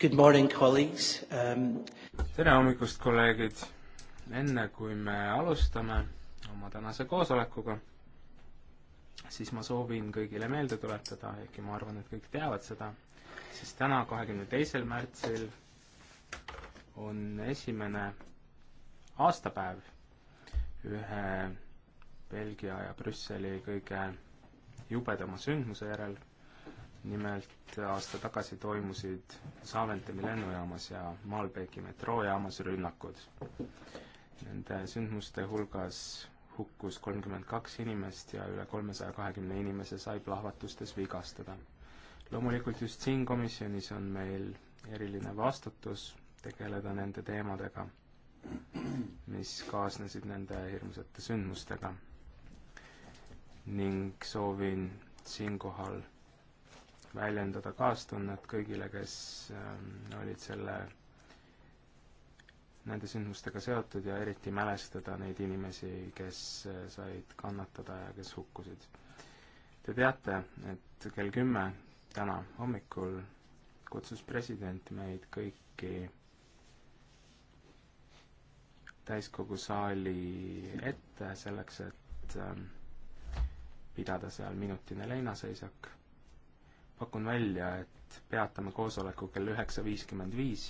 Good morning, colleagues um.... tere hommikust, kolleegid. enne kui me alustame oma tänase koosolekuga, siis ma soovin kõigile meelde tuletada, ehkki ma arvan, et kõik teavad seda, siis täna, kahekümne teisel märtsil on esimene aastapäev ühe Belgia ja Brüsseli kõige jubedama sündmuse järel nimelt aasta tagasi toimusid Saventemi lennujaamas ja Malbeki metroojaamas rünnakud. Nende sündmuste hulgas hukkus kolmkümmend kaks inimest ja üle kolmesaja kahekümne inimese sai plahvatustes vigastada. loomulikult just siin komisjonis on meil eriline vastutus tegeleda nende teemadega, mis kaasnesid nende hirmsate sündmustega. ning soovin siinkohal väljendada kaastunnet kõigile, kes ähm, olid selle, nende sündmustega seotud ja eriti mälestada neid inimesi, kes äh, said kannatada ja kes hukkusid. Te teate, et kell kümme täna hommikul kutsus president meid kõiki täiskogu saali ette selleks, et ähm, pidada seal minutine leinaseisak pakun välja, et peatame koosoleku kell üheksa viiskümmend viis,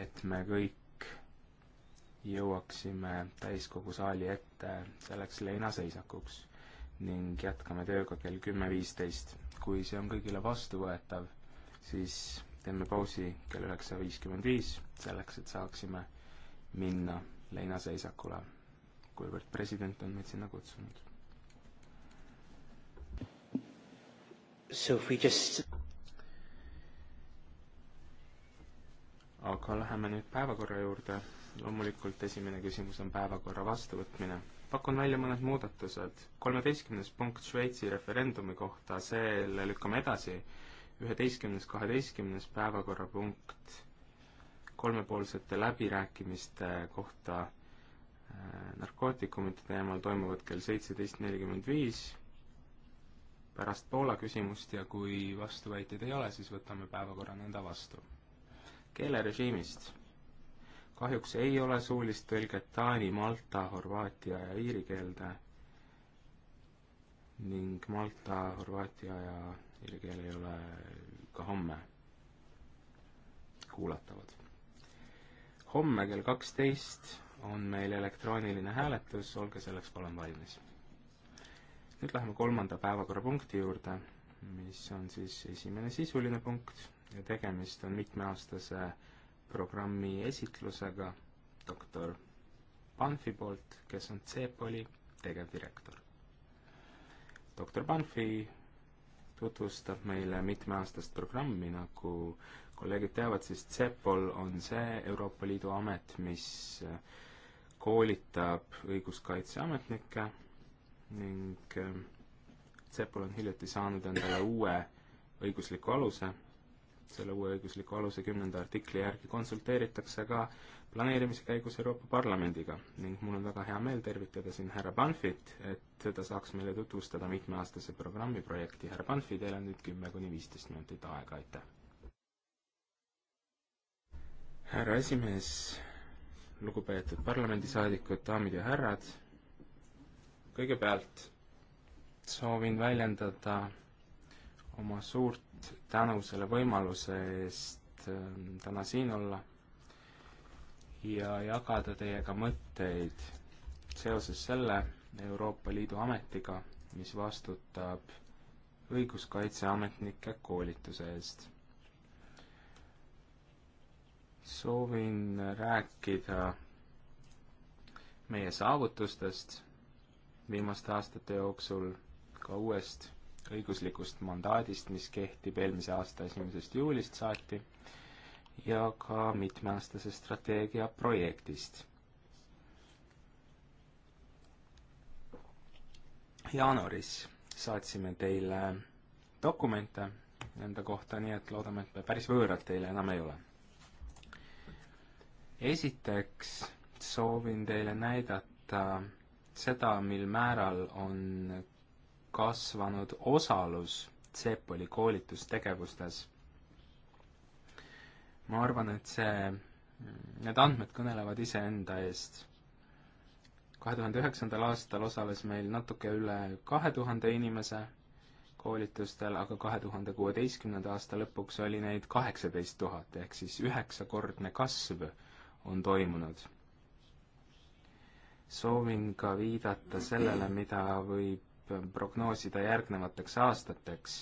et me kõik jõuaksime täiskogu saali ette selleks leinaseisakuks ning jätkame tööga kell kümme viisteist. kui see on kõigile vastuvõetav, siis teeme pausi kell üheksa viiskümmend viis, selleks et saaksime minna leinaseisakule, kuivõrd president on meid sinna kutsunud. So if we just... aga läheme nüüd päevakorra juurde. loomulikult esimene küsimus on päevakorra vastuvõtmine. pakun välja mõned muudatused. kolmeteistkümnes punkt Šveitsi referendumi kohta, selle lükkame edasi. üheteistkümnes, kaheteistkümnes päevakorrapunkt kolmepoolsete läbirääkimiste kohta äh, narkootikumide teemal toimuvad kell seitseteist nelikümmend viis pärast Poola küsimust ja kui vastuväiteid ei ole, siis võtame päevakorra nõnda vastu. keelerežiimist. kahjuks ei ole suulist tõlget taani, malta, horvaatia ja iiri keelde ning malta, horvaatia ja iiri keel ei ole ka homme kuulatavad. homme kell kaksteist on meil elektrooniline hääletus, olge selleks palun valmis nüüd läheme kolmanda päevakorrapunkti juurde, mis on siis esimene sisuline punkt ja tegemist on mitmeaastase programmi esitlusega doktor Panfi poolt, kes on CEPOL-i tegevdirektor. doktor Panfi tutvustab meile mitmeaastast programmi, nagu kolleegid teavad, siis CEPOL on see Euroopa Liidu amet, mis koolitab õiguskaitseametnikke ning Tsepol äh, on hiljuti saanud endale uue õigusliku aluse, selle uue õigusliku aluse kümnenda artikli järgi konsulteeritakse ka planeerimise käigus Euroopa Parlamendiga ning mul on väga hea meel tervitada siin härra Banfit, et ta saaks meile tutvustada mitmeaastase programmi projekti. härra Banfi, teil on nüüd kümme kuni viisteist minutit aega, aitäh! härra esimees, lugupeetud parlamendisaadikud, daamid ja härrad kõigepealt soovin väljendada oma suurt tänu selle võimaluse eest ähm, täna siin olla ja jagada teiega mõtteid seoses selle Euroopa Liidu ametiga, mis vastutab õiguskaitseametnike koolituse eest. soovin rääkida meie saavutustest viimaste aastate jooksul ka uuest õiguslikust mandaadist, mis kehtib eelmise aasta esimesest juulist saati, ja ka mitmeaastase strateegia projektist. jaanuaris saatsime teile dokumente nende kohta, nii et loodame, et päris võõrad teile enam ei ole. esiteks soovin teile näidata seda, mil määral on kasvanud osalus CEPOL-i koolitustegevustes. ma arvan, et see, need andmed kõnelevad iseenda eest. kahe tuhande üheksandal aastal osales meil natuke üle kahe tuhande inimese koolitustel, aga kahe tuhande kuueteistkümnenda aasta lõpuks oli neid kaheksateist tuhat, ehk siis üheksakordne kasv on toimunud soovin ka viidata sellele, mida võib prognoosida järgnevateks aastateks,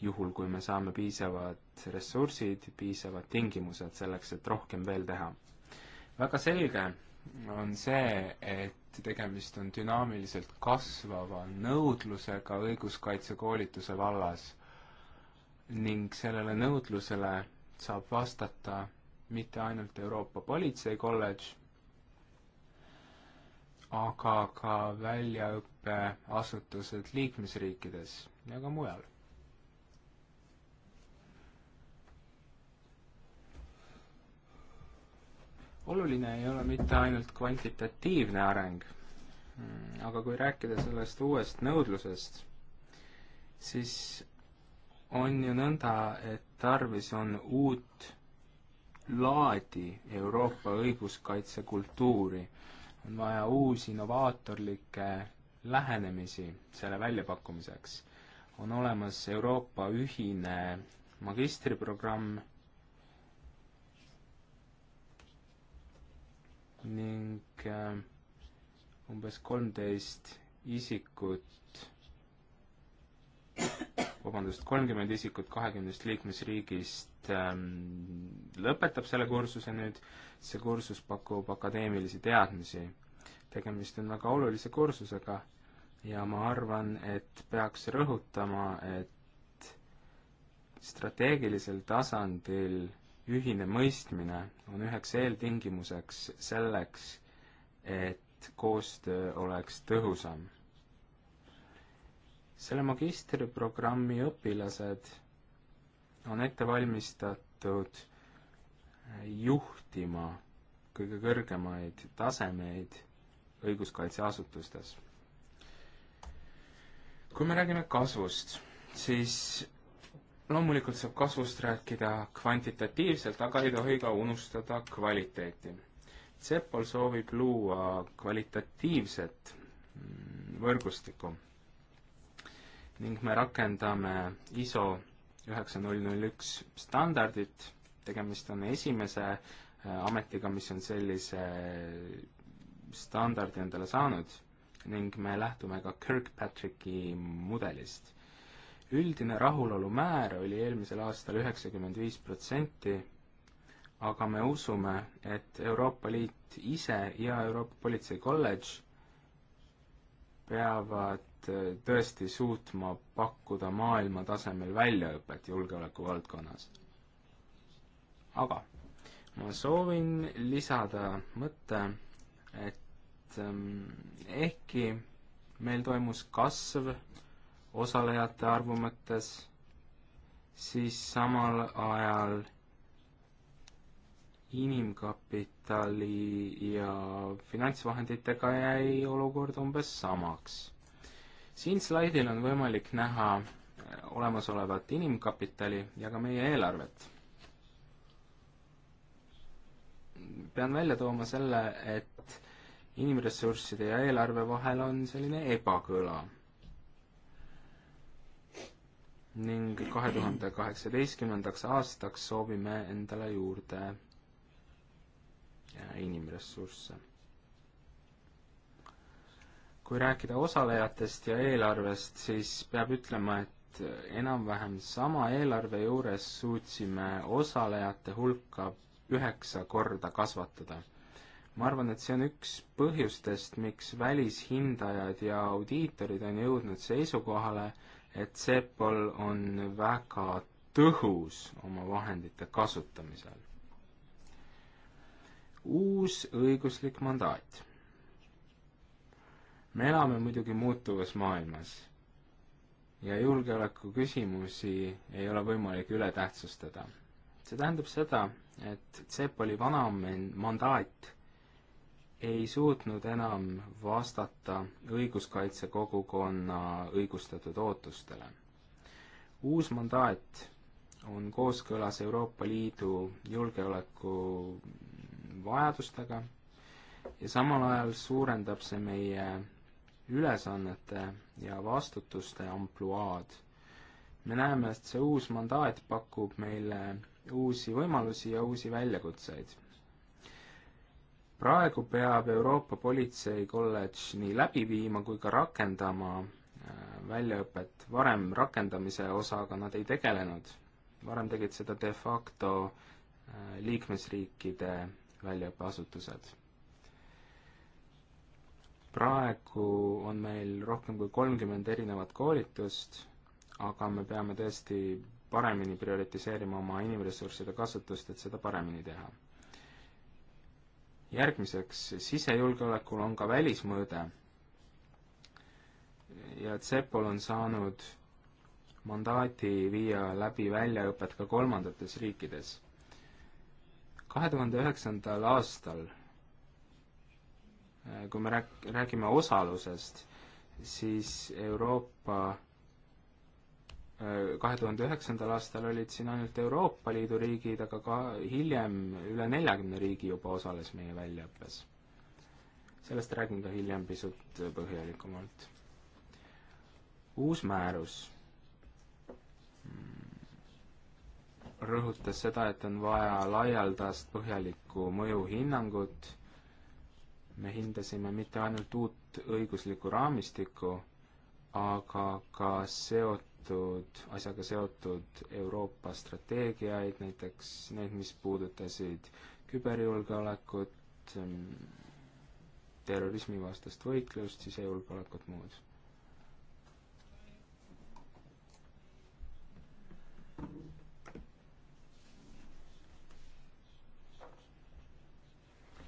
juhul kui me saame piisavad ressursid, piisavad tingimused selleks, et rohkem veel teha. väga selge on see, et tegemist on dünaamiliselt kasvava nõudlusega õiguskaitsekoolituse vallas ning sellele nõudlusele saab vastata mitte ainult Euroopa Politseikolledž, aga ka väljaõppeasutused liikmesriikides ja ka mujal. oluline ei ole mitte ainult kvantitatiivne areng, aga kui rääkida sellest uuest nõudlusest, siis on ju nõnda, et tarvis on uut laadi Euroopa õiguskaitsekultuuri on vaja uusi innovaatorlikke lähenemisi selle väljapakkumiseks. on olemas Euroopa ühine magistriprogramm ning äh, umbes kolmteist isikut, vabandust, kolmkümmend isikut kahekümnest liikmesriigist ähm, lõpetab selle kursuse nüüd see kursus pakub akadeemilisi teadmisi. tegemist on väga olulise kursusega ja ma arvan, et peaks rõhutama, et strateegilisel tasandil ühine mõistmine on üheks eeltingimuseks selleks, et koostöö oleks tõhusam. selle magistriprogrammi õpilased on ette valmistatud juhtima kõige kõrgemaid tasemeid õiguskaitseasutustes. kui me räägime kasvust, siis loomulikult saab kasvust rääkida kvantitatiivselt, aga ei tohi ka unustada kvaliteeti. Cepol soovib luua kvalitatiivset mm, võrgustikku ning me rakendame ISO üheksa null null üks standardit tegemist on esimese äh, ametiga, mis on sellise standardi endale saanud ning me lähtume ka Kirkpatricki mudelist. üldine rahulolu määr oli eelmisel aastal üheksakümmend viis protsenti, aga me usume, et Euroopa Liit ise ja Euroopa Politsei kolledž peavad äh, tõesti suutma pakkuda maailmatasemel väljaõpet julgeoleku valdkonnas aga ma soovin lisada mõtte, et ähm, ehkki meil toimus kasv osalejate arvu mõttes, siis samal ajal inimkapitali ja finantsvahenditega jäi olukord umbes samaks. siin slaidil on võimalik näha äh, olemasolevat inimkapitali ja ka meie eelarvet pean välja tooma selle, et inimressursside ja eelarve vahel on selline ebakõla. ning kahe tuhande kaheksateistkümnendaks aastaks soovime endale juurde äh, inimressursse. kui rääkida osalejatest ja eelarvest, siis peab ütlema, et enam-vähem sama eelarve juures suutsime osalejate hulka üheksa korda kasvatada. ma arvan, et see on üks põhjustest, miks välishindajad ja audiitorid on jõudnud seisukohale, et Sepol on väga tõhus oma vahendite kasutamisel. uus õiguslik mandaat. me elame muidugi muutuvas maailmas ja julgeoleku küsimusi ei ole võimalik üle tähtsustada see tähendab seda, et Tsepoli vana mandaat ei suutnud enam vastata õiguskaitsekogukonna õigustatud ootustele. uus mandaat on kooskõlas Euroopa Liidu julgeoleku vajadustega ja samal ajal suurendab see meie ülesannete ja vastutuste ampluaad. me näeme, et see uus mandaat pakub meile uusi võimalusi ja uusi väljakutseid. praegu peab Euroopa Politseikolledž nii läbi viima kui ka rakendama äh, väljaõpet, varem rakendamise osaga nad ei tegelenud, varem tegid seda de facto äh, liikmesriikide väljaõppeasutused. praegu on meil rohkem kui kolmkümmend erinevat koolitust, aga me peame tõesti paremini prioritiseerima oma inimressursside kasutust, et seda paremini teha. järgmiseks, sisejulgeolekul on ka välismõõde ja CEPOL on saanud mandaati viia läbi väljaõpet ka kolmandates riikides. kahe tuhande üheksandal aastal, eh, kui me rääk-, räägime osalusest, siis Euroopa kahe tuhande üheksandal aastal olid siin ainult Euroopa Liidu riigid, aga ka hiljem üle neljakümne riigi juba osales meie väljaõppes. sellest räägin ka hiljem pisut põhjalikumalt. uus määrus rõhutas seda, et on vaja laialdast põhjalikku mõjuhinnangut. me hindasime mitte ainult uut õiguslikku raamistikku, aga ka seot-, teatud asjaga seotud Euroopa strateegiaid, näiteks need, mis puudutasid küberjulgeolekut, mm, terrorismivastast võitlust, sisejulgeolekut, muud.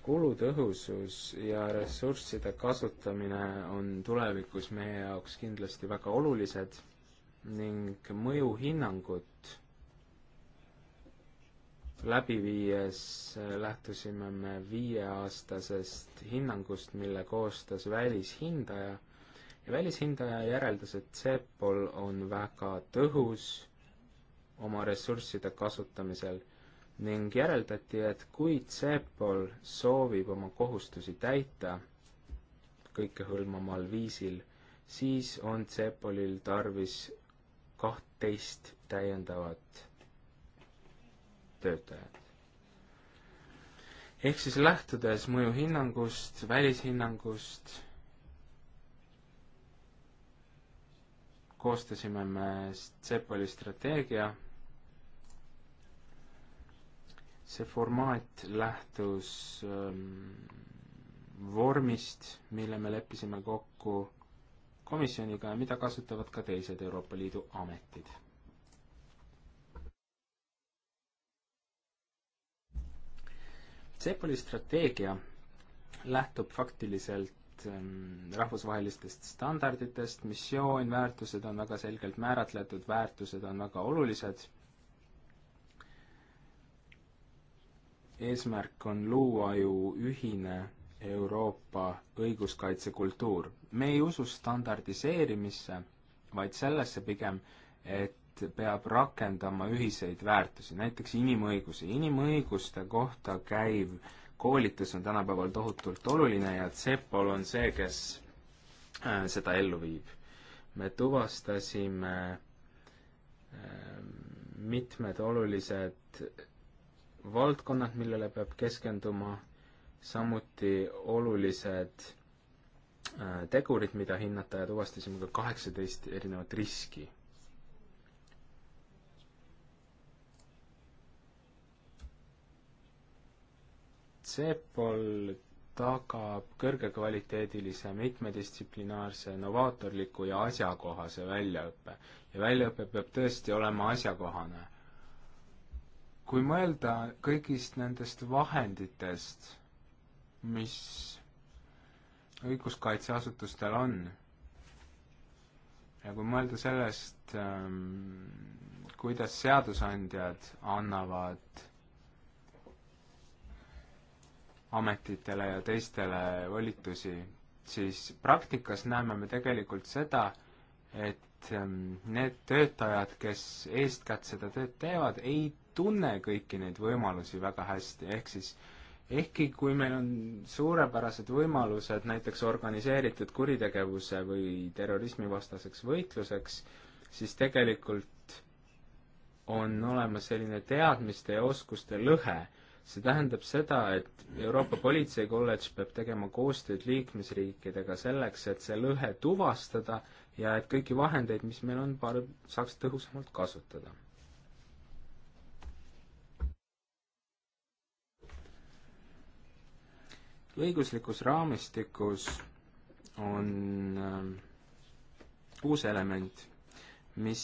kulutõhusus ja ressursside kasutamine on tulevikus meie jaoks kindlasti väga olulised ning mõjuhinnangut läbi viies äh, lähtusime me viieaastasest hinnangust, mille koostas välishindaja ja välishindaja järeldas, et CEPOL on väga tõhus oma ressursside kasutamisel ning järeldati, et kui CEPOL soovib oma kohustusi täita kõikehõlmamal viisil, siis on CEPOLil tarvis kahtteist täiendavat töötajat. ehk siis lähtudes mõjuhinnangust, välishinnangust, koostasime me Tsepoli strateegia. see formaat lähtus ähm, vormist, mille me leppisime kokku komisjoniga ja mida kasutavad ka teised Euroopa Liidu ametid. CEPOL-i strateegia lähtub faktiliselt ähm, rahvusvahelistest standarditest, missioon, väärtused on väga selgelt määratletud, väärtused on väga olulised eesmärk on luua ju ühine Euroopa õiguskaitsekultuur. me ei usu standardiseerimisse, vaid sellesse pigem, et peab rakendama ühiseid väärtusi, näiteks inimõigusi. inimõiguste kohta käiv koolitus on tänapäeval tohutult oluline ja CEPOL on see, kes äh, seda ellu viib. me tuvastasime äh, mitmed olulised valdkonnad, millele peab keskenduma samuti olulised äh, tegurid, mida hinnata ja tuvastasime ka kaheksateist erinevat riski. CEPOL tagab kõrgekvaliteedilise, mitmedistsiplinaarse, novaatorliku ja asjakohase väljaõppe. ja väljaõpe peab tõesti olema asjakohane. kui mõelda kõigist nendest vahenditest, mis õiguskaitseasutustel on. ja kui mõelda sellest, ähm, kuidas seadusandjad annavad ametitele ja teistele volitusi, siis praktikas näeme me tegelikult seda, et ähm, need töötajad, kes eeskätt seda tööd teevad, ei tunne kõiki neid võimalusi väga hästi, ehk siis äh, ehkki kui meil on suurepärased võimalused näiteks organiseeritud kuritegevuse või terrorismivastaseks võitluseks, siis tegelikult on olemas selline teadmiste ja oskuste lõhe. see tähendab seda, et Euroopa Politseikolledž peab tegema koostööd liikmesriikidega selleks, et see lõhe tuvastada ja et kõiki vahendeid, mis meil on, saaks tõhusamalt kasutada õiguslikus raamistikus on äh, uus element, mis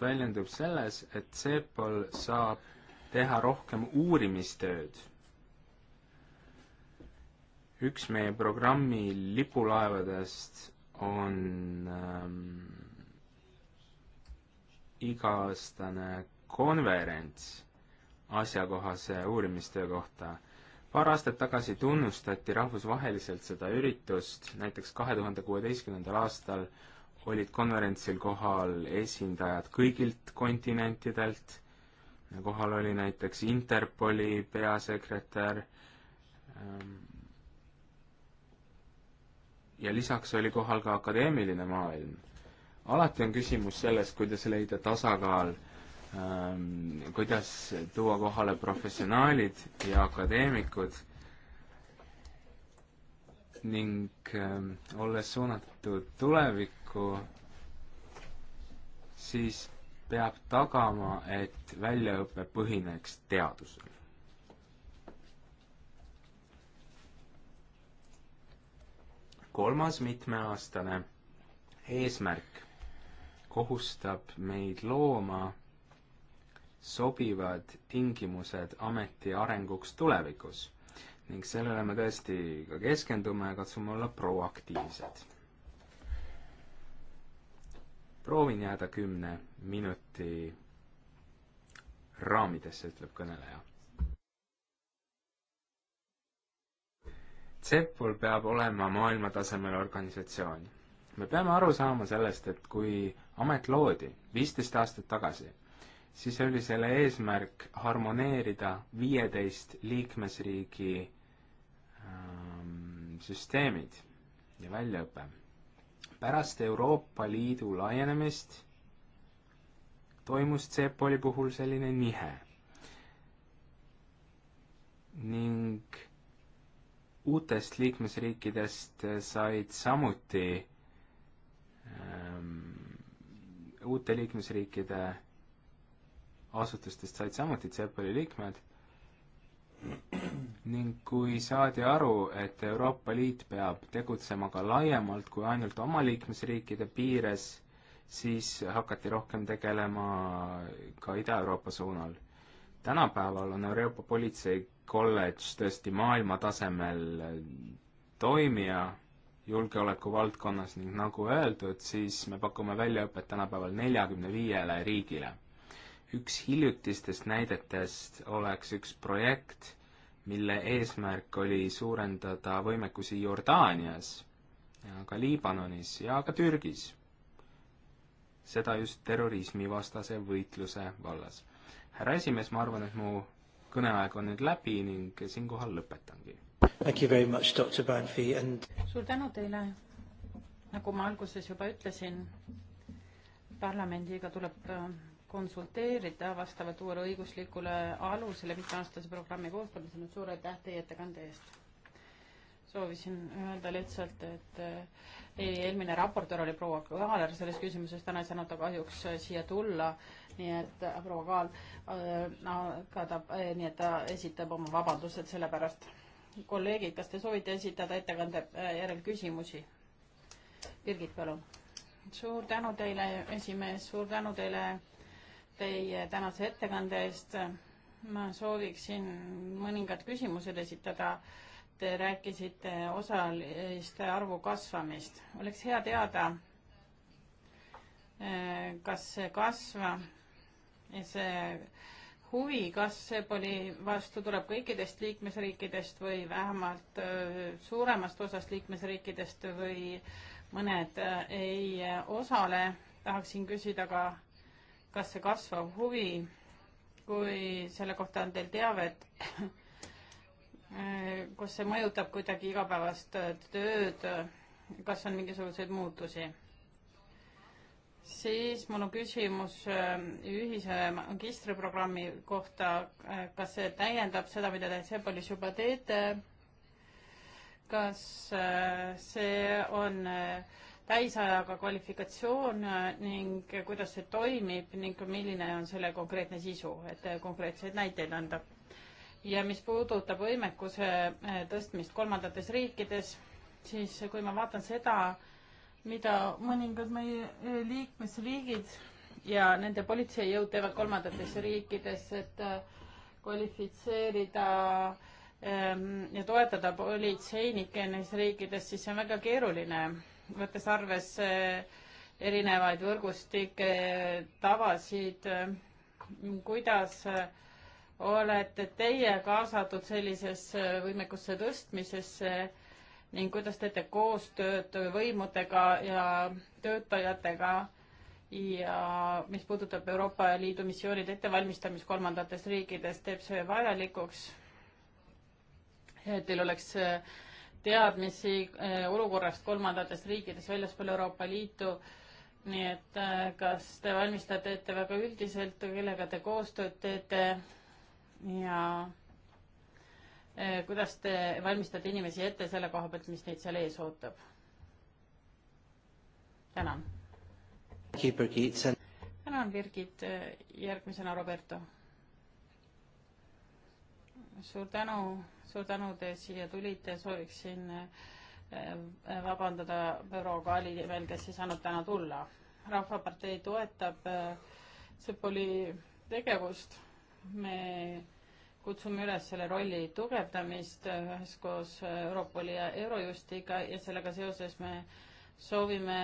väljendub selles, et CEPOL saab teha rohkem uurimistööd. üks meie programmi lipulaevadest on ähm, iga-aastane konverents asjakohase uurimistöö kohta paar aastat tagasi tunnustati rahvusvaheliselt seda üritust, näiteks kahe tuhande kuueteistkümnendal aastal olid konverentsil kohal esindajad kõigilt kontinentidelt, kohal oli näiteks Interpoli peasekretär ähm, ja lisaks oli kohal ka akadeemiline maailm. alati on küsimus selles, kuidas leida tasakaal Ähm, kuidas tuua kohale professionaalid ja akadeemikud ning ähm, olles suunatud tulevikku, siis peab tagama, et väljaõpe põhineks teadusel. kolmas mitmeaastane eesmärk kohustab meid looma sobivad tingimused ameti arenguks tulevikus. ning sellele me tõesti ka keskendume ja katsume olla proaktiivsed. proovin jääda kümne minuti raamidesse, ütleb kõneleja. Cepol peab olema maailmatasemel organisatsioon. me peame aru saama sellest, et kui amet loodi viisteist aastat tagasi siis oli selle eesmärk harmoneerida viieteist liikmesriigi ähm, süsteemid ja väljaõpe. pärast Euroopa Liidu laienemist toimus CEPOL-i puhul selline nihe ning uutest liikmesriikidest said samuti ähm, uute liikmesriikide asutustest said samuti CEPOL-i liikmed ning kui saadi aru, et Euroopa Liit peab tegutsema ka laiemalt kui ainult oma liikmesriikide piires, siis hakati rohkem tegelema ka Ida-Euroopa suunal. tänapäeval on Euroopa politseikolledž tõesti maailma tasemel toimija julgeoleku valdkonnas ning nagu öeldud, siis me pakume väljaõpet tänapäeval neljakümne viiele riigile üks hiljutistest näidetest oleks üks projekt, mille eesmärk oli suurendada võimekusi Jordaanias, ka Liibanonis ja ka Türgis. seda just terrorismivastase võitluse vallas. härra esimees, ma arvan, et mu kõneaeg on nüüd läbi ning siinkohal lõpetangi. And... suur tänu teile. nagu ma alguses juba ütlesin, parlamendiga tuleb konsulteerida vastavalt uuele õiguslikule alusele mitteaastase programmi koostamisel, nüüd suur aitäh teie ettekande eest! soovisin öelda lihtsalt, et eh, ei, eelmine raportöör oli proua Kaaler selles küsimuses, täna ei saanud ta kahjuks eh, siia tulla, nii et eh, proua Kaal äh,, aga ta äh,, nii et ta esitab oma vabandused selle pärast. kolleegid, kas te soovite esitada ettekande järel küsimusi? Birgit, palun. suur tänu teile, esimees, suur tänu teile teie tänase ettekande eest. ma sooviksin mõningad küsimused esitada. Te rääkisite osaliste arvu kasvamist. oleks hea teada, eh, kas see kasv, see huvi, kas Sepoli vastu tuleb kõikidest liikmesriikidest või vähemalt eh, suuremast osast liikmesriikidest või mõned eh, ei osale, tahaksin küsida ka kas see kasvav huvi, kui selle kohta on teil teavet, kas see mõjutab kuidagi igapäevast tööd, kas on mingisuguseid muutusi? siis mul on küsimus äh, ühise magistriprogrammi kohta, kas see täiendab seda, mida te Sepolis juba teete? kas äh, see on äh, täisajaga kvalifikatsioon äh, ning kuidas see toimib ning milline on selle konkreetne sisu, et äh, konkreetseid näiteid anda. ja mis puudutab võimekuse äh, tõstmist kolmandates riikides, siis kui ma vaatan seda, mida mõningad meie liikmesriigid ja nende politseijõud teevad kolmandates riikides, et kvalifitseerida ähm, ja toetada politseinikke neis riikides, siis see on väga keeruline võttes arvesse erinevaid võrgustike tavasid, kuidas olete teie kaasatud sellisesse võimekusse tõstmisesse ning kuidas teete koostööd võimudega ja töötajatega ja mis puudutab Euroopa Liidu missioonide ettevalmistamist kolmandates riikides, teeb see vajalikuks, et teil oleks teadmisi eh, olukorrast kolmandates riikides väljaspool Euroopa Liitu. nii et eh, kas te valmistate ette väga üldiselt, kellega te koostööd teete ja eh, kuidas te valmistate inimesi ette selle koha pealt, mis neid seal ees ootab? tänan. tänan, Birgit. järgmisena Roberto suur tänu, suur tänu, te siia tulite, sooviksin eh, eh, vabandada büroo Kaali nimel, kes ei saanud täna tulla. rahvapartei toetab eh, Sepoli tegevust, me kutsume üles selle rolli tugevdamist üheskoos Europoli ja Eurojustiga ja sellega seoses me soovime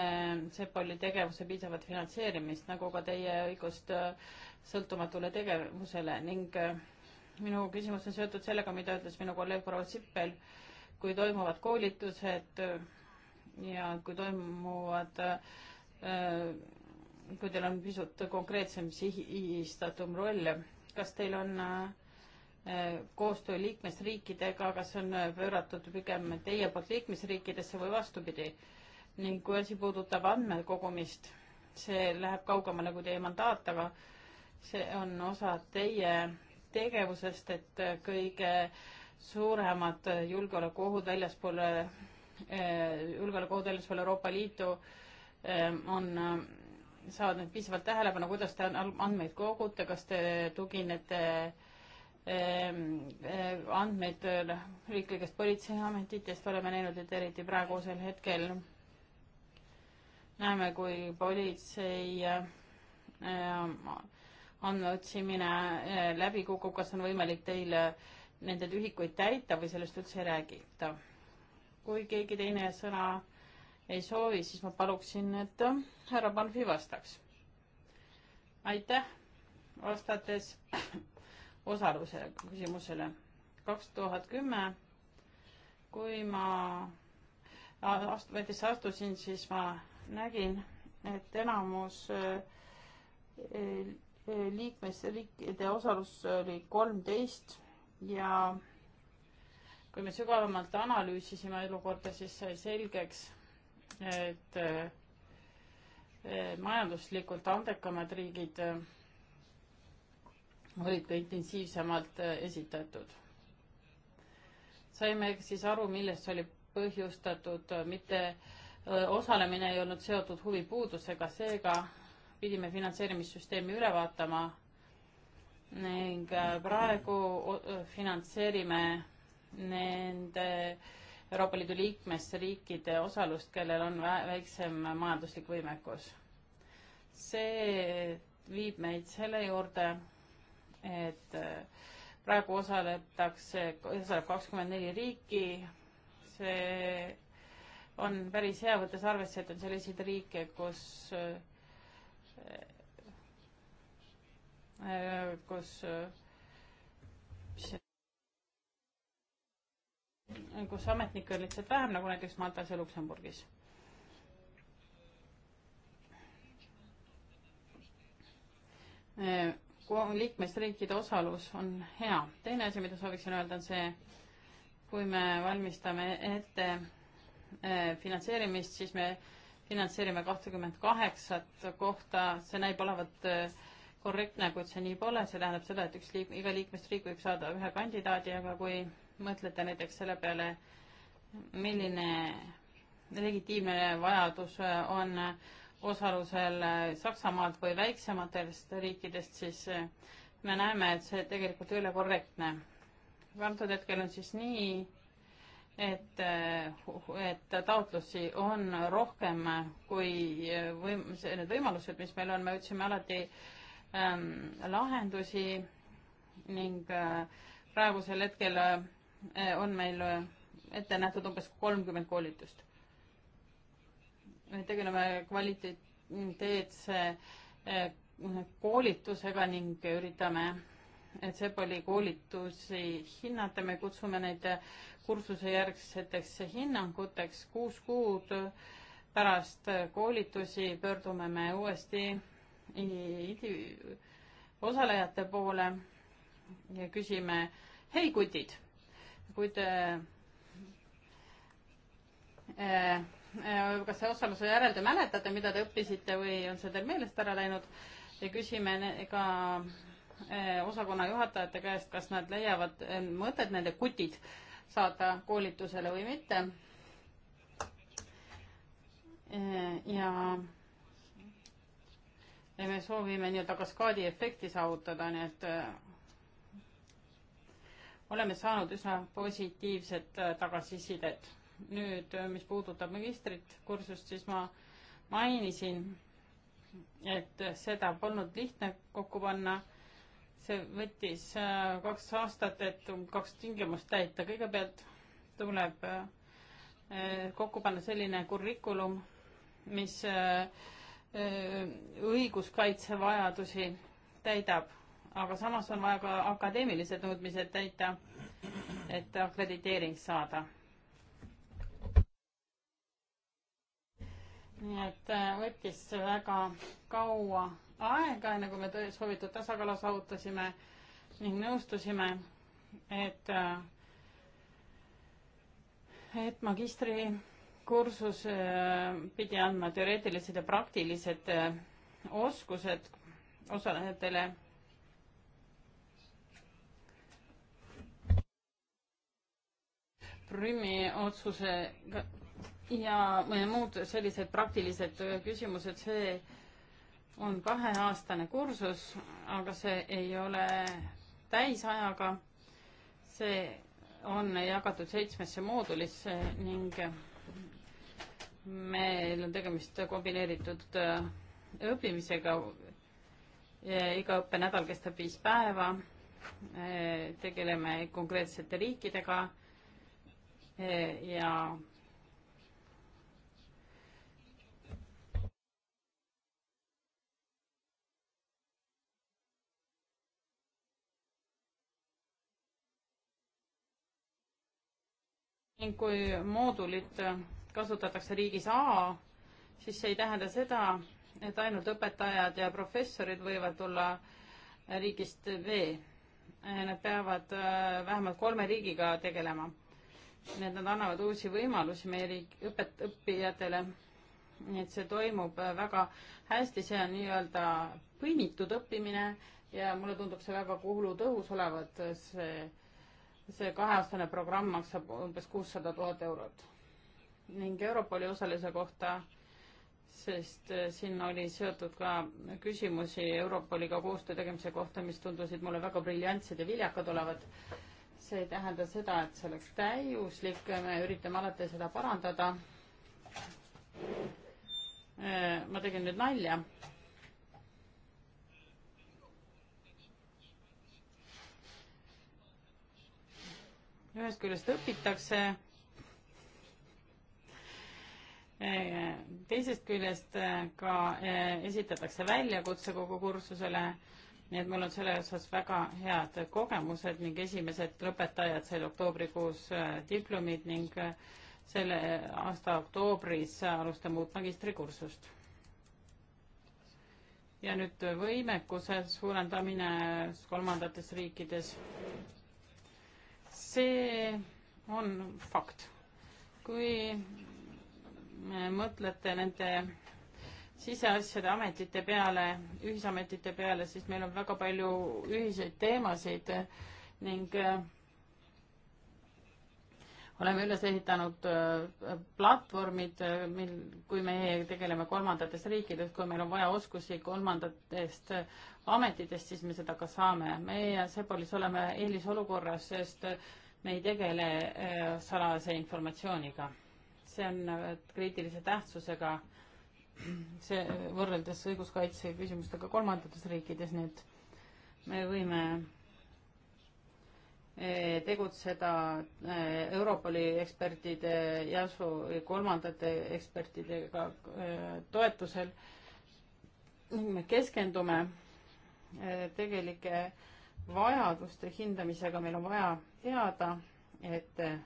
Sepoli tegevuse piisavat finantseerimist, nagu ka teie õigust sõltumatule tegevusele ning äh, minu küsimus on seotud sellega, mida ütles minu kolleeg proua Sippel, kui toimuvad koolitused äh, ja kui toimuvad, äh, kui teil on pisut konkreetsem sihistatum roll, kas teil on äh, koostöö liikmesriikidega, kas on pööratud pigem teie poolt liikmesriikidesse või vastupidi? ning kui asi puudutab andmekogumist, see läheb kaugemale kui teie mandaat, aga see on osa teie tegevusest, et kõige suuremad julgeolekuohud väljaspool, eh, julgeolekuohud väljaspool Euroopa Liitu eh, on, eh, saavad nüüd piisavalt tähelepanu, kuidas te andmeid kogute, kas te tuginete andmeid riiklikest politseiametitest, oleme näinud, et eriti praegusel hetkel näeme, kui politsei andme otsimine eh, läbi kukub, kas on võimalik teil nende tühikuid täita või sellest üldse ei räägita? kui keegi teine sõna ei soovi, siis ma paluksin, et eh, härra Banfi vastaks. aitäh, vastates osaluse küsimusele. kaks tuhat kümme, kui ma ametisse astusin, siis ma nägin, et enamus eh, Äh, liikmesriikide osalus oli kolmteist ja kui me sügavamalt analüüsisime olukorda, siis sai selgeks, et äh, äh, majanduslikult andekamad riigid olid ka intensiivsemalt esitatud. saime siis aru, millest oli põhjustatud mitte osalemine ei olnud seotud huvipuudusega, seega pidime finantseerimissüsteemi üle vaatama ning äh, praegu äh, finantseerime nende Euroopa Liidu liikmesriikide osalust, kellel on väiksem majanduslik võimekus. see viib meid selle juurde, et äh, praegu osaletakse, osaleb kakskümmend neli riiki, see on päris hea, võttes arvesse, et on selliseid riike, kus Äh, kus äh, kus ametnikke on lihtsalt vähem, nagu näiteks Maltas ja Luksemburgis. Äh, liikmesriikide osalus on hea. teine asi, mida sooviksin öelda, on see, kui me valmistame ette finantseerimist, siis me finantseerime kahtekümmet kaheksat kohta, see näib olevat äh, korrektne, kuid see nii pole, see tähendab seda, et üks liik-, iga liikmesriik võib saada ühe kandidaadi, aga kui mõtlete näiteks selle peale, milline legitiimne vajadus äh, on osalusel äh, Saksamaalt või väiksematest riikidest, siis me näeme, et see tegelikult ei ole korrektne. antud hetkel on siis nii, et, et taotlusi on rohkem kui võim-, need võimalused, mis meil on, me otsime alati ähm, lahendusi ning äh, praegusel hetkel äh, on meil ette nähtud umbes kolmkümmend koolitust. me tegeleme kvaliteetse äh, koolitusega ning üritame, et see oli koolitusi hinnata, me kutsume neid äh, kursusejärgseteks hinnanguteks kuus kuud pärast koolitusi pöördume me uuesti osalejate poole ja küsime, hei kutid, kui te eh, eh, kas te osaluse järel te mäletate, mida te õppisite või on see teil meelest ära läinud ja küsime ka eh, osakonna juhatajate käest, kas nad leiavad mõtet nende kutid saada koolitusele või mitte. ja ja me soovime nii-öelda kaskaadi efekti saavutada, nii et äh, oleme saanud üsna positiivset äh, tagasisidet. nüüd, äh, mis puudutab magistrit kursust, siis ma mainisin, et seda polnud lihtne kokku panna see võttis äh, kaks aastat, et um, kaks tingimust täita. kõigepealt tuleb äh, äh, kokku panna selline kurrikulum, mis õiguskaitse vajadusi täidab, aga samas on vaja ka akadeemilised nõudmised täita, et akrediteering saada. nii et võttis väga kaua aega, enne kui me soovitud tasakaalu saavutasime ning nõustusime, et, äh, et magistrikursus äh, pidi andma teoreetilised ja praktilised äh, oskused osalejatele Prümi otsuse ja muud sellised praktilised küsimused, see on kaheaastane kursus, aga see ei ole täisajaga. see on jagatud seitsmesse moodulisse ning meil on tegemist kombineeritud äh, õppimisega. iga õppenädal kestab viis päeva. Äh, tegeleme konkreetsete riikidega äh, ja ning kui moodulit kasutatakse riigis A, siis see ei tähenda seda, et ainult õpetajad ja professorid võivad tulla riigist B. Nad peavad äh, vähemalt kolme riigiga tegelema. nii et nad annavad uusi võimalusi meie riik, õpet-, õppijatele. nii et see toimub äh, väga hästi, see on nii-öelda põimitud õppimine ja mulle tundub see väga kulutõhus olevat, äh, see see kaheaastane programm maksab umbes kuussada tuhat eurot ning Europoli osalise kohta, sest eh, sinna oli seotud ka küsimusi Europoliga koostöö tegemise kohta, mis tundusid mulle väga briljantsed ja viljakad olevat. see ei tähenda seda, et see oleks täiuslik, me üritame alati seda parandada. Eh, ma tegin nüüd nalja ühest küljest õpitakse, teisest küljest äh, ka äh, esitatakse väljakutse kogu kursusele, nii et mul on selle osas väga head kogemused ning esimesed lõpetajad said oktoobrikuus äh, diplomid ning selle aasta oktoobris alustame uut magistrikursust. ja nüüd võimekuse suurendamine kolmandates riikides see on fakt. kui mõtlete nende siseasjade ametite peale, ühisametite peale, siis meil on väga palju ühiseid teemasid ning äh, oleme üles ehitanud äh, platvormid, äh, mil, kui me tegeleme kolmandates riikides, kui meil on vaja oskusi kolmandatest ametitest, siis me seda ka saame. meie Sepolis oleme eelisolukorras, sest me ei tegele äh, salajase informatsiooniga. see on äh, kriitilise tähtsusega, see võrreldes õiguskaitse küsimustega kolmandates riikides nüüd me võime äh, tegutseda Europoli ekspertide ja su kolmandate ekspertidega toetusel. me keskendume tegelike vajaduste hindamisega meil on vaja teada, et äh,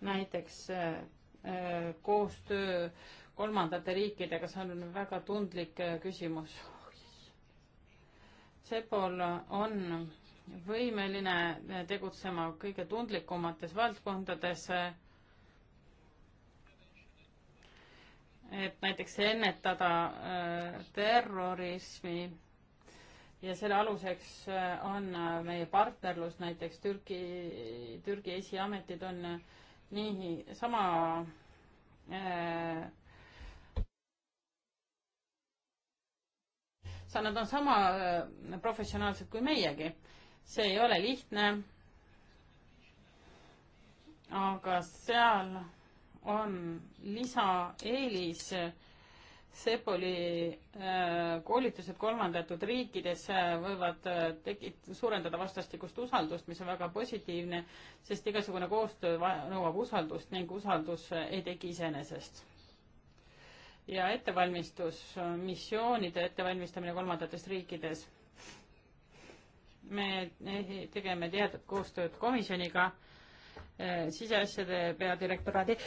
näiteks äh, äh, koostöö kolmandate riikidega, see on väga tundlik küsimus. Sepol on võimeline tegutsema kõige tundlikumates valdkondades. et näiteks ennetada terrorismi ja selle aluseks äh, on äh, meie partnerlus, näiteks Türgi, Türgi esiametid on äh, nii sama äh, sa, nad on sama professionaalsed kui meiegi. see ei ole lihtne. aga seal on lisaeelis Sepoli äh, koolitused kolmandatud riikides äh, võivad äh, tekit-, suurendada vastastikust usaldust, mis on väga positiivne, sest igasugune koostöö nõuab usaldust ning usaldus ei teki iseenesest. ja ettevalmistus, missioonide ettevalmistamine kolmandates riikides. me eh, tegeme tihedat koostööd komisjoniga, siseasjade peadirektoraadi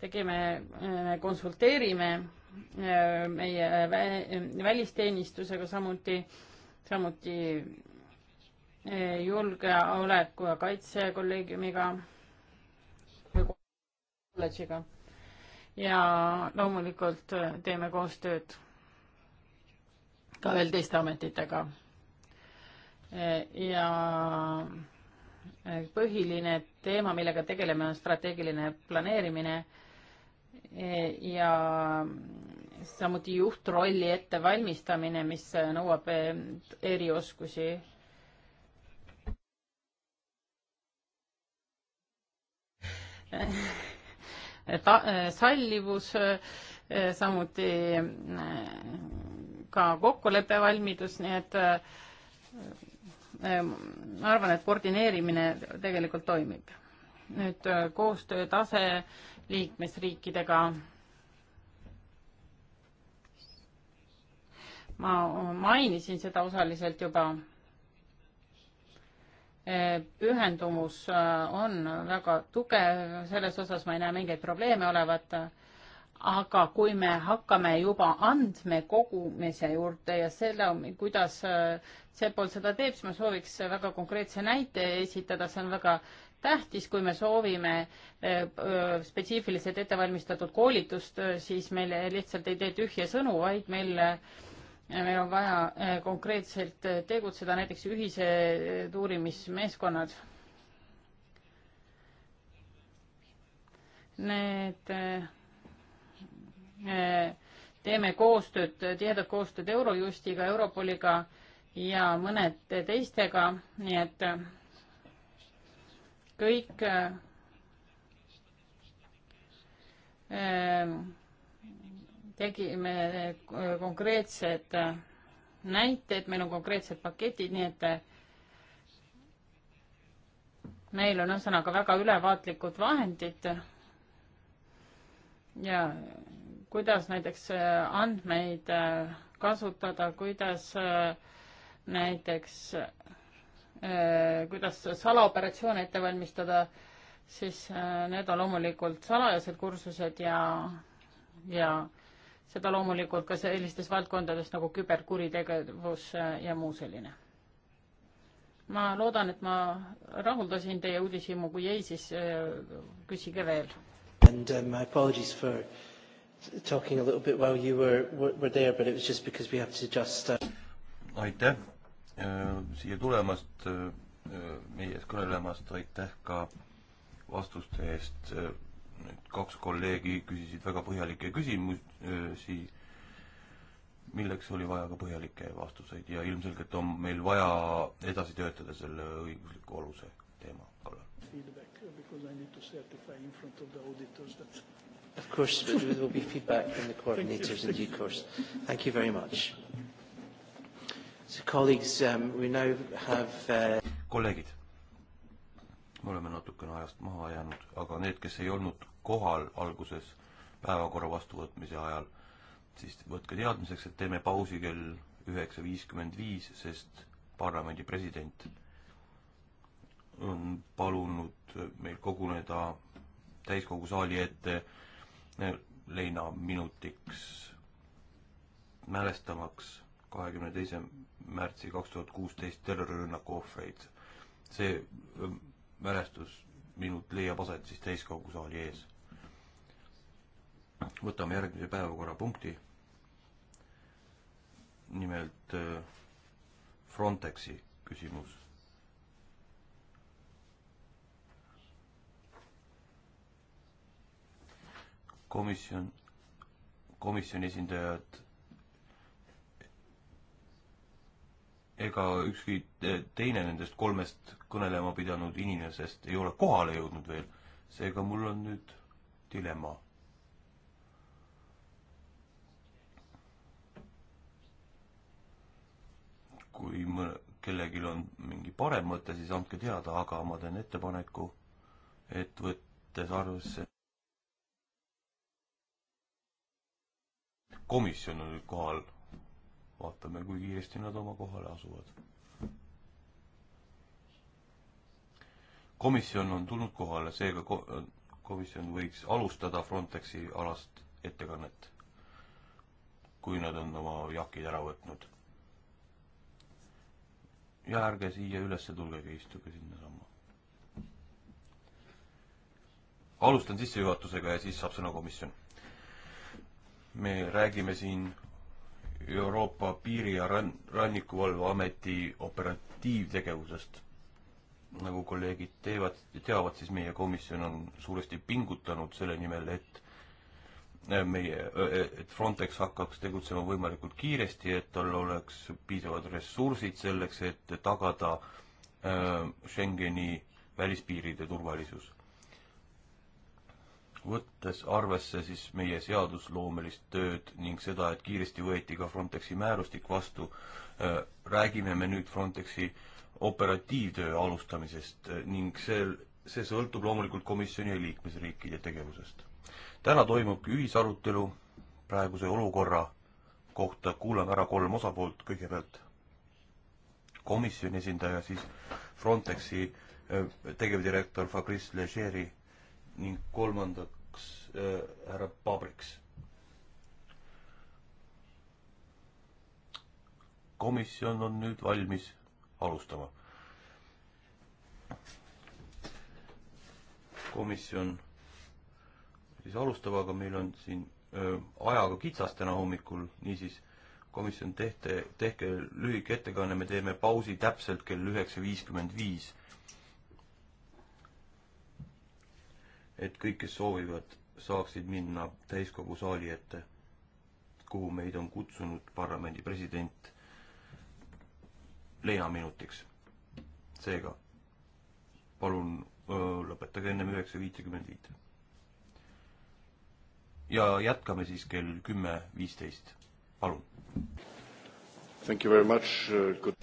tegime, äh, konsulteerime äh, meie välisteenistusega samuti, samuti äh, julgeoleku ja kaitsekolleegiumiga või kolledžiga. ja loomulikult teeme koostööd ka veel teiste ametitega. ja põhiline teema, millega tegeleme, on strateegiline planeerimine Eh, ja samuti juhtrolli ettevalmistamine, mis nõuab eh, erioskusi. ta-, eh, sallivus, samuti ka kokkuleppevalmidus, nii et ma arvan, et koordineerimine tegelikult toimib. nüüd koostöötase liikmesriikidega. ma mainisin seda osaliselt juba. E, pühendumus e, on väga tugev, selles osas ma ei näe mingeid probleeme olevat aga kui me hakkame juba andmekogumise juurde ja selle, kuidas CEPOL seda teeb, siis ma sooviks väga konkreetse näite esitada, see on väga tähtis, kui me soovime eh, spetsiifiliselt ettevalmistatud koolitust, eh, siis meil lihtsalt ei tee tühje sõnu, vaid meil, eh, meil on vaja konkreetselt tegutseda, näiteks ühised uurimismeeskonnad. Need teeme koostööd, tihedat koostööd Eurojustiga, Europoliga ja mõned teistega, nii et kõik ehm, tegime konkreetsed näited, meil on konkreetsed paketid, nii et meil on ühesõnaga väga ülevaatlikud vahendid ja kuidas näiteks andmeid äh, kasutada, kuidas äh, näiteks Äh, kuidas salaoperatsioone ette valmistada, siis äh, need on loomulikult salajased kursused ja, ja seda loomulikult ka sellistes valdkondades nagu küberkuritegevus äh, ja muu selline. ma loodan, et ma rahuldasin teie uudishimu, kui ei, siis küsige veel. And um, my apologies for talking a little bit while you were, were there, but it was just because we have to just uh... aitäh Äh, siia tulemast, äh, äh, meie ees kõnelemast, aitäh ka vastuste eest. Need kaks kolleegi küsisid väga põhjalikke küsimusi, milleks oli vaja ka põhjalikke vastuseid ja ilmselgelt on meil vaja edasi töötada selle õigusliku aluse teema kallal. Feedback uh, because I need to certify in front of the auditors that Of course, but there will be feedback from the coordinators in due course. Thank you very much. Um, uh, kolleegid, me oleme natukene ajast maha jäänud, aga need, kes ei olnud kohal alguses päevakorra vastuvõtmise ajal, siis võtke teadmiseks, et teeme pausi kell üheksa viiskümmend viis, sest parlamendi president on palunud meil koguneda täiskogu saali ette eh, leinaminutiks mälestamaks kahekümne teise märtsi kaks tuhat kuusteist terrorirünnaku ohvreid. see ähm, mälestusminut leiab aset siis täiskogu saali ees. võtame järgmise päevakorrapunkti. nimelt äh, Frontexi küsimus komisjon, komisjoni esindajad ega ükski teine nendest kolmest kõnelema pidanud inimesest ei ole kohale jõudnud veel. seega mul on nüüd dilemma. kui mõ-, kellelgi on mingi parem mõte, siis andke teada, aga ma teen ettepaneku, et võttes arvesse komisjon on nüüd kohal vaatame, kui kiiresti nad oma kohale asuvad. komisjon on tulnud kohale, seega ko-, komisjon võiks alustada Frontexi alast ettekannet, kui nad on oma jakid ära võtnud. ja ärge siia ülesse tulgegi, istuge sinnasamma. alustan sissejuhatusega ja siis saab sõna komisjon. me räägime siin Euroopa Piiri- ja Rann-, Rannikuvalveameti operatiivtegevusest. nagu kolleegid teevad, teavad, siis meie komisjon on suuresti pingutanud selle nimel, et äh, meie, äh, et Frontex hakkaks tegutsema võimalikult kiiresti, et tal oleks piisavad ressursid selleks, et tagada äh, Schengeni välispiiride turvalisus võttes arvesse siis meie seadusloomelist tööd ning seda, et kiiresti võeti ka Frontexi määrustik vastu, äh, räägime me nüüd Frontexi operatiivtöö alustamisest äh, ning see, see sõltub loomulikult komisjoni ja liikmesriikide tegevusest. täna toimub ühisarutelu praeguse olukorra kohta, kuulame ära kolm osapoolt, kõigepealt komisjoni esindaja, siis Frontexi äh, tegevdirektor Fabrice Legeri ning kolmandaks äh, härra Pabriks. komisjon on nüüd valmis alustama. komisjon siis alustab, aga meil on siin öö, äh, ajaga kitsas täna hommikul, niisiis komisjon tehte, tehke lühike ettekanne, me teeme pausi täpselt kell üheksa viiskümmend viis. et kõik, kes soovivad, saaksid minna täiskogu saali ette, kuhu meid on kutsunud parlamendi president leinaminutiks. seega palun öö, lõpetage ennem üheksa viitekümmend viit. ja jätkame siis kell kümme viisteist, palun. Thank you very much uh,, good.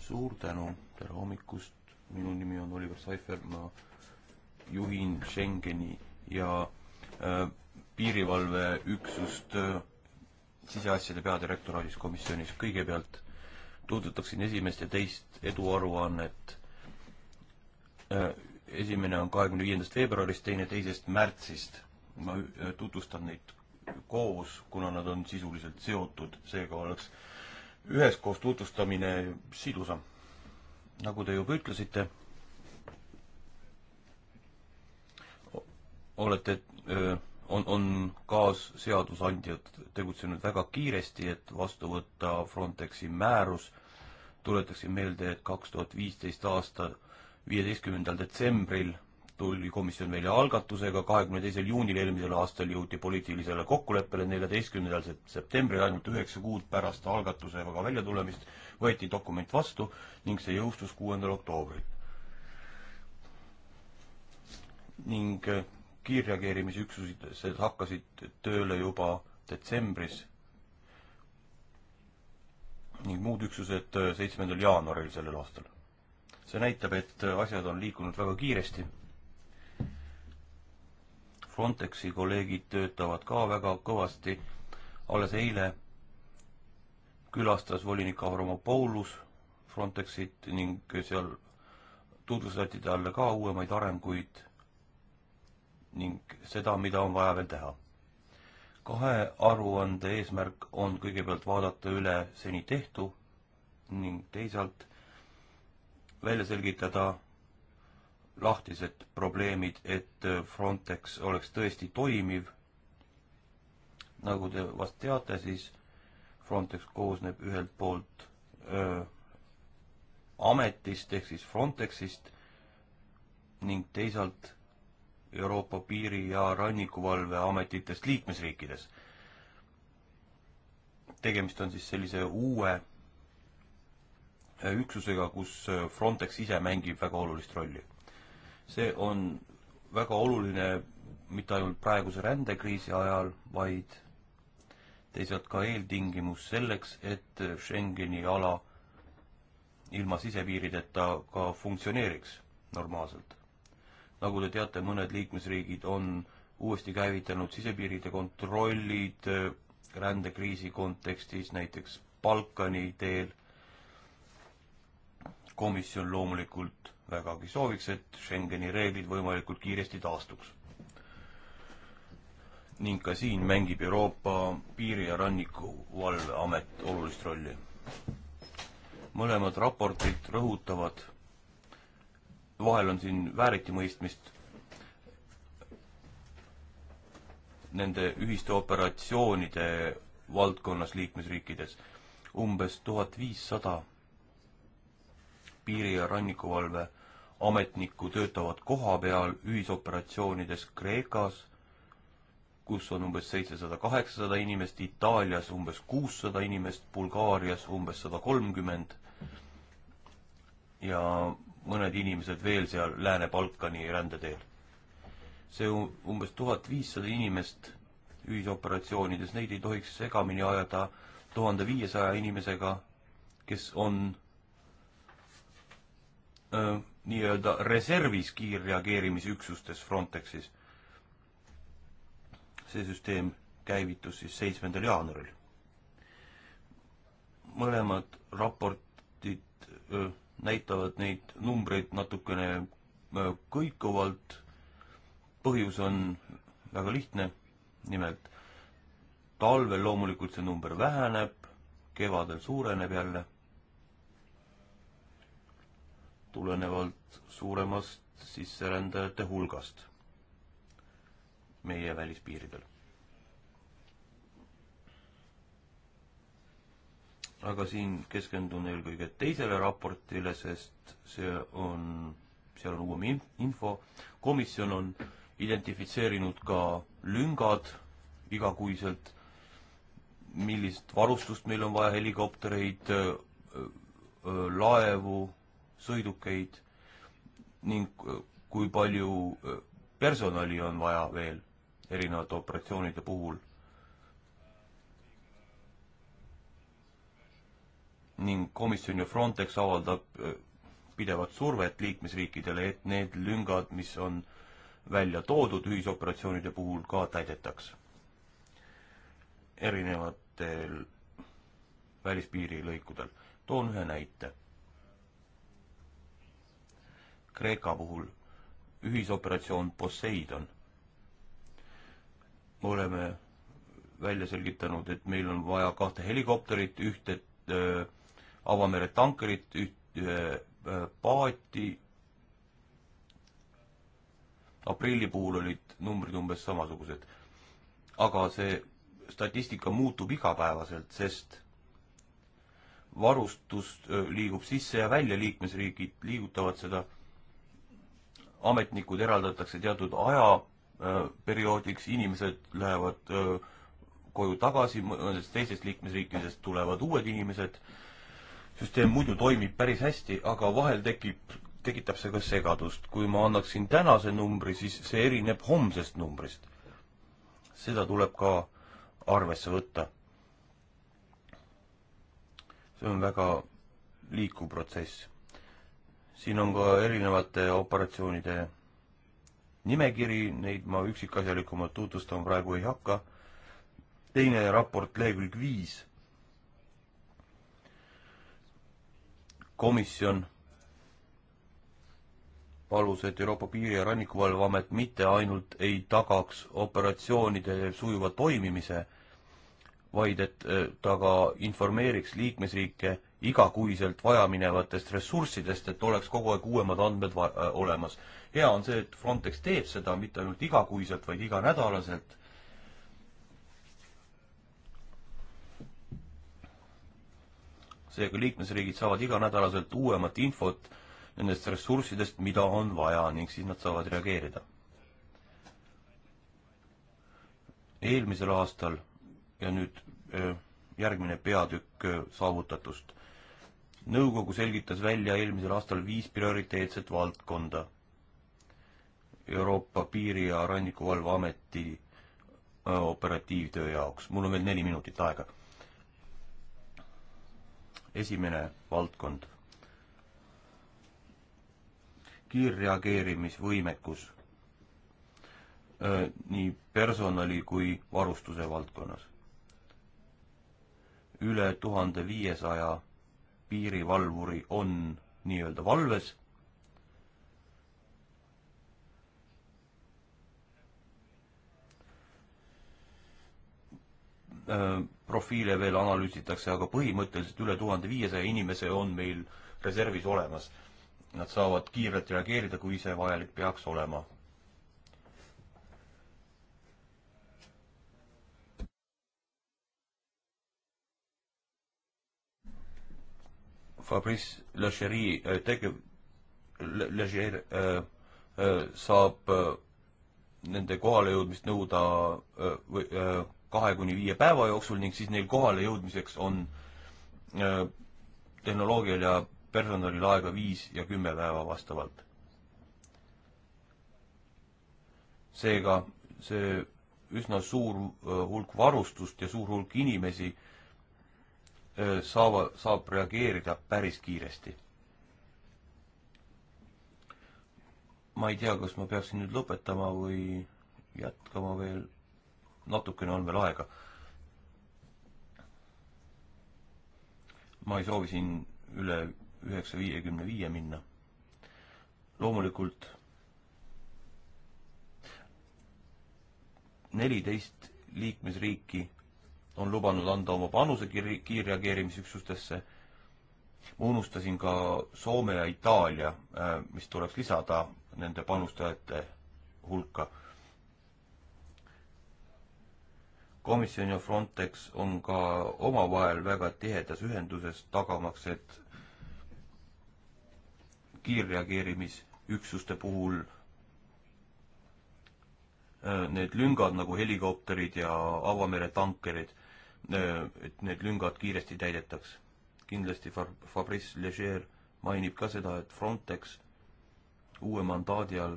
suur tänu, tere hommikust, minu nimi on Oliver Seifer, ma juhin Schengeni ja äh, piirivalveüksust äh, siseasjade peadirektoraadis komisjonis. kõigepealt tutvutaksin esimest ja teist eduaruannet äh,. esimene on kahekümne viiendast veebruarist, teine teisest märtsist. ma äh, tutvustan neid koos, kuna nad on sisuliselt seotud, seega oleks üheskoos tutvustamine sidusam. nagu te juba ütlesite olete, on, on kaasseadusandjad tegutsenud väga kiiresti, et vastu võtta Frontexi määrus. tuletaksin meelde, et kaks tuhat viisteist aasta viieteistkümnendal detsembril tuli komisjon välja algatusega, kahekümne teisel juunil eelmisel aastal jõuti poliitilisele kokkuleppele, neljateistkümnendal septembril, ainult üheksa kuud pärast algatusega väljatulemist, võeti dokument vastu ning see jõustus kuuendal oktoobril. ning kiirreageerimisüksused hakkasid tööle juba detsembris ning muud üksused seitsmendal jaanuaril sellel aastal. see näitab, et asjad on liikunud väga kiiresti. Frontexi kolleegid töötavad ka väga kõvasti. alles eile külastas volinik Avramopoulus Frontexit ning seal tutvustati talle ka uuemaid arenguid ning seda, mida on vaja veel teha. kahe aruande eesmärk on kõigepealt vaadata üle seni tehtu ning teisalt välja selgitada lahtised probleemid, et Frontex oleks tõesti toimiv. nagu te vast teate, siis Frontex koosneb ühelt poolt öö, ametist ehk siis Frontexist ning teisalt Euroopa Piiri- ja Rannikuvalveametitest liikmesriikides. tegemist on siis sellise uue äh, üksusega, kus äh, Frontex ise mängib väga olulist rolli. see on väga oluline mitte ainult praeguse rändekriisi ajal, vaid teisalt ka eeltingimus selleks, et äh, Schengeni ala ilma sisepiirideta ka funktsioneeriks normaalselt nagu te teate, mõned liikmesriigid on uuesti käivitanud sisepiiride kontrollid äh, rändekriisi kontekstis, näiteks Balkani teel. komisjon loomulikult vägagi sooviks, et Schengeni reeglid võimalikult kiiresti taastuks. ning ka siin mängib Euroopa Piiri- ja Rannikuvalveamet olulist rolli. mõlemad raportid rõhutavad vahel on siin vääritimõistmist. Nende ühiste operatsioonide valdkonnas liikmesriikides umbes tuhat viissada piiri- ja rannikuvalve ametnikku töötavad koha peal ühisoperatsioonides Kreekas, kus on umbes seitsesada, kaheksasada inimest, Itaalias umbes kuussada inimest, Bulgaarias umbes sada kolmkümmend ja mõned inimesed veel seal Lääne-Balkani rändeteel. see umbes tuhat viissada inimest ühisoperatsioonides, neid ei tohiks segamini ajada tuhande viiesaja inimesega, kes on nii-öelda reservis kiirreageerimisüksustes Frontexis. see süsteem käivitus siis seitsmendal jaanuaril. mõlemad raportid öö, näitavad neid numbreid natukene äh, kõikuvalt. põhjus on väga lihtne, nimelt talvel loomulikult see number väheneb, kevadel suureneb jälle, tulenevalt suuremast sisserändajate hulgast meie välispiiridel. aga siin keskendun eelkõige teisele raportile, sest see on, seal on uuem info. komisjon on identifitseerinud ka lüngad igakuiselt, millist varustust meil on vaja, helikoptereid, laevu, sõidukeid ning kui palju personali on vaja veel erinevate operatsioonide puhul ning komisjon ja Frontex avaldab äh, pidevat survet liikmesriikidele, et need lüngad, mis on välja toodud ühisoperatsioonide puhul, ka täidetaks. erinevatel välispiirilõikudel. toon ühe näite. Kreeka puhul ühisoperatsioon Poseidon. me oleme välja selgitanud, et meil on vaja kahte helikopterit, ühte öö, äh, avamere tankerit, üht äh, paati. aprilli puhul olid numbrid umbes samasugused. aga see statistika muutub igapäevaselt, sest varustust liigub sisse ja välja, liikmesriigid liigutavad seda, ametnikud eraldatakse teatud ajaperioodiks, inimesed lähevad öö, koju tagasi, mõnedest teistest liikmesriikidest tulevad uued inimesed süsteem muidu toimib päris hästi, aga vahel tekib, tekitab see ka segadust. kui ma annaksin tänase numbri, siis see erineb homsest numbrist. seda tuleb ka arvesse võtta. see on väga liikuv protsess. siin on ka erinevate operatsioonide nimekiri, neid ma üksikasjalikumalt tutvustama praegu ei hakka. teine raport, lehekülg viis komisjon palus, et Euroopa Piiri- ja Rannikuvalveamet mitte ainult ei tagaks operatsioonide sujuva toimimise, vaid et eh, ta ka informeeriks liikmesriike igakuiselt vajaminevatest ressurssidest, et oleks kogu aeg uuemad andmed eh, olemas. hea on see, et Frontex teeb seda mitte ainult igakuiselt, vaid iganädalaselt seega liikmesriigid saavad iganädalaselt uuemat infot nendest ressurssidest, mida on vaja ning siis nad saavad reageerida. eelmisel aastal ja nüüd järgmine peatükk saavutatust. nõukogu selgitas välja eelmisel aastal viis prioriteetset valdkonda. Euroopa Piiri- ja Rannikuvalveameti operatiivtöö jaoks. mul on veel neli minutit aega esimene valdkond. kiirreageerimisvõimekus nii personali kui varustuse valdkonnas. üle tuhande viiesaja piirivalvuri on nii-öelda valves Äh, profiile veel analüüsitakse, aga põhimõtteliselt üle tuhande viiesaja inimese on meil reservis olemas. Nad saavad kiirelt reageerida, kui see vajalik peaks olema. Fabrice Lecheri äh, tegev, Lecher äh, saab nende kohalejõudmist nõuda või kahe kuni viie päeva jooksul ning siis neil kohale jõudmiseks on tehnoloogial ja personalil aega viis ja kümme päeva vastavalt. seega see üsna suur hulk varustust ja suur hulk inimesi saavad, saab reageerida päris kiiresti. ma ei tea, kas ma peaksin nüüd lõpetama või jätkama veel natukene on veel aega. ma ei soovi siin üle üheksa viiekümne viie minna. loomulikult neliteist liikmesriiki on lubanud anda oma panuse kiir-, kiirreageerimisüksustesse. ma unustasin ka Soome ja Itaalia, äh, mis tuleks lisada nende panustajate hulka. komisjon ja Frontex on ka omavahel väga tihedas ühenduses, tagamaks, et kiirreageerimisüksuste puhul äh, need lüngad nagu helikopterid ja avamere tankerid, äh, et need lüngad kiiresti täidetaks. kindlasti Fabrice Leger mainib ka seda, et Frontex uue mandaadi all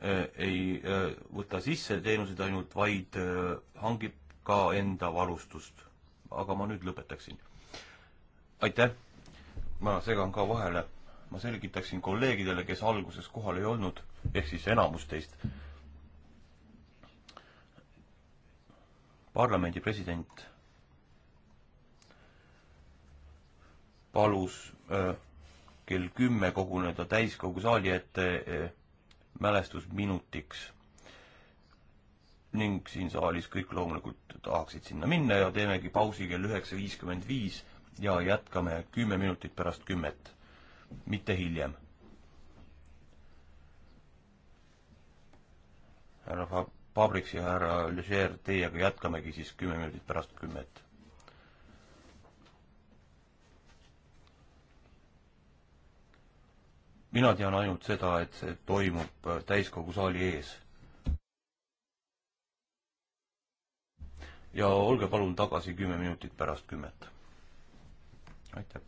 Äh, ei äh, võta sisse teenuseid ainult, vaid äh, hangib ka enda varustust. aga ma nüüd lõpetaksin. aitäh! ma segan ka vahele. ma selgitaksin kolleegidele, kes alguses kohal ei olnud, ehk siis enamus teist. parlamendi president palus öö, kell kümme koguneda täiskogu saali ette mälestusminutiks. ning siin saalis kõik loomulikult tahaksid sinna minna ja teemegi pausi kell üheksa viiskümmend viis ja jätkame kümme minutit pärast kümmet, mitte hiljem. härra Fabriks ja härra Leger, teiega jätkamegi siis kümme minutit pärast kümmet mina tean ainult seda, et see toimub äh, täiskogu saali ees. ja olge palun tagasi kümme minutit pärast kümmet. aitäh.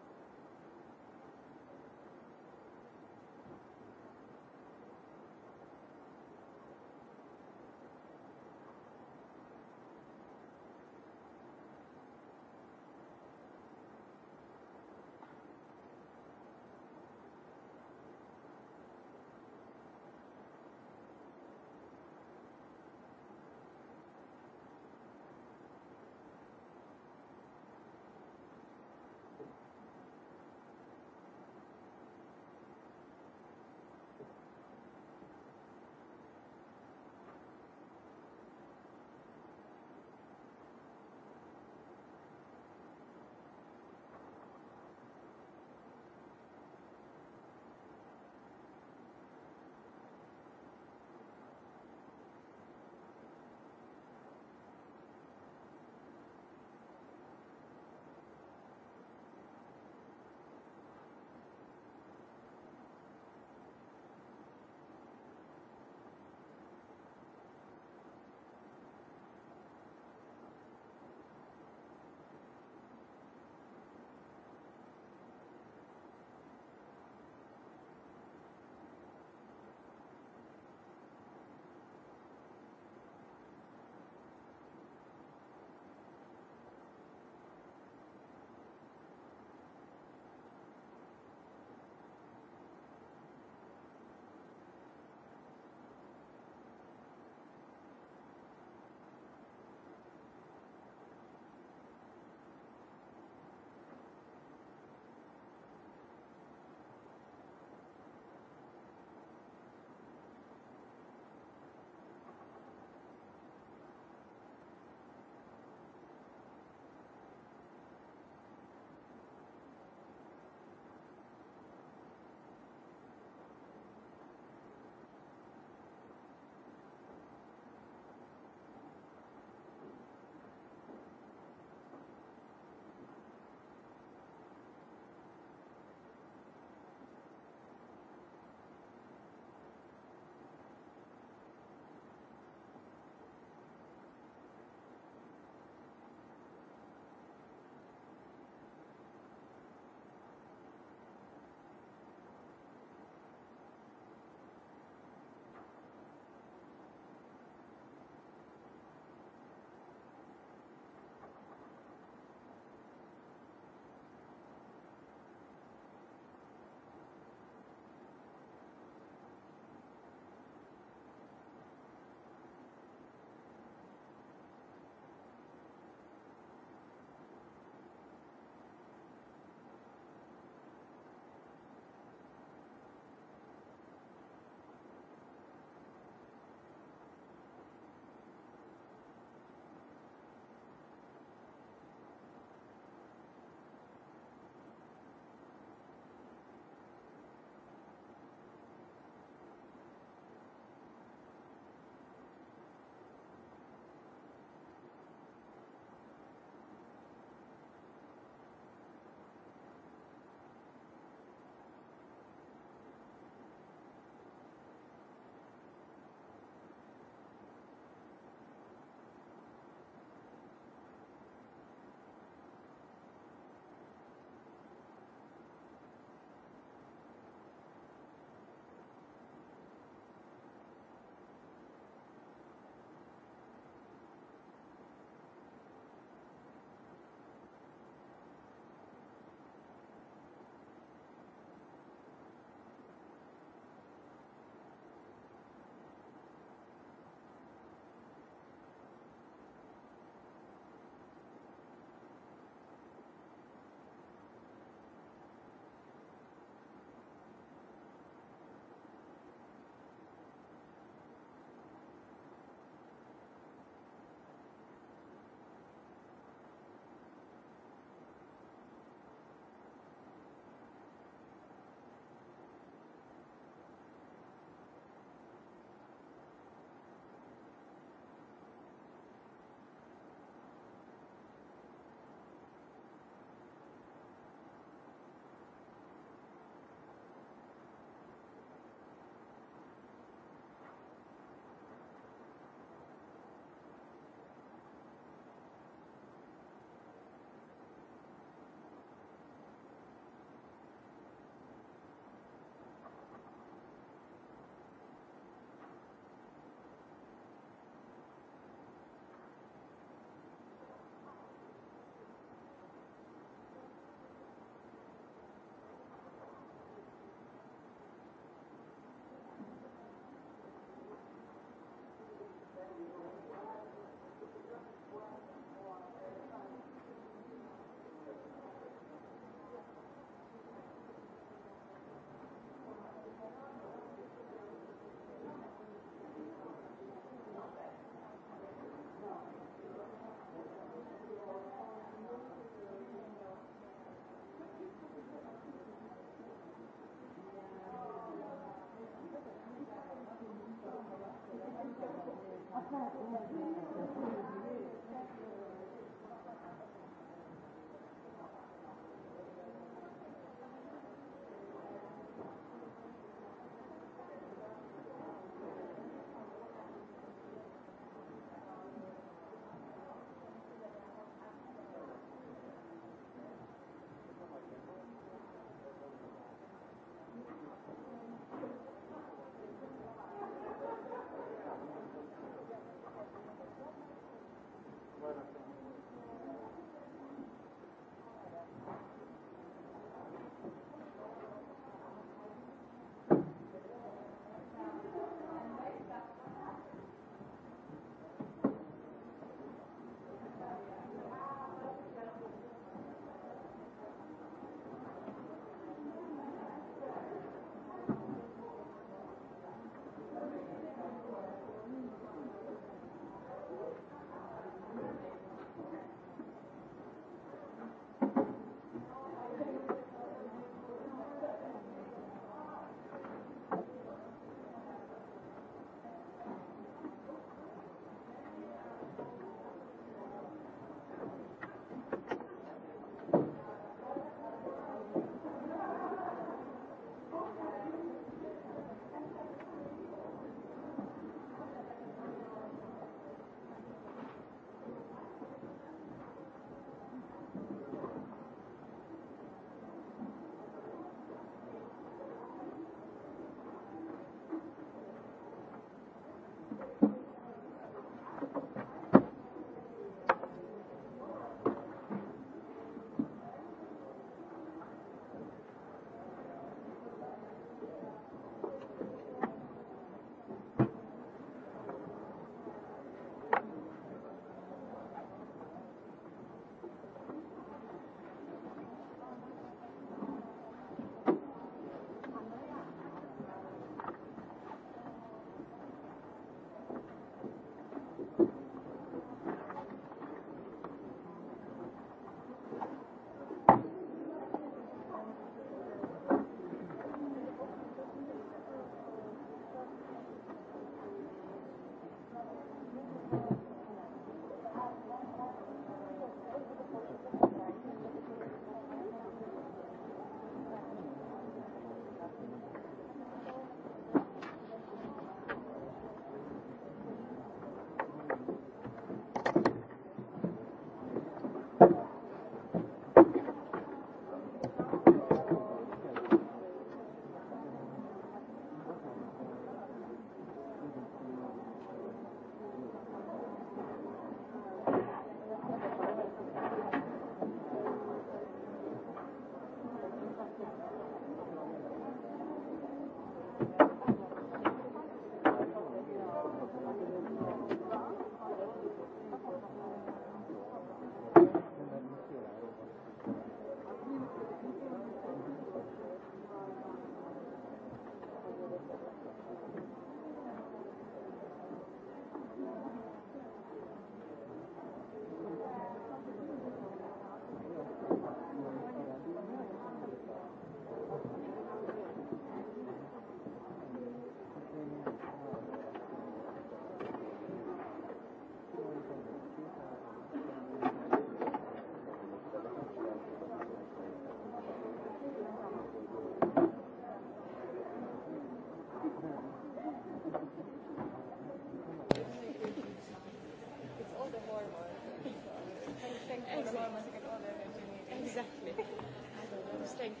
exactly. I don't know. Strength.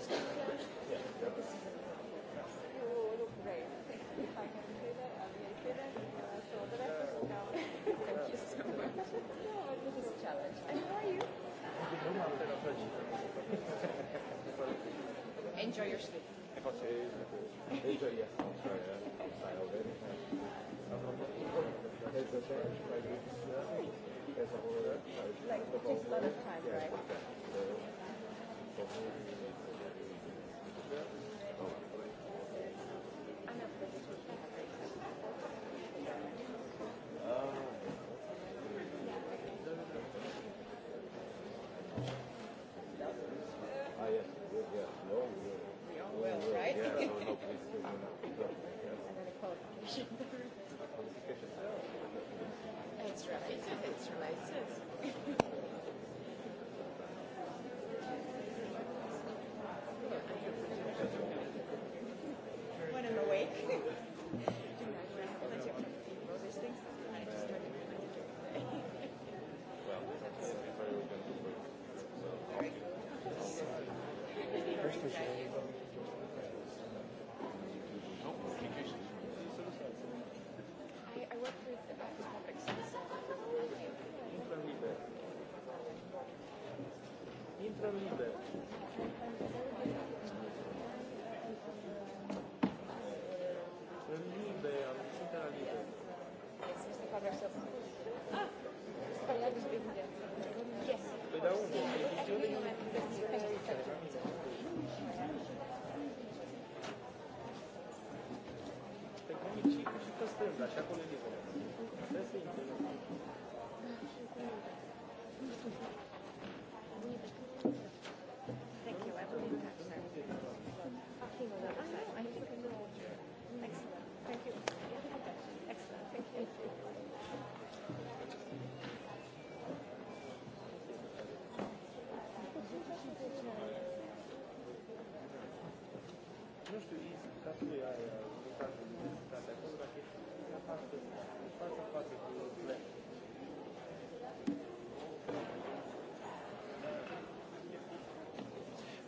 Strength. Yeah. But this is You look great. If I can say that, I'll be okay then. Uh, so the rest is now. Thank you so much. No, but this is a challenge. And how are you? Enjoy your sleep. Enjoy, yes. Sorry, I'm sorry already. There's a change, like it's like it takes a lot of time, yeah. right? Thank you. Gracias.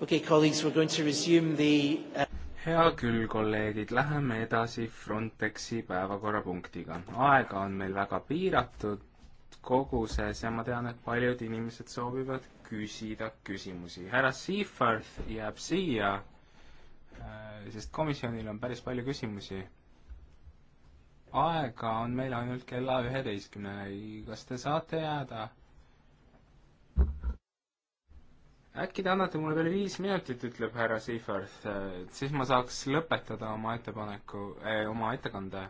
Okay, colleagues, we're going to resume the uh... hea küll, kolleegid, läheme edasi Frontexi päevakorrapunktiga. aega on meil väga piiratud koguses ja ma tean, et paljud inimesed soovivad küsida küsimusi. härra Seaforth jääb siia, äh, sest komisjonil on päris palju küsimusi. aega on meil ainult kella üheteistkümneni. kas te saate jääda? äkki te annate mulle veel viis minutit, ütleb härra Seifert, siis ma saaks lõpetada oma ettepaneku eh,, oma ettekande.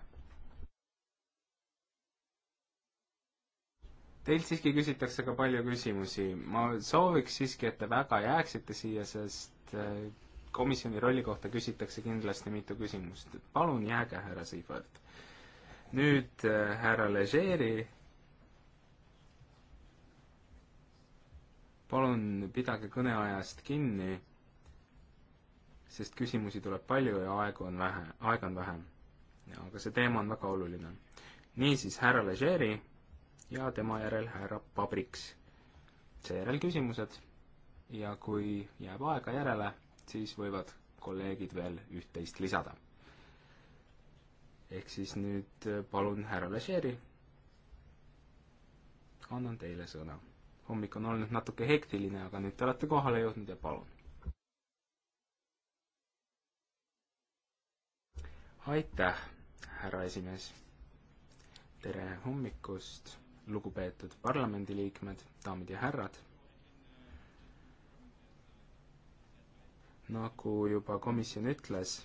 Teilt siiski küsitakse ka palju küsimusi, ma sooviks siiski, et te väga jääksite siia, sest eh, komisjoni rolli kohta küsitakse kindlasti mitu küsimust, et palun jääge, härra Seifert. nüüd eh, härra Legeri palun pidage kõneajast kinni, sest küsimusi tuleb palju ja aegu on vähe, aega on vähe. aga see teema on väga oluline. niisiis, härra Legeri ja tema järel härra Pabriks. seejärel küsimused ja kui jääb aega järele, siis võivad kolleegid veel üht-teist lisada. ehk siis nüüd palun härra Legeri, annan teile sõna hommik on olnud natuke hektiline, aga nüüd te olete kohale jõudnud ja palun. aitäh, härra esimees. tere hommikust, lugupeetud parlamendiliikmed, daamid ja härrad. nagu juba komisjon ütles,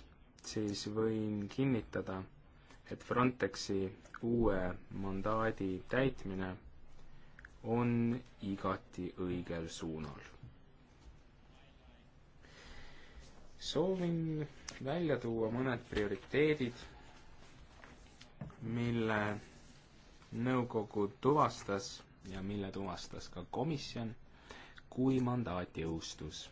siis võin kinnitada, et Frontexi uue mandaadi täitmine on igati õigel suunal. soovin välja tuua mõned prioriteedid, mille nõukogu tuvastas ja mille tuvastas ka komisjon, kui mandaat jõustus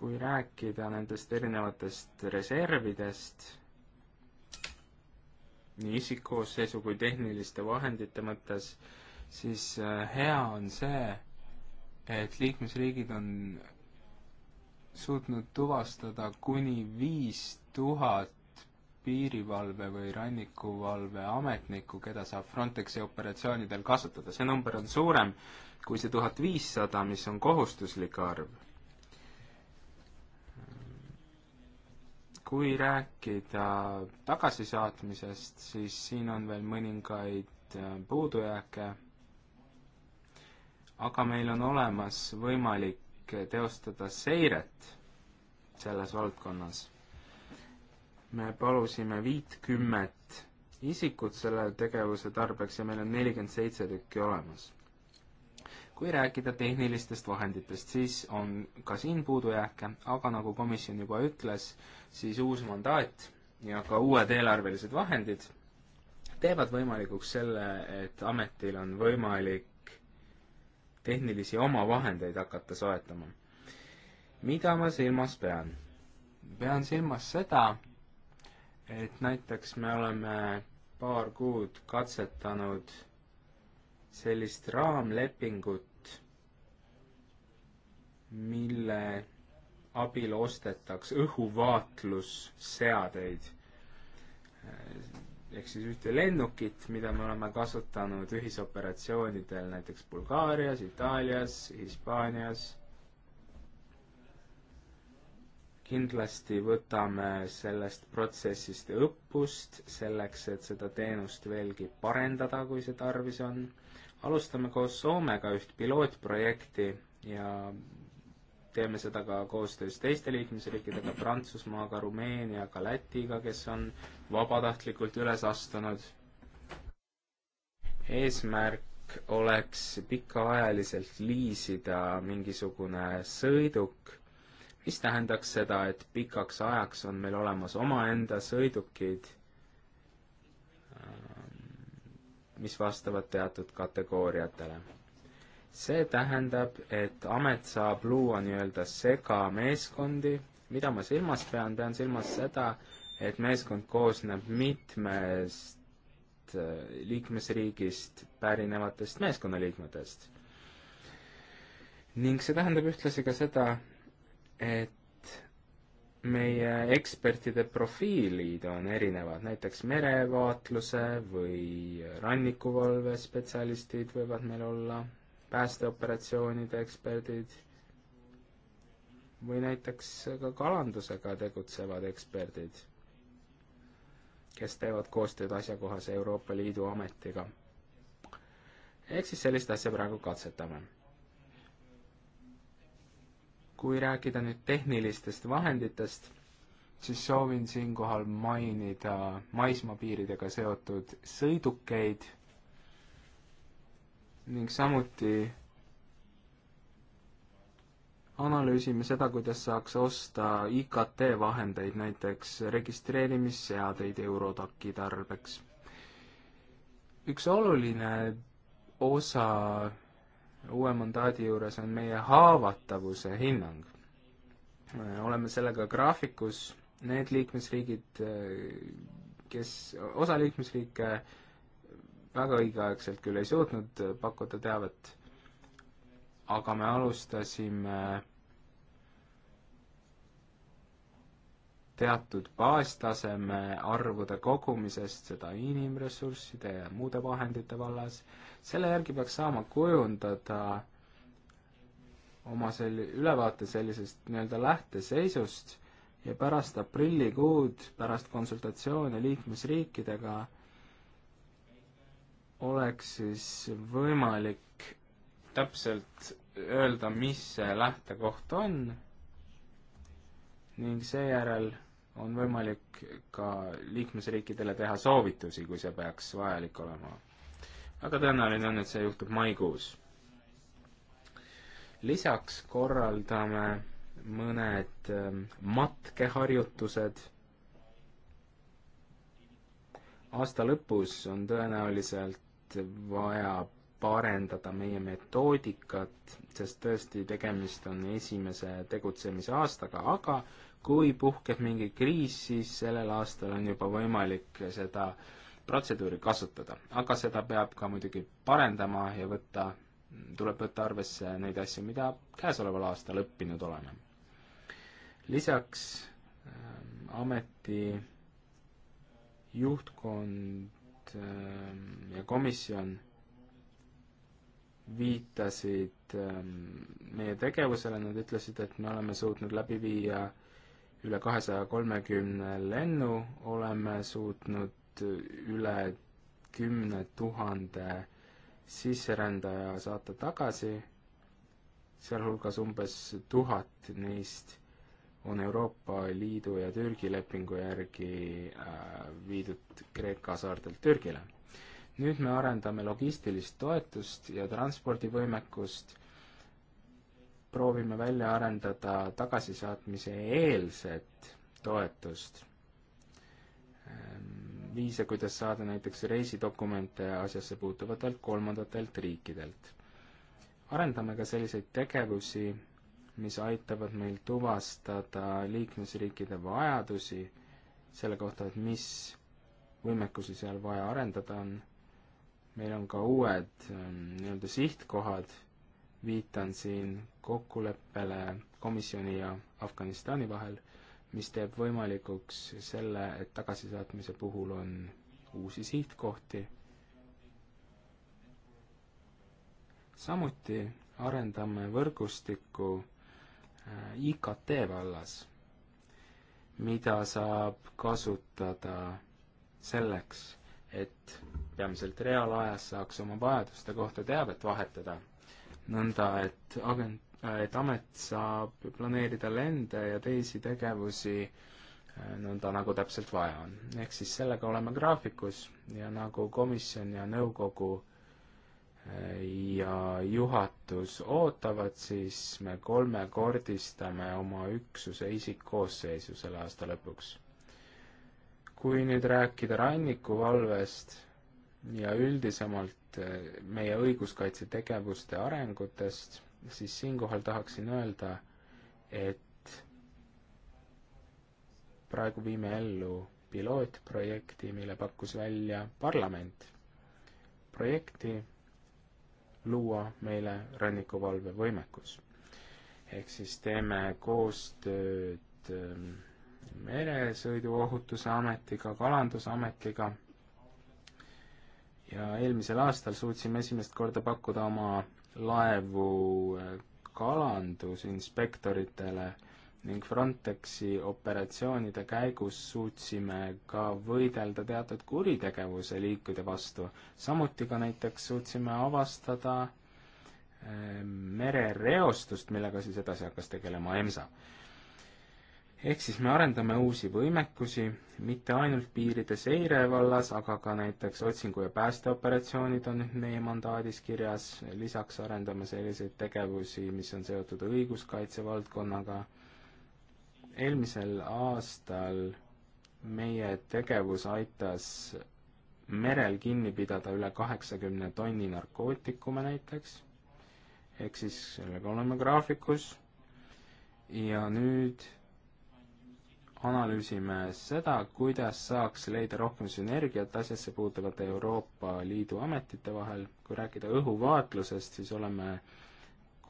kui rääkida nendest erinevatest reservidest, nii isikkoosseisu kui tehniliste vahendite mõttes, siis äh, hea on see, et liikmesriigid on suutnud tuvastada kuni viis tuhat piirivalve või rannikuvalve ametnikku, keda saab Frontexi operatsioonidel kasutada. see number on suurem kui see tuhat viissada, mis on kohustuslik arv kui rääkida tagasisaatmisest, siis siin on veel mõningaid äh, puudujääke, aga meil on olemas võimalik teostada seiret selles valdkonnas. me palusime viitkümmet isikut selle tegevuse tarbeks ja meil on nelikümmend seitse tükki olemas kui rääkida tehnilistest vahenditest, siis on ka siin puudujääke, aga nagu komisjon juba ütles, siis uus mandaat ja ka uued eelarvelised vahendid teevad võimalikuks selle, et ametil on võimalik tehnilisi omavahendeid hakata soetama. mida ma silmas pean? pean silmas seda, et näiteks me oleme paar kuud katsetanud sellist raamlepingut, mille abil ostetaks õhuvaatlusseadeid. ehk siis ühte lennukit, mida me oleme kasutanud ühisoperatsioonidel näiteks Bulgaarias, Itaalias, Hispaanias kindlasti võtame sellest protsessist õppust selleks, et seda teenust veelgi parendada, kui see tarvis on. alustame koos Soomega üht pilootprojekti ja teeme seda ka koostöös teiste liikmesriikidega, Prantsusmaaga, Rumeeniaga, Lätiga, kes on vabatahtlikult üles astunud. eesmärk oleks pikaajaliselt liisida mingisugune sõiduk, mis tähendaks seda, et pikaks ajaks on meil olemas omaenda sõidukid, mis vastavad teatud kategooriatele see tähendab, et amet saab luua nii-öelda segameeskondi, mida ma silmas pean, pean silmas seda, et meeskond koosneb mitmest äh, liikmesriigist pärinevatest meeskonnaliikmetest. ning see tähendab ühtlasi ka seda, et meie ekspertide profiilid on erinevad, näiteks merevaatluse või rannikuvalve spetsialistid võivad meil olla päästeoperatsioonide eksperdid või näiteks ka kalandusega tegutsevad eksperdid, kes teevad koostööd asjakohase Euroopa Liidu ametiga. ehk siis sellist asja praegu katsetame. kui rääkida nüüd tehnilistest vahenditest, siis soovin siinkohal mainida maismaapiiridega seotud sõidukeid ning samuti analüüsime seda, kuidas saaks osta IKT vahendeid, näiteks registreerimisseadeid Eurodaki tarbeks. üks oluline osa uue mandaadi juures on meie haavatavuse hinnang. oleme sellega graafikus, need liikmesriigid, kes, osa liikmesriike väga õigeaegselt küll ei suutnud äh, pakkuda teavet, aga me alustasime teatud baastaseme arvude kogumisest, seda inimressursside ja muude vahendite vallas, selle järgi peaks saama kujundada oma sel-, ülevaate sellisest nii-öelda lähteseisust ja pärast aprillikuud, pärast konsultatsioone liikmesriikidega äh, oleks siis võimalik täpselt öelda, mis see lähtekoht on ning seejärel on võimalik ka liikmesriikidele teha soovitusi, kui see peaks vajalik olema. aga tõenäoline on, et see juhtub maikuus. lisaks korraldame mõned ähm, matkeharjutused aasta lõpus on tõenäoliselt vaja parendada meie metoodikat, sest tõesti, tegemist on esimese tegutsemisaastaga, aga kui puhkeb mingi kriis, siis sellel aastal on juba võimalik seda protseduuri kasutada. aga seda peab ka muidugi parendama ja võtta, tuleb võtta arvesse neid asju, mida käesoleval aastal õppinud oleme. lisaks ähm, ameti juhtkond Ähm, ja komisjon viitasid ähm, meie tegevusele, nad ütlesid, et me oleme suutnud läbi viia üle kahesaja kolmekümne lennu, oleme suutnud üle kümne tuhande sisserändaja saata tagasi, sealhulgas umbes tuhat neist on Euroopa Liidu ja Türgi lepingu järgi äh, viidud Kreeka saartelt Türgile. nüüd me arendame logistilist toetust ja transpordivõimekust, proovime välja arendada tagasisaatmise eelset toetust, ähm, viise, kuidas saada näiteks reisidokumente asjasse puutuvatelt kolmandatelt riikidelt. arendame ka selliseid tegevusi, mis aitavad meil tuvastada liikmesriikide vajadusi selle kohta, et mis võimekusi seal vaja arendada on. meil on ka uued ähm, nii-öelda sihtkohad, viitan siin kokkuleppele komisjoni ja Afganistani vahel, mis teeb võimalikuks selle, et tagasisaatmise puhul on uusi sihtkohti. samuti arendame võrgustikku Äh, IKT vallas, mida saab kasutada selleks, et peamiselt reaalajas saaks oma vajaduste kohta teavet vahetada, nõnda et agent, et amet saab planeerida lende ja teisi tegevusi äh, nõnda, nagu täpselt vaja on. ehk siis sellega oleme graafikus ja nagu komisjon ja nõukogu ja juhatus ootavad, siis me kolmekordistame oma üksuse isikkoosseisu selle aasta lõpuks. kui nüüd rääkida rannikuvalvest ja üldisemalt eh, meie õiguskaitsetegevuste arengutest, siis siinkohal tahaksin öelda, et praegu viime ellu pilootprojekti, mille pakkus välja parlament. projekti luua meile rannikuvalvevõimekus. ehk siis teeme koostööd ähm, meresõiduohutuse ametiga, kalandusametiga ja eelmisel aastal suutsime esimest korda pakkuda oma laevu äh, kalandusinspektoritele äh, ning Frontexi operatsioonide käigus suutsime ka võidelda teatud kuritegevuse liikude vastu. samuti ka näiteks suutsime avastada äh, merereostust, millega siis edasi hakkas tegelema EMSA. ehk siis me arendame uusi võimekusi, mitte ainult piiride seire vallas, aga ka näiteks otsingu- ja päästeoperatsioonid on nüüd meie mandaadis kirjas, lisaks arendame selliseid tegevusi, mis on seotud õiguskaitse valdkonnaga eelmisel aastal meie tegevus aitas merel kinni pidada üle kaheksakümne tonni narkootikume näiteks, ehk siis sellega oleme graafikus ja nüüd analüüsime seda, kuidas saaks leida rohkem sünergiat asjasse puutuvate Euroopa Liidu ametite vahel, kui rääkida õhuvaatlusest, siis oleme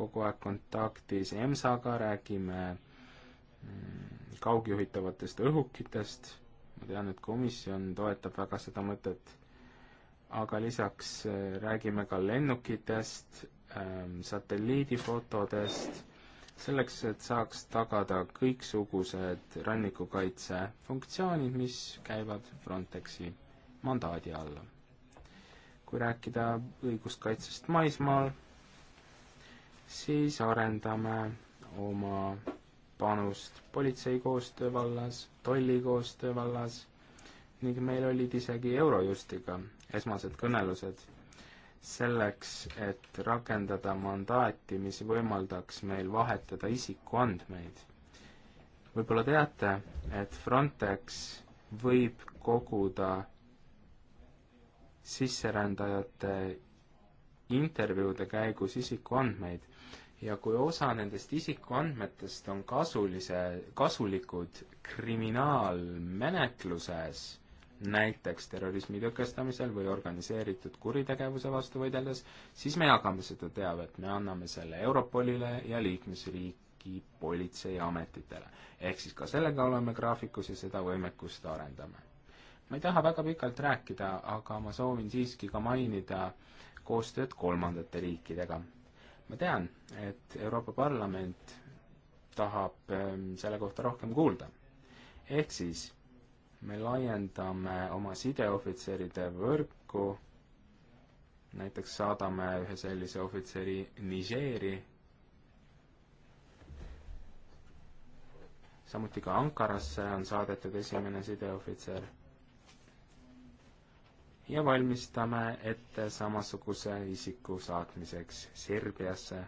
kogu aeg kontaktis EMSA-ga, räägime Mm, kaugjuhitavatest õhukitest, ma tean, et komisjon toetab väga seda mõtet, aga lisaks äh, räägime ka lennukitest, ähm, satelliidifotodest, selleks, et saaks tagada kõiksugused rannikukaitse funktsioonid, mis käivad Frontexi mandaadi alla. kui rääkida õiguskaitsest maismaal, siis arendame oma panust politsei koostöö vallas, tolli koostöö vallas ning meil olid isegi Eurojustiga esmased kõnelused selleks, et rakendada mandaati, mis võimaldaks meil vahetada isikuandmeid. võib-olla teate, et Frontex võib koguda sisserändajate intervjuude käigus isikuandmeid ja kui osa nendest isikuandmetest on kasulise, kasulikud kriminaalmenetluses, näiteks terrorismi tõkestamisel või organiseeritud kuritegevuse vastu võideldes, siis me jagame seda teavet, me anname selle Europolile ja liikmesriigi politseiametitele. ehk siis ka sellega oleme graafikus ja seda võimekust arendame ma ei taha väga pikalt rääkida, aga ma soovin siiski ka mainida koostööd kolmandate riikidega ma tean, et Euroopa Parlament tahab ehm, selle kohta rohkem kuulda. ehk siis me laiendame oma sideohvitseride võrku, näiteks saadame ühe sellise ohvitseri Nigeeri, samuti ka Ankarasse on saadetud esimene sideohvitser ja valmistame ette samasuguse isiku saatmiseks Serbiasse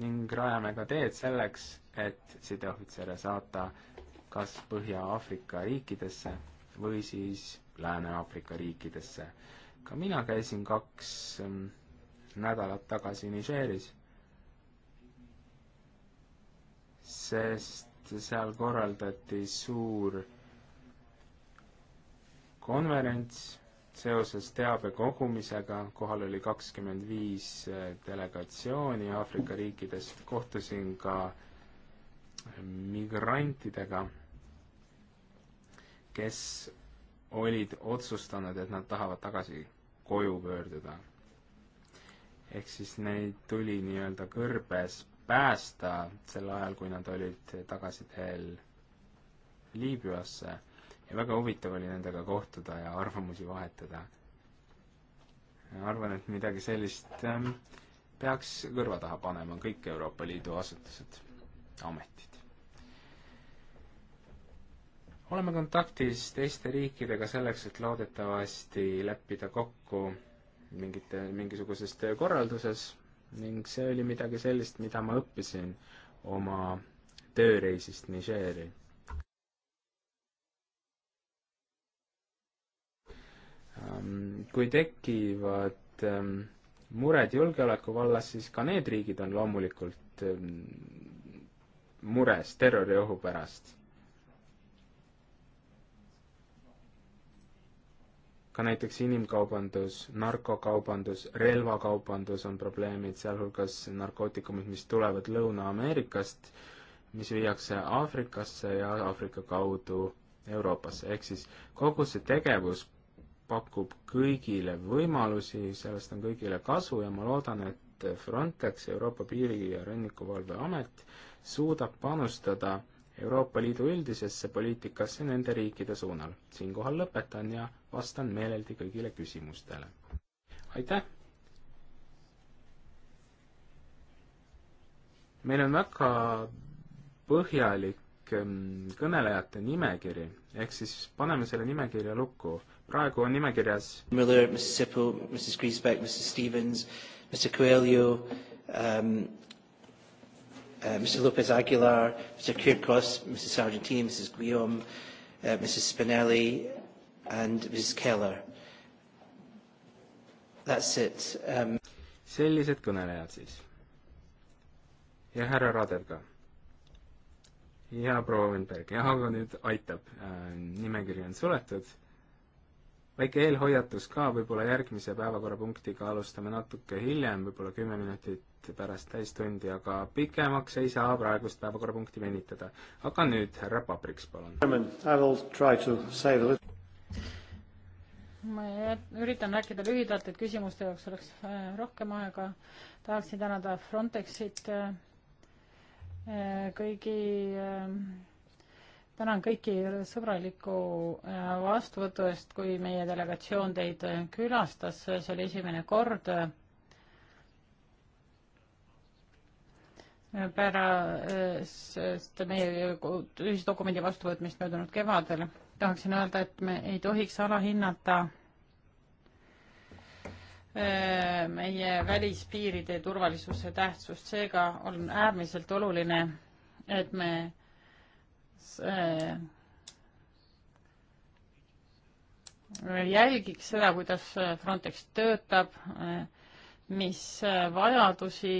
ning rajame ka teed selleks, et sideohvitsere saata kas Põhja-Aafrika riikidesse või siis Lääne-Aafrika riikidesse. ka mina käisin kaks mm, nädalat tagasi Nigeeris, sest seal korraldati suur konverents seoses teabe kogumisega, kohal oli kakskümmend viis eh, delegatsiooni Aafrika riikidest, kohtusin ka migrantidega, kes olid otsustanud, et nad tahavad tagasi koju pöörduda. ehk siis neid tuli nii-öelda kõrbes päästa sel ajal, kui nad olid tagasi teel Liibüasse ja väga huvitav oli nendega kohtuda ja arvamusi vahetada. arvan, et midagi sellist ähm, peaks kõrva taha panema kõik Euroopa Liidu asutused, ametid. oleme kontaktis teiste riikidega selleks, et loodetavasti leppida kokku mingite, mingisuguses töökorralduses ning see oli midagi sellist, mida ma õppisin oma tööreisist Nigeeri Ähm, kui tekivad ähm, mured julgeoleku vallas, siis ka need riigid on loomulikult ähm, mures terroriohu pärast. ka näiteks inimkaubandus, narkokaubandus, relvakaubandus on probleemid, sealhulgas narkootikumid, mis tulevad Lõuna-Ameerikast, mis viiakse Aafrikasse ja Aafrika kaudu Euroopasse, ehk siis kogu see tegevus pakub kõigile võimalusi, sellest on kõigile kasu ja ma loodan, et Frontex, Euroopa Piiri- ja Rannikuvalveamet suudab panustada Euroopa Liidu üldisesse poliitikasse nende riikide suunal. siinkohal lõpetan ja vastan meeleldi kõigile küsimustele. aitäh! meil on väga põhjalik mm, kõnelejate nimekiri, ehk siis paneme selle nimekirja lukku praegu on nimekirjas Miller, Mrs Sippel, Mrs Griesbeck, Mrs Stevens, Mr Coelho um,, uh, Mr Lopez Aguilar, Mr Kirkos, Mrs Sargentini, Mrs Guillaume uh,, Mrs Spinelli and Mrs Keller. That's it um.... sellised kõnelejad siis. ja härra Radev ka. ja proua Venberg, jah, aga nüüd aitab äh,, nimekiri on suletud väike eelhoiatus ka, võib-olla järgmise päevakorrapunktiga alustame natuke hiljem, võib-olla kümme minutit pärast täistundi, aga pikemaks ei saa praegust päevakorrapunkti venitada. aga nüüd härra Papriks, palun ma üritan rääkida lühidalt, et küsimuste jaoks oleks äh, rohkem aega. tahaksin tänada Frontexit äh, äh, kõigi tänan kõiki sõbraliku äh, vastuvõtu eest, kui meie delegatsioon teid äh, külastas, see oli esimene kord. Äh, pärast meie ühisdokumendi vastuvõtmist möödunud kevadel tahaksin öelda, et me ei tohiks alahinnata meie välispiiride turvalisuse tähtsust, seega on äärmiselt oluline, et me see jälgiks seda, kuidas Frontex töötab, mis vajadusi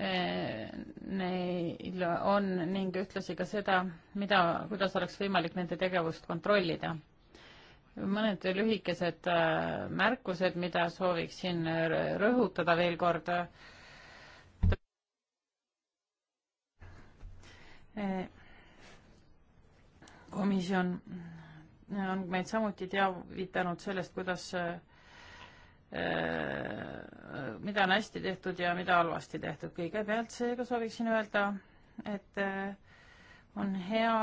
eh, neil on ning ühtlasi ka seda, mida, kuidas oleks võimalik nende tegevust kontrollida. mõned lühikesed eh, märkused, mida sooviksin rõhutada veel kord eh, komisjon on meid samuti teavitanud sellest, kuidas, äh, mida on hästi tehtud ja mida halvasti tehtud. kõigepealt seega sooviksin öelda, et äh, on hea,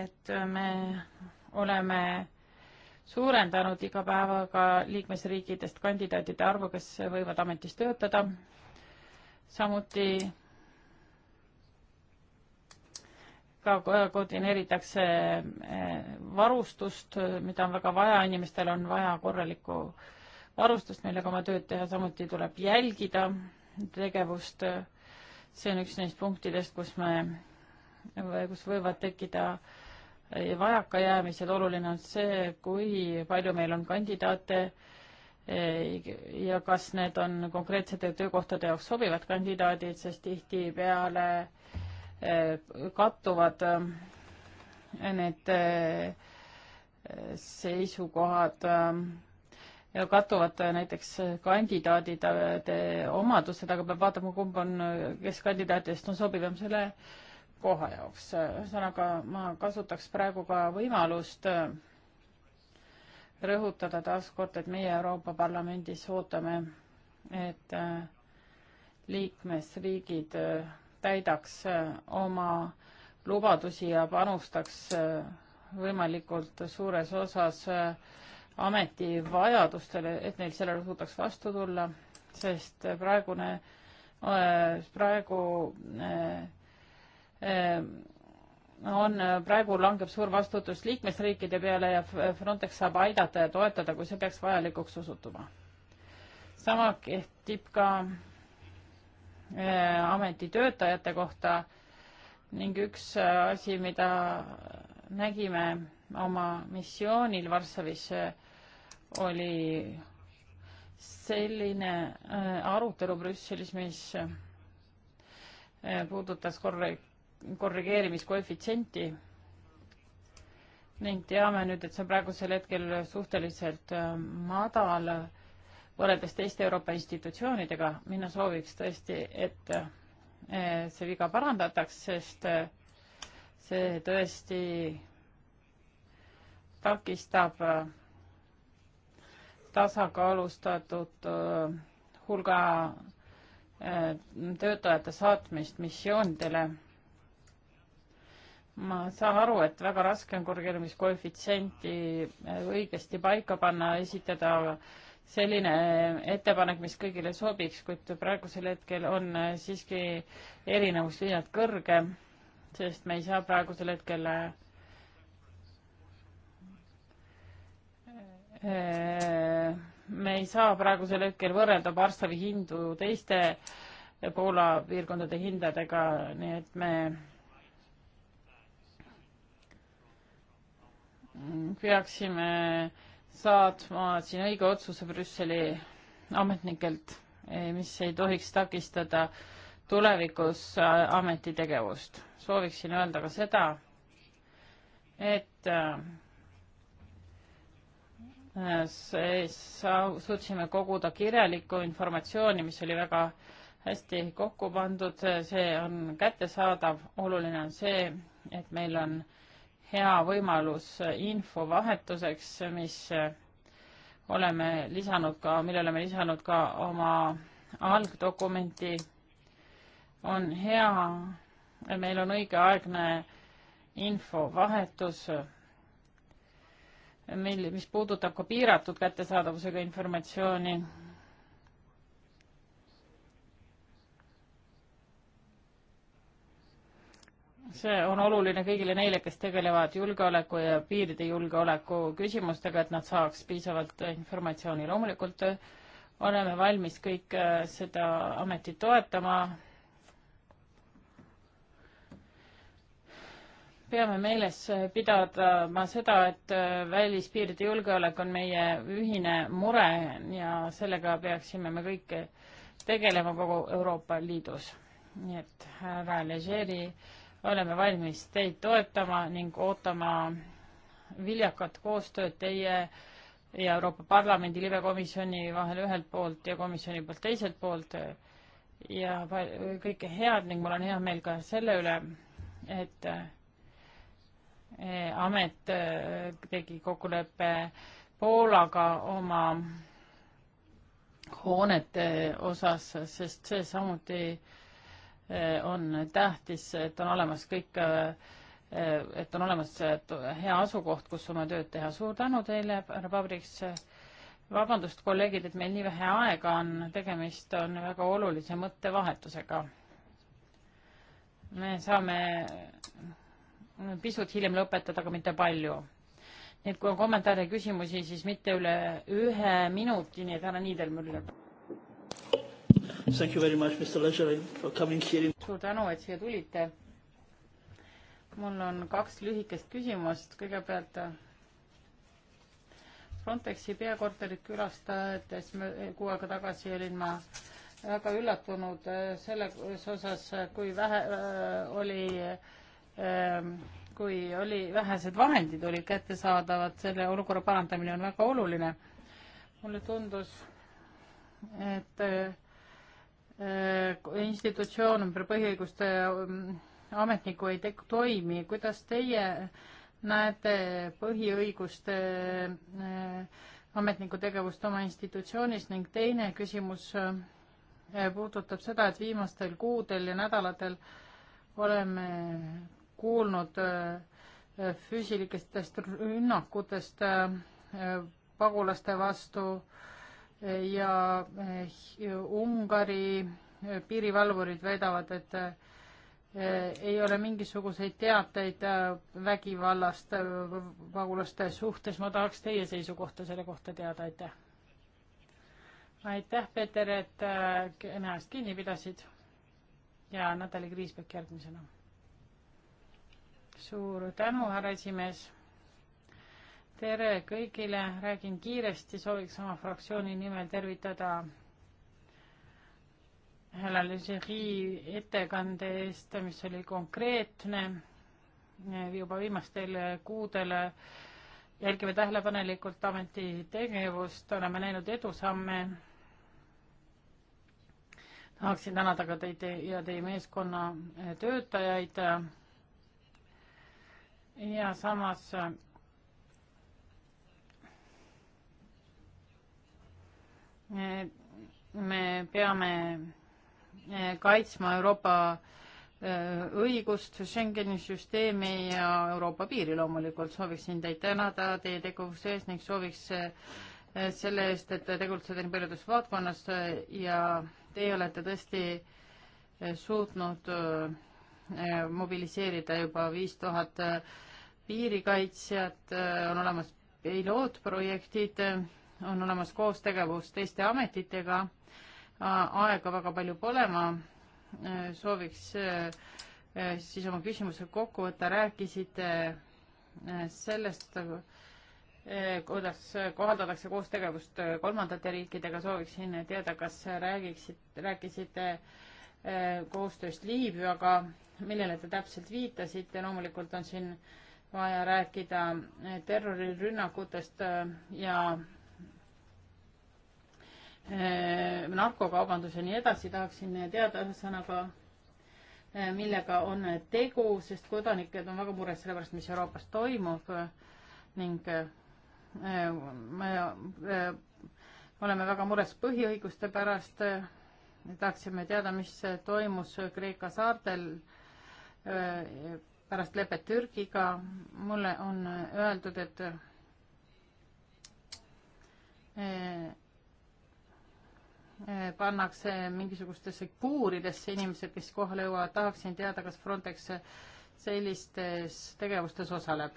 et me oleme suurendanud iga päevaga liikmesriikidest kandidaatide arvu, kes võivad ametis töötada. samuti ka koordineeritakse eh, varustust, mida on väga vaja, inimestel on vaja korralikku varustust, millega oma tööd teha, samuti tuleb jälgida tegevust. see on üks neist punktidest, kus me, kus võivad tekkida vajakajäämised, oluline on see, kui palju meil on kandidaate eh, ja kas need on konkreetsete töökohtade jaoks sobivad kandidaadid, sest tihtipeale äh, Äh, kattuvad äh, need äh, seisukohad ja kattuvad näiteks kandidaadide omadused, aga peab vaatama, kumb on, kes kandidaatidest on sobivam selle koha jaoks. ühesõnaga, ma kasutaks praegu ka võimalust rõhutada taaskord, et meie Euroopa Parlamendis ootame, et liikmesriigid täidaks äh, oma lubadusi ja panustaks äh, võimalikult suures osas äh, ameti vajadustele, et neil sellele suudaks vastu tulla, sest praegune, praegu on, praegu langeb suur vastutus liikmesriikide peale ja Frontex saab aidata ja toetada, kui see peaks vajalikuks osutuma. sama kehtib ka Äh, ametitöötajate kohta ning üks äh, asi, mida nägime oma missioonil Varssavis, äh, oli selline arutelu Brüsselis, mis puudutas korre-, korrigeerimiskoefitsienti ning teame nüüd, et see on praegusel hetkel suhteliselt madal võrreldes teiste Euroopa institutsioonidega, mina sooviks tõesti, et eh, see viga parandataks, sest eh, see tõesti takistab eh, tasakaalustatud hulga töötajate saatmist missioonidele. ma saan aru, et väga raske on korrigeerimiskoefitsienti õigesti paika panna, esitada äh, selline ettepanek, mis kõigile sobiks, kuid praegusel hetkel on äh, siiski erinevus liialt kõrge, sest me ei saa praegusel hetkel äh, äh, me ei saa praegusel hetkel võrrelda Varssavi hindu teiste Poola piirkondade hindadega, nii et me peaksime äh, saatma siin õige otsuse Brüsseli ametnikelt, eh, mis ei tohiks takistada tulevikus eh, ameti tegevust. sooviksin öelda ka seda, et eh, suutsime koguda kirjalikku informatsiooni, mis oli väga hästi kokku pandud, see on kättesaadav, oluline on see, et meil on äh, hea võimalus infovahetuseks, mis oleme lisanud ka, mille oleme lisanud ka oma algdokumenti. on hea, meil on õigeaegne infovahetus, mil, mis puudutab ka piiratud kättesaadavusega informatsiooni see on oluline kõigile neile, kes tegelevad julgeoleku ja piiride julgeoleku küsimustega, et nad saaks piisavalt informatsiooni. loomulikult oleme valmis kõik äh, seda ametit toetama. peame meeles pidama seda, et äh, välispiiride julgeolek on meie ühine mure ja sellega peaksime me kõik tegelema kogu Euroopa Liidus. nii et härra Legeri äh, oleme valmis teid toetama ning ootama viljakat koostööd teie ja Euroopa Parlamendi libekomisjoni vahel ühelt poolt ja komisjoni poolt teiselt poolt ja kõike head ning mul on hea meel ka selle üle, et eh, amet eh, tegi kokkuleppe Poolaga oma hoonete osas, sest see samuti äh, Eh, on tähtis, et on olemas kõik, eh, et on olemas hea asukoht, kus oma tööd teha. suur tänu teile, härra Pabriks. vabandust, kolleegid, et meil nii vähe aega on, tegemist on väga olulise mõttevahetusega. me saame pisut hiljem lõpetada, aga mitte palju. nii et kui on kommentaare ja küsimusi, siis mitte üle ühe minuti, nii et härra Niidermüller. Thank you very much, Mr Ležerin, for coming here. suur tänu, et siia tulite. mul on kaks lühikest küsimust, kõigepealt Frontexi peakorterit külastades kuu aega tagasi olin ma väga üllatunud äh, selles osas, kui vähe äh, oli äh, kui oli, vähesed vahendid olid kättesaadavad, selle olukorra parandamine on väga oluline. mulle tundus, et äh, Äh, institutsioon ümber põhiõiguste ähm, ametniku ei tek-, toimi, kuidas teie näete põhiõiguste äh, ametniku tegevust oma institutsioonis ning teine küsimus äh, puudutab seda, et viimastel kuudel ja nädalatel oleme kuulnud füüsilikest rünnakutest pagulaste vastu äh, ja eh, Ungari eh, piirivalvurid väidavad, et eh, ei ole mingisuguseid teateid vägivallast pagulaste suhtes. ma tahaks teie seisukohta selle kohta teada, aitäh. aitäh, Peeter, et kõnest kinni pidasid. ja Natali Kriisbek järgmisena. suur tänu, härra esimees tere kõigile, räägin kiiresti, sooviks oma fraktsiooni nimel tervitada härra Legeri ettekande eest, mis oli konkreetne. juba viimastel kuudel jälgime tähelepanelikult ameti tegevust, oleme näinud edusamme. tahaksin tänada ka teid ja teie meeskonna töötajaid. ja samas me peame eh, kaitsma Euroopa eh, õigust, Schengeni süsteemi ja Euroopa piiri loomulikult. sooviksin teid tänada teie tegevuse eest ning sooviks eh, selle eest, et te tegutsete nii paljudes valdkonnas ja teie olete tõesti suutnud mobiliseerida juba viis tuhat piirikaitsjat, on olemas pilootprojektid on olemas koostegevus teiste ametitega, aega väga palju pole, ma e, sooviks e, e, siis oma küsimuse kokku võtta, rääkisite sellest, kuidas kohaldatakse koostegevust kolmandate riikidega, sooviksin teada, kas räägiksid, rääkisite koostööst Liibüaga, millele te täpselt viitasite, loomulikult on siin vaja rääkida terrorirünnakutest ja Äh, narkokaubandus ja nii edasi, tahaksin teada ühesõnaga, äh, millega on tegu, sest kodanikud on väga mures selle pärast, mis Euroopas toimub ning äh, me oleme väga mures põhiõiguste pärast. tahaksime teada, mis toimus Kreeka saartel pärast lepet Türgiga. mulle on öeldud, et Eh, pannakse mingisugustesse kuuridesse inimesed, kes kohale jõuavad, tahaksin teada, kas Frontex sellistes tegevustes osaleb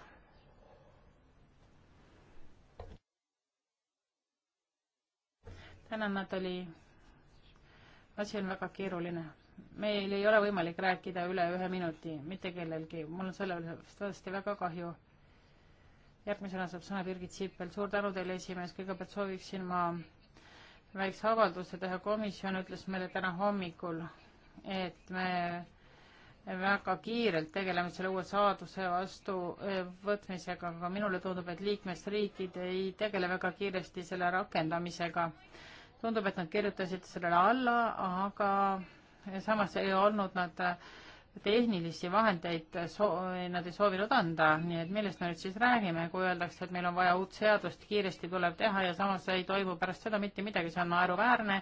tänan, Natali. asi on väga keeruline. meil ei ole võimalik rääkida üle ühe minuti, mitte kellelgi. mul on selle pärast tõesti väga kahju. järgmisena saab sõna Birgit Sippel. suur tänu teile, esimees. kõigepealt sooviksin ma väikse avalduse teha, komisjon ütles meile täna hommikul, et me väga kiirelt tegeleme selle uue saaduse vastuvõtmisega, eh, aga minule tundub, et liikmesriigid ei tegele väga kiiresti selle rakendamisega. tundub, et nad kirjutasid sellele alla, aga samas ei olnud nad äh, tehnilisi vahendeid nad ei soovinud anda, nii et millest me nüüd siis räägime, kui öeldakse, et meil on vaja uut seadust, kiiresti tuleb teha ja samas ei toimu pärast seda mitte midagi, see on naeruväärne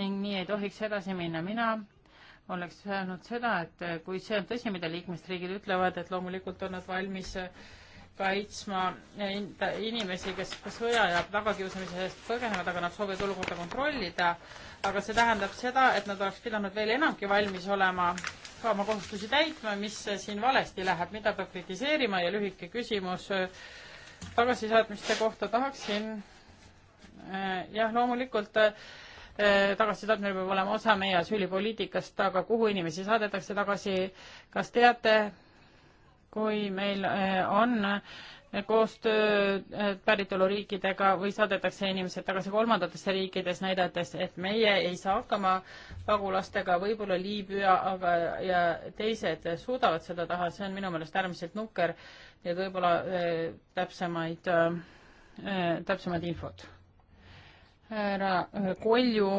ning nii ei tohiks edasi minna. mina oleks öelnud seda, et kui see on tõsi, mida liikmesriigid ütlevad, et loomulikult on nad valmis kaitsma inimesi, kes sõja ja tagakiusamise eest põgenevad, aga nad soovivad olukorda kontrollida aga see tähendab seda, et nad oleks pidanud veel enamgi valmis olema ka oma kohustusi täitma, mis siin valesti läheb, mida peab kritiseerima ja lühike küsimus äh, tagasisaatmiste kohta tahaksin. Äh, jah, loomulikult äh, tagasisaatmine peab olema osa meie asüülipoliitikast, aga kuhu inimesi saadetakse tagasi, kas teate, kui meil on koostöö päritoluriikidega või saadetakse inimesed tagasi kolmandatesse riikides, näidates, et meie ei saa hakkama pagulastega, võib-olla Liibüa, aga ja teised suudavad seda taha, see on minu meelest äärmiselt nukker ja võib-olla äh, täpsemaid äh,, täpsemad infod. härra äh, Kolju,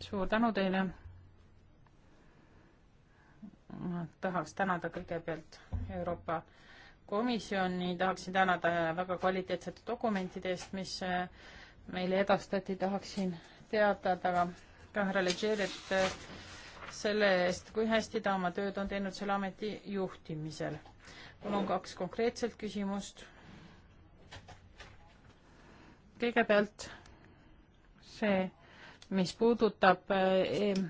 suur tänu teile. ma tahaks tänada kõigepealt Euroopa komisjoni tahaksin tänada väga kvaliteetsete dokumentide eest, mis äh, meile edastati, tahaksin teatada ka härra Legerit äh, selle eest, kui hästi ta oma tööd on teinud selle ameti juhtimisel. mul on kaks konkreetset küsimust. kõigepealt see, mis puudutab äh,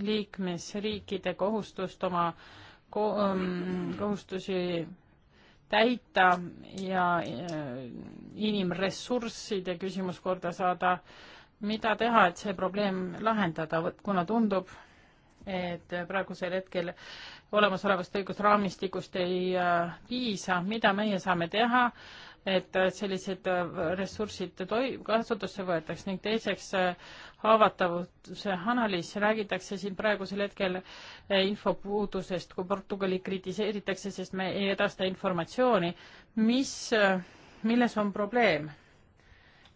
liikmesriikide kohustust oma ko-, ähm, kohustusi täita ja äh, inimressursside küsimus korda saada, mida teha, et see probleem lahendada, kuna tundub, et praegusel hetkel olemasolevast õigusraamistikust ei äh, piisa, mida meie saame teha, et sellised äh, ressursid toi-, kasutusse võetaks ning teiseks haavatavuse analüüs, räägitakse siin praegusel hetkel eh, infopuudusest, kui Portugali kritiseeritakse, sest me ei edasta informatsiooni. mis, eh, milles on probleem?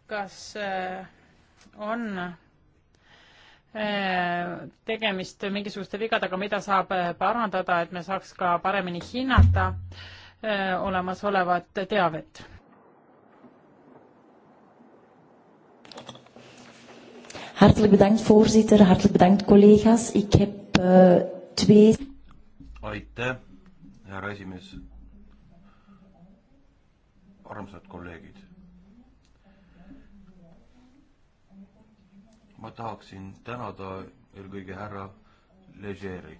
kas eh, on tegemist mingisuguste vigadega, mida saab parandada, et me saaks ka paremini hinnata olemasolevat teavet? Hartelijk bedankt, voorzitter. Hartelijk bedankt, collega's. Ik heb uh, twee... Aitäh, härra esimees. Armsad kolleegid. ma tahaksin tänada eelkõige härra Legeri.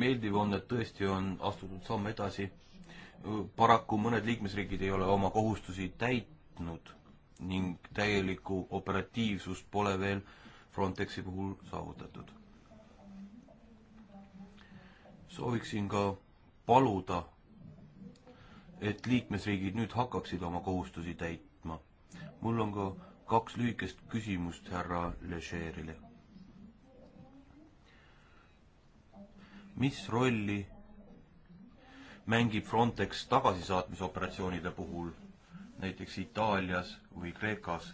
meeldiv on, et tõesti on astutud samm edasi. paraku mõned liikmesriigid ei ole oma kohustusi täitnud ning täielikku operatiivsust pole veel Frontexi puhul saavutatud. sooviksin ka paluda, et liikmesriigid nüüd hakkaksid oma kohustusi täitma. mul on ka kaks lühikest küsimust härra Lecherile. mis rolli mängib Frontex tagasisaatmisoperatsioonide puhul näiteks Itaalias või Kreekas.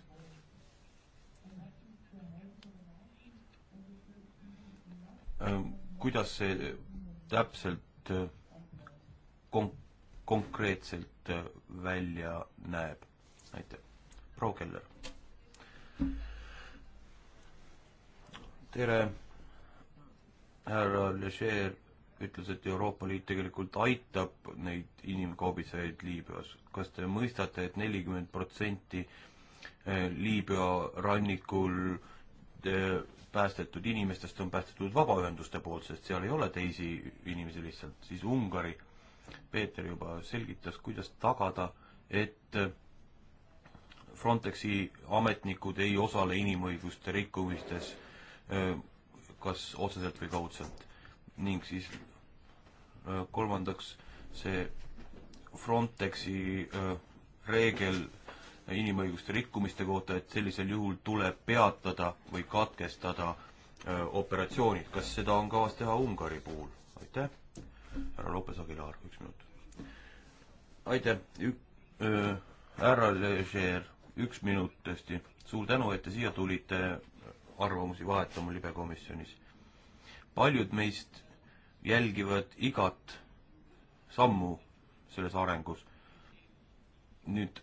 Äh, kuidas see täpselt äh, konk-, konkreetselt äh, välja näeb? aitäh. proua Keller. tere, härra Leger ütles, et Euroopa Liit tegelikult aitab neid inimkaubitsejaid Liibüas. kas te mõistate et, et nelikümmend protsenti eh, Liibüa rannikul eh, päästetud inimestest on päästetud vabaühenduste poolt, sest seal ei ole teisi inimesi lihtsalt, siis Ungari. Peeter juba selgitas, kuidas tagada, et eh, Frontexi ametnikud ei osale inimõiguste rikkumistes kas otseselt või kaudselt ning siis äh, kolmandaks see Frontexi äh, reegel inimõiguste rikkumiste kohta, et sellisel juhul tuleb peatada või katkestada äh, operatsioonid, kas seda on kavas teha Ungari puhul? aitäh, härra Lopes Aguilar, üks minut. aitäh, härra Ležeer, üks minut tõesti, suur tänu, et te siia tulite arvamusi vahetama libekomisjonis. paljud meist jälgivad igat sammu selles arengus. nüüd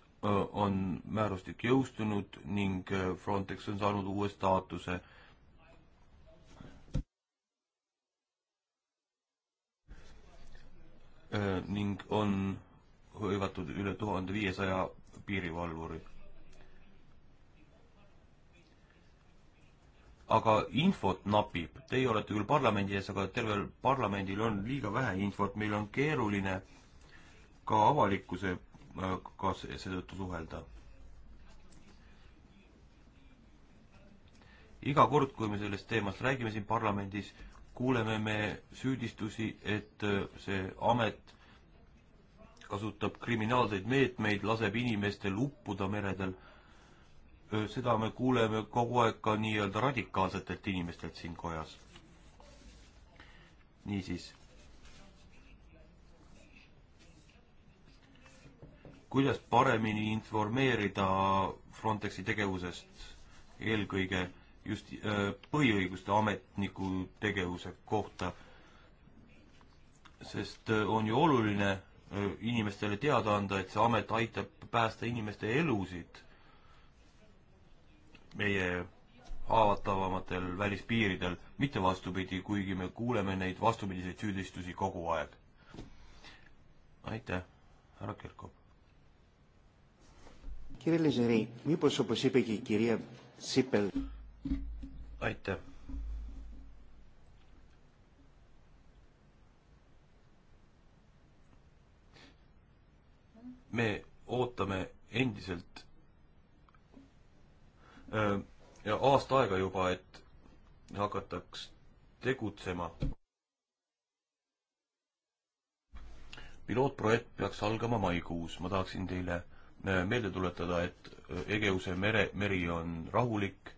on määrustik jõustunud ning Frontex on saanud uue staatuse. ning on hõivatud üle tuhande viiesaja piirivalvuri aga infot napib. Teie olete küll parlamendi ees, aga tervel parlamendil on liiga vähe infot, meil on keeruline ka avalikkusega äh, seetõttu suhelda. iga kord, kui me sellest teemast räägime siin parlamendis, kuuleme me süüdistusi, et äh, see amet kasutab kriminaalseid meetmeid, laseb inimestel uppuda meredel seda me kuuleme kogu aeg ka nii-öelda radikaalsetelt inimestelt siin kojas. niisiis. kuidas paremini informeerida Frontexi tegevusest eelkõige just põhiõiguste ametniku tegevuse kohta, sest on ju oluline inimestele teada anda, et see amet aitab päästa inimeste elusid meie haavatavamatel välispiiridel, mitte vastupidi, kuigi me kuuleme neid vastupidiseid süüdistusi kogu aeg. aitäh, härra Kirkov. aitäh. me ootame endiselt Äh, ja aasta aega juba, et hakataks tegutsema. pilootprojekt peaks algama maikuus, ma tahaksin teile äh, meelde tuletada, et äh, Egeuse mere, meri on rahulik.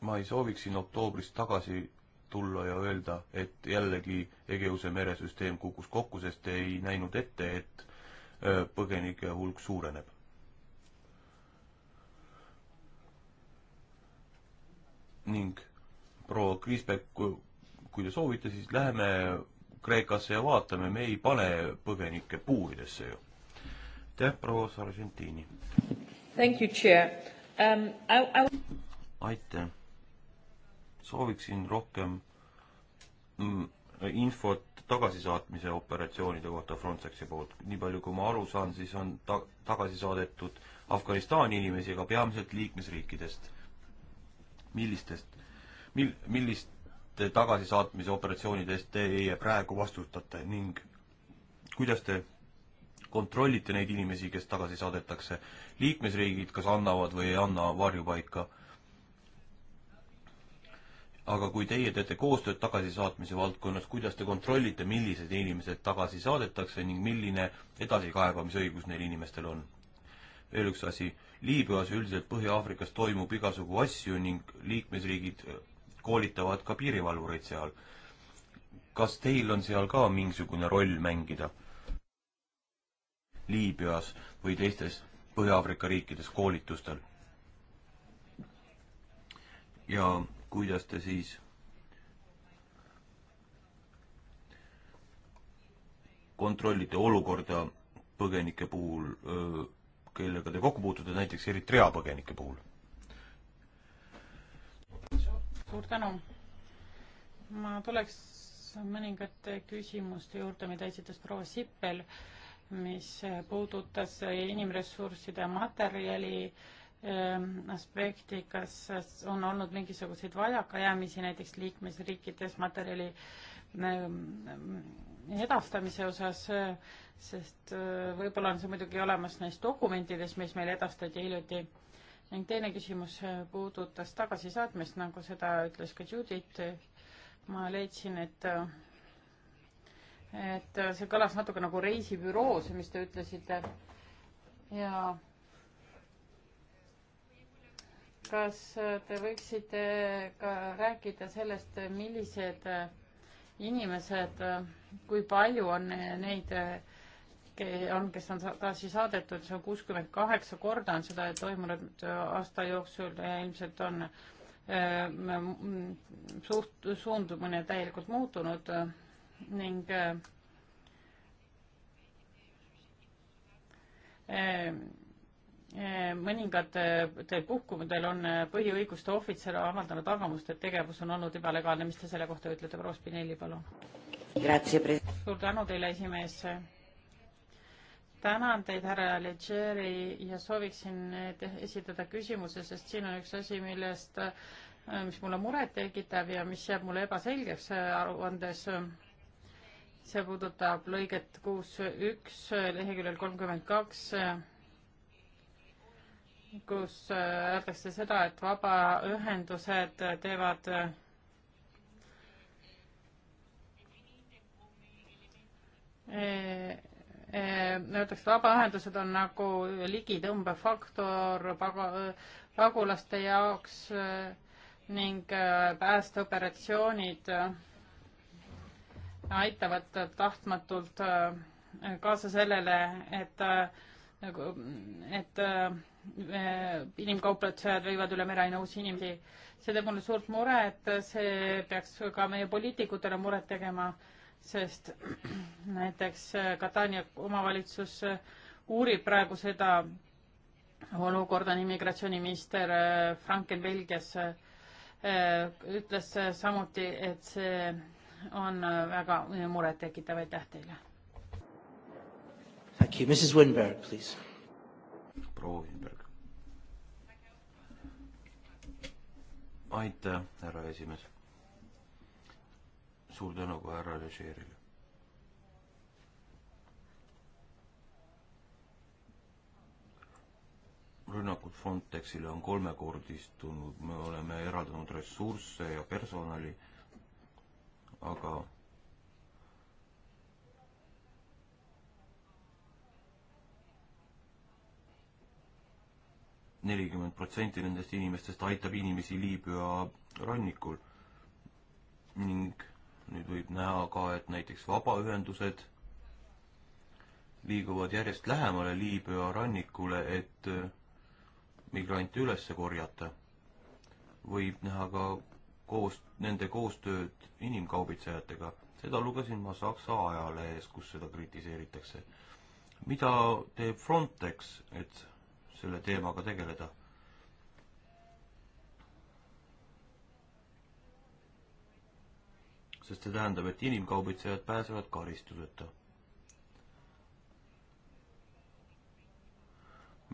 ma ei sooviks siin oktoobris tagasi tulla ja öelda, et jällegi Egeuse meresüsteem kukkus kokku, sest ei näinud ette, et põgenike hulk suureneb. ning proua Kriisbeck, kui te soovite, siis läheme Kreekasse ja vaatame, me ei pane põgenikke puuridesse ju. aitäh, proua Sargentini! Thank you, chair um,. I, I... aitäh! sooviksin rohkem mm, infot tagasisaatmise operatsioonide kohta Frontexi poolt. nii palju, kui ma aru saan, siis on ta-, tagasi saadetud Afganistani inimesi, aga peamiselt liikmesriikidest millistest, mil-, milliste tagasisaatmise operatsioonide eest teie praegu vastutate ning kuidas te kontrollite neid inimesi, kes tagasi saadetakse, liikmesriigid kas annavad või ei anna varjupaika. aga kui teie teete koostööd tagasisaatmise valdkonnas, kuidas te kontrollite, millised inimesed tagasi saadetakse ning milline edasikaebamisõigus neil inimestel on? veel üks asi, Liibüas üldiselt Põhja-Aafrikas toimub igasugu asju ning liikmesriigid äh, koolitavad ka piirivalvureid seal. kas teil on seal ka mingisugune roll mängida? Liibüas või teistes Põhja-Aafrika riikides koolitustel? ja kuidas te siis kontrollite olukorda põgenike puhul öö, kellega te kokku puutute, näiteks Eritrea põgenike puhul? suur tänu. ma tuleks mõningate küsimuste juurde, mida esitas proua Sippel, mis puudutas inimressursside materjali ähm, aspekti, kas on olnud mingisuguseid vajakajäämisi näiteks liikmesriikides materjali ähm, edastamise osas, sest äh, võib-olla on see muidugi olemas neis dokumentides, mis meile edastati hiljuti. ning teine küsimus äh, puudutas tagasisaatmist, nagu seda ütles ka Judith. ma leidsin, et äh, et see kõlas natuke nagu reisibüroo, see, mis te ütlesite. ja kas te võiksite ka rääkida sellest, millised inimesed, kui palju on neid, on, kes on tagasi saadetud, see on kuuskümmend kaheksa korda on seda toimunud aasta jooksul ja ilmselt on äh, suht-, suundumine täielikult muutunud ning äh, Eh, mõningatel puhkudel on eh, põhiõiguste ohvitser avaldanud arvamust, et tegevus on olnud ebalegaalne, mis te selle kohta ütlete, proua Spinelli, palun? suur tänu teile, esimees. tänan teid, härra Leggeri ja sooviksin eh, esitada küsimuse, sest siin on üks asi, millest, mis mulle muret tekitab ja mis jääb mulle ebaselgeks aruandes. see puudutab lõiget kuus üks leheküljel kolmkümmend kaks kus äh, öeldakse seda, et vabaühendused teevad äh, äh, öeldakse, vabaühendused on nagu ligitõmbav faktor pagulaste jaoks ning päästeoperatsioonid aitavad tahtmatult kaasa sellele, et, nagu, et Äh, inimkauplejad viivad üle mere aina uusi inimesi. see teeb mulle suurt muret, see peaks ka meie poliitikutele muret tegema, sest näiteks äh, Katania omavalitsus äh, uurib praegu seda olukorda, on immigratsiooniminister Franken Belgias ütles samuti, et see on väga murettekitav, aitäh teile. Thank you, Mrs Winberg, please proua Vinberg. aitäh, härra esimees. suur tänu ka härra Ležeerile. rünnakud Frontexile on kolmekordistunud, me oleme eraldanud ressursse ja personali, aga nelikümmend protsenti nendest inimestest aitab inimesi Liibüa rannikul. ning nüüd võib näha ka, et näiteks vabaühendused liiguvad järjest lähemale Liibüa rannikule, et äh, migrante üles korjata. võib näha ka koos, nende koostööd inimkaubitsejatega. seda lugesin ma Saksa ajalehes, kus seda kritiseeritakse. mida teeb Frontex, et selle teemaga tegeleda. sest see tähendab, et inimkaubitsejad pääsevad karistuseta.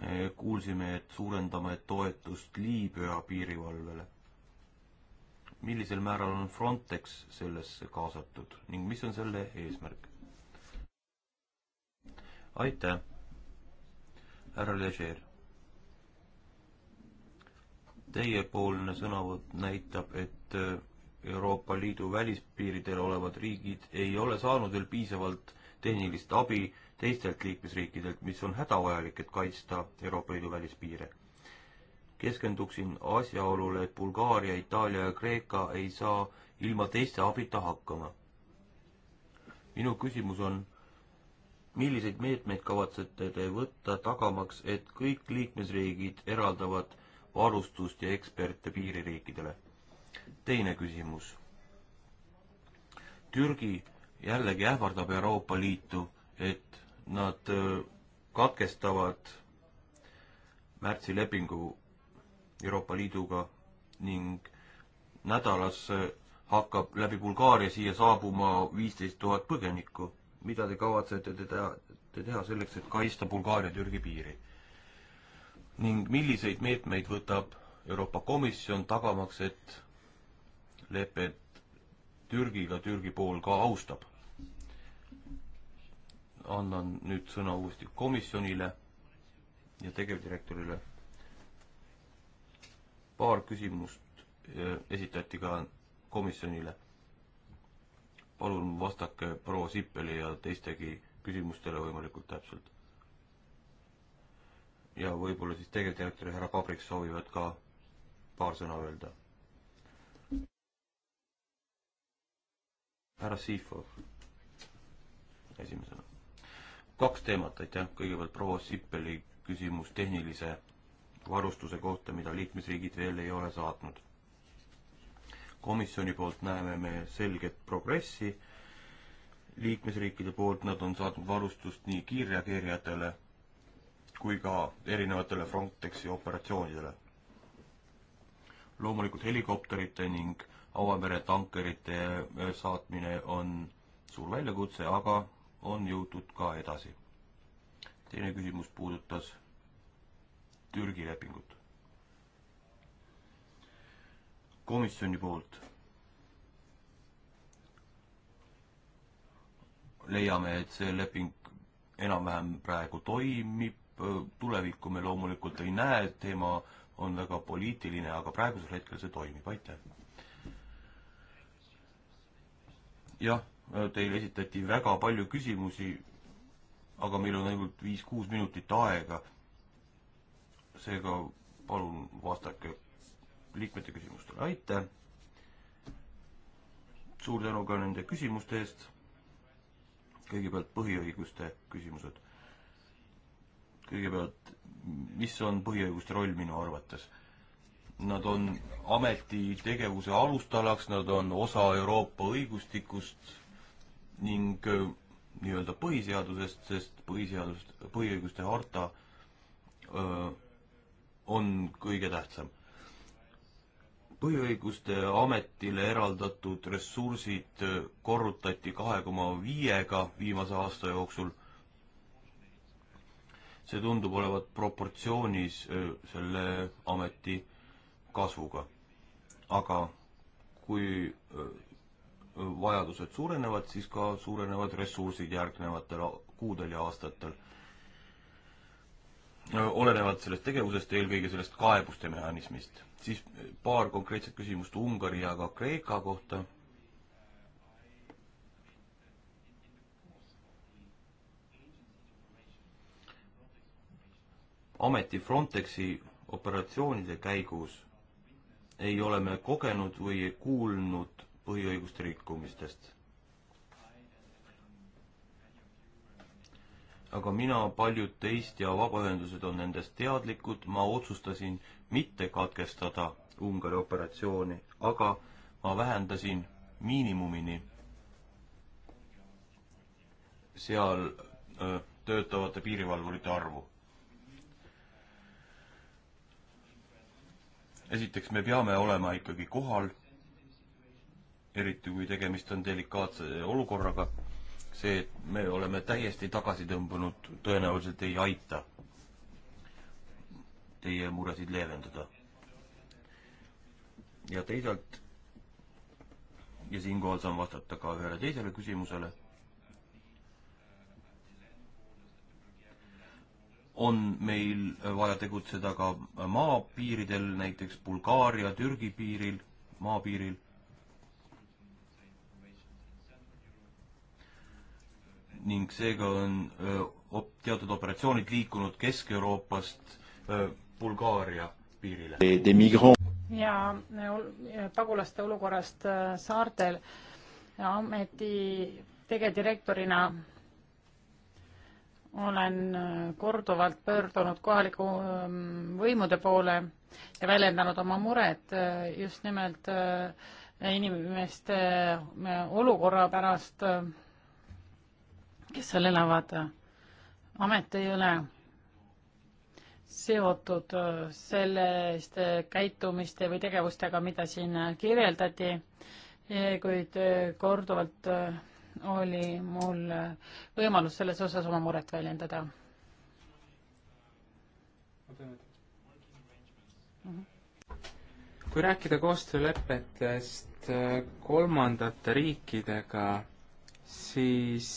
me kuulsime, et suurendame toetust Liibüa piirivalvele. millisel määral on Frontex sellesse kaasatud ning mis on selle eesmärk? aitäh, härra Leger. Teiepoolne sõnavõtt näitab, et äh, Euroopa Liidu välispiiridel olevad riigid ei ole saanud veel piisavalt tehnilist abi teistelt liikmesriikidelt, mis on hädavajalik, et kaitsta Euroopa Liidu välispiire. keskenduksin asjaolule, et Bulgaaria, Itaalia ja Kreeka ei saa ilma teiste abita hakkama. minu küsimus on, milliseid meetmeid kavatsete te võtta tagamaks, et kõik liikmesriigid eraldavad varustust ja eksperte piiririikidele. teine küsimus. Türgi jällegi ähvardab Euroopa Liitu, et nad äh, katkestavad märtsi lepingu Euroopa Liiduga ning nädalas äh, hakkab läbi Bulgaaria siia saabuma viisteist tuhat põgenikku. mida te kavatsete teda, te teha selleks, et kaitsta Bulgaaria-Türgi piiri? ning milliseid meetmeid võtab Euroopa Komisjon tagamaks, et lepet Türgiga Türgi pool ka austab? annan nüüd sõna uuesti komisjonile ja tegevdirektorile. paar küsimust eh, esitati ka komisjonile. palun vastake proua Sippeli ja teistegi küsimustele võimalikult täpselt ja võib-olla siis tegevdirektor ja härra Pabrik soovivad ka paar sõna öelda. härra Siifov esimesena. kaks teemat, aitäh, kõigepealt proua Sippeli küsimus tehnilise varustuse kohta, mida liikmesriigid veel ei ole saatnud. komisjoni poolt näeme me selget progressi, liikmesriikide poolt nad on saatnud varustust nii kiirreageerijatele kui ka erinevatele Frontexi operatsioonidele. loomulikult helikopterite ning avamere tankerite eh, saatmine on suur väljakutse, aga on jõutud ka edasi. teine küsimus puudutas Türgi lepingut. komisjoni poolt leiame, et see leping enam-vähem praegu toimib, Äh, tulevikku me loomulikult ei näe, teema on väga poliitiline, aga praegusel hetkel see toimib, aitäh. jah, äh, teile esitati väga palju küsimusi, aga meil on ainult viis-kuus minutit aega. seega palun vastake liikmete küsimustele, aitäh. suur tänu ka nende küsimuste eest. kõigepealt põhiõiguste küsimused kõigepealt, mis on põhiõiguste roll minu arvates? Nad on ameti tegevuse alustalaks, nad on osa Euroopa õigustikust ning äh, nii-öelda põhiseadusest, sest põhiseadus, põhiõiguste harta öö, äh, on kõige tähtsam. põhiõiguste ametile eraldatud ressursid äh, korrutati kahe koma viiega viimase aasta jooksul see tundub olevat proportsioonis selle ameti kasvuga. aga kui vajadused suurenevad, siis ka suurenevad ressursid järgnevatel kuudel ja aastatel. olenevalt sellest tegevusest, eelkõige sellest kaebuste mehhanismist. siis paar konkreetset küsimust Ungari ja ka Kreeka kohta ameti Frontexi operatsioonide käigus ei ole me kogenud või kuulnud põhiõiguste rikkumistest. aga mina, paljud teist ja vabaühendused on nendest teadlikud, ma otsustasin mitte katkestada Ungari operatsiooni, aga ma vähendasin miinimumini seal öö, äh, töötavate piirivalvurite arvu esiteks me peame olema ikkagi kohal, eriti kui tegemist on delikaatse olukorraga, see, et me oleme täiesti tagasi tõmbunud, tõenäoliselt ei aita teie muresid leevendada. ja teisalt, ja siinkohal saan vastata ka ühele teisele küsimusele on meil vaja tegutseda ka maapiiridel, näiteks Bulgaaria-Türgi piiril, maapiiril. ning seega on op-, teatud operatsioonid liikunud Kesk-Euroopast Bulgaaria piirile. ja pagulaste olukorrast saartel ameti tegedirektorina olen äh, korduvalt pöördunud kohaliku ähm, võimude poole ja väljendanud oma muret äh, just nimelt äh, inimeste olukorra pärast, kes seal elavad. amet ei ole seotud selliste käitumiste või tegevustega, mida siin kirjeldati, kuid korduvalt oli mul võimalus selles osas oma muret väljendada. Mhm. kui rääkida koostöölepetest äh, kolmandate riikidega, siis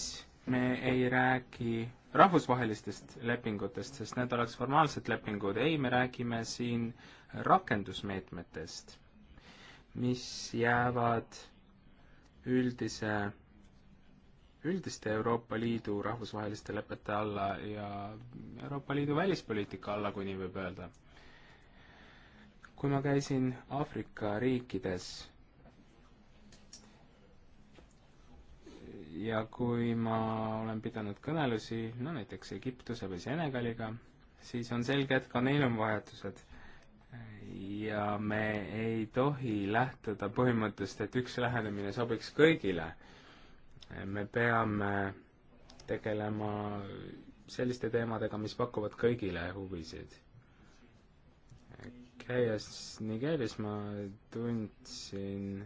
me ei räägi rahvusvahelistest lepingutest, sest need oleks formaalsed lepingud, ei, me räägime siin rakendusmeetmetest, mis jäävad üldise üldiste Euroopa Liidu rahvusvaheliste lepete alla ja Euroopa Liidu välispoliitika alla, kui nii võib öelda. kui ma käisin Aafrika riikides ja kui ma olen pidanud kõnelusi, no näiteks Egiptuse või Senegaliga, siis on selge, et ka neil on vahetused. ja me ei tohi lähtuda põhimõttest, et üks lähenemine sobiks kõigile me peame tegelema selliste teemadega, mis pakuvad kõigile huvisid. käies Nigeris ma tundsin,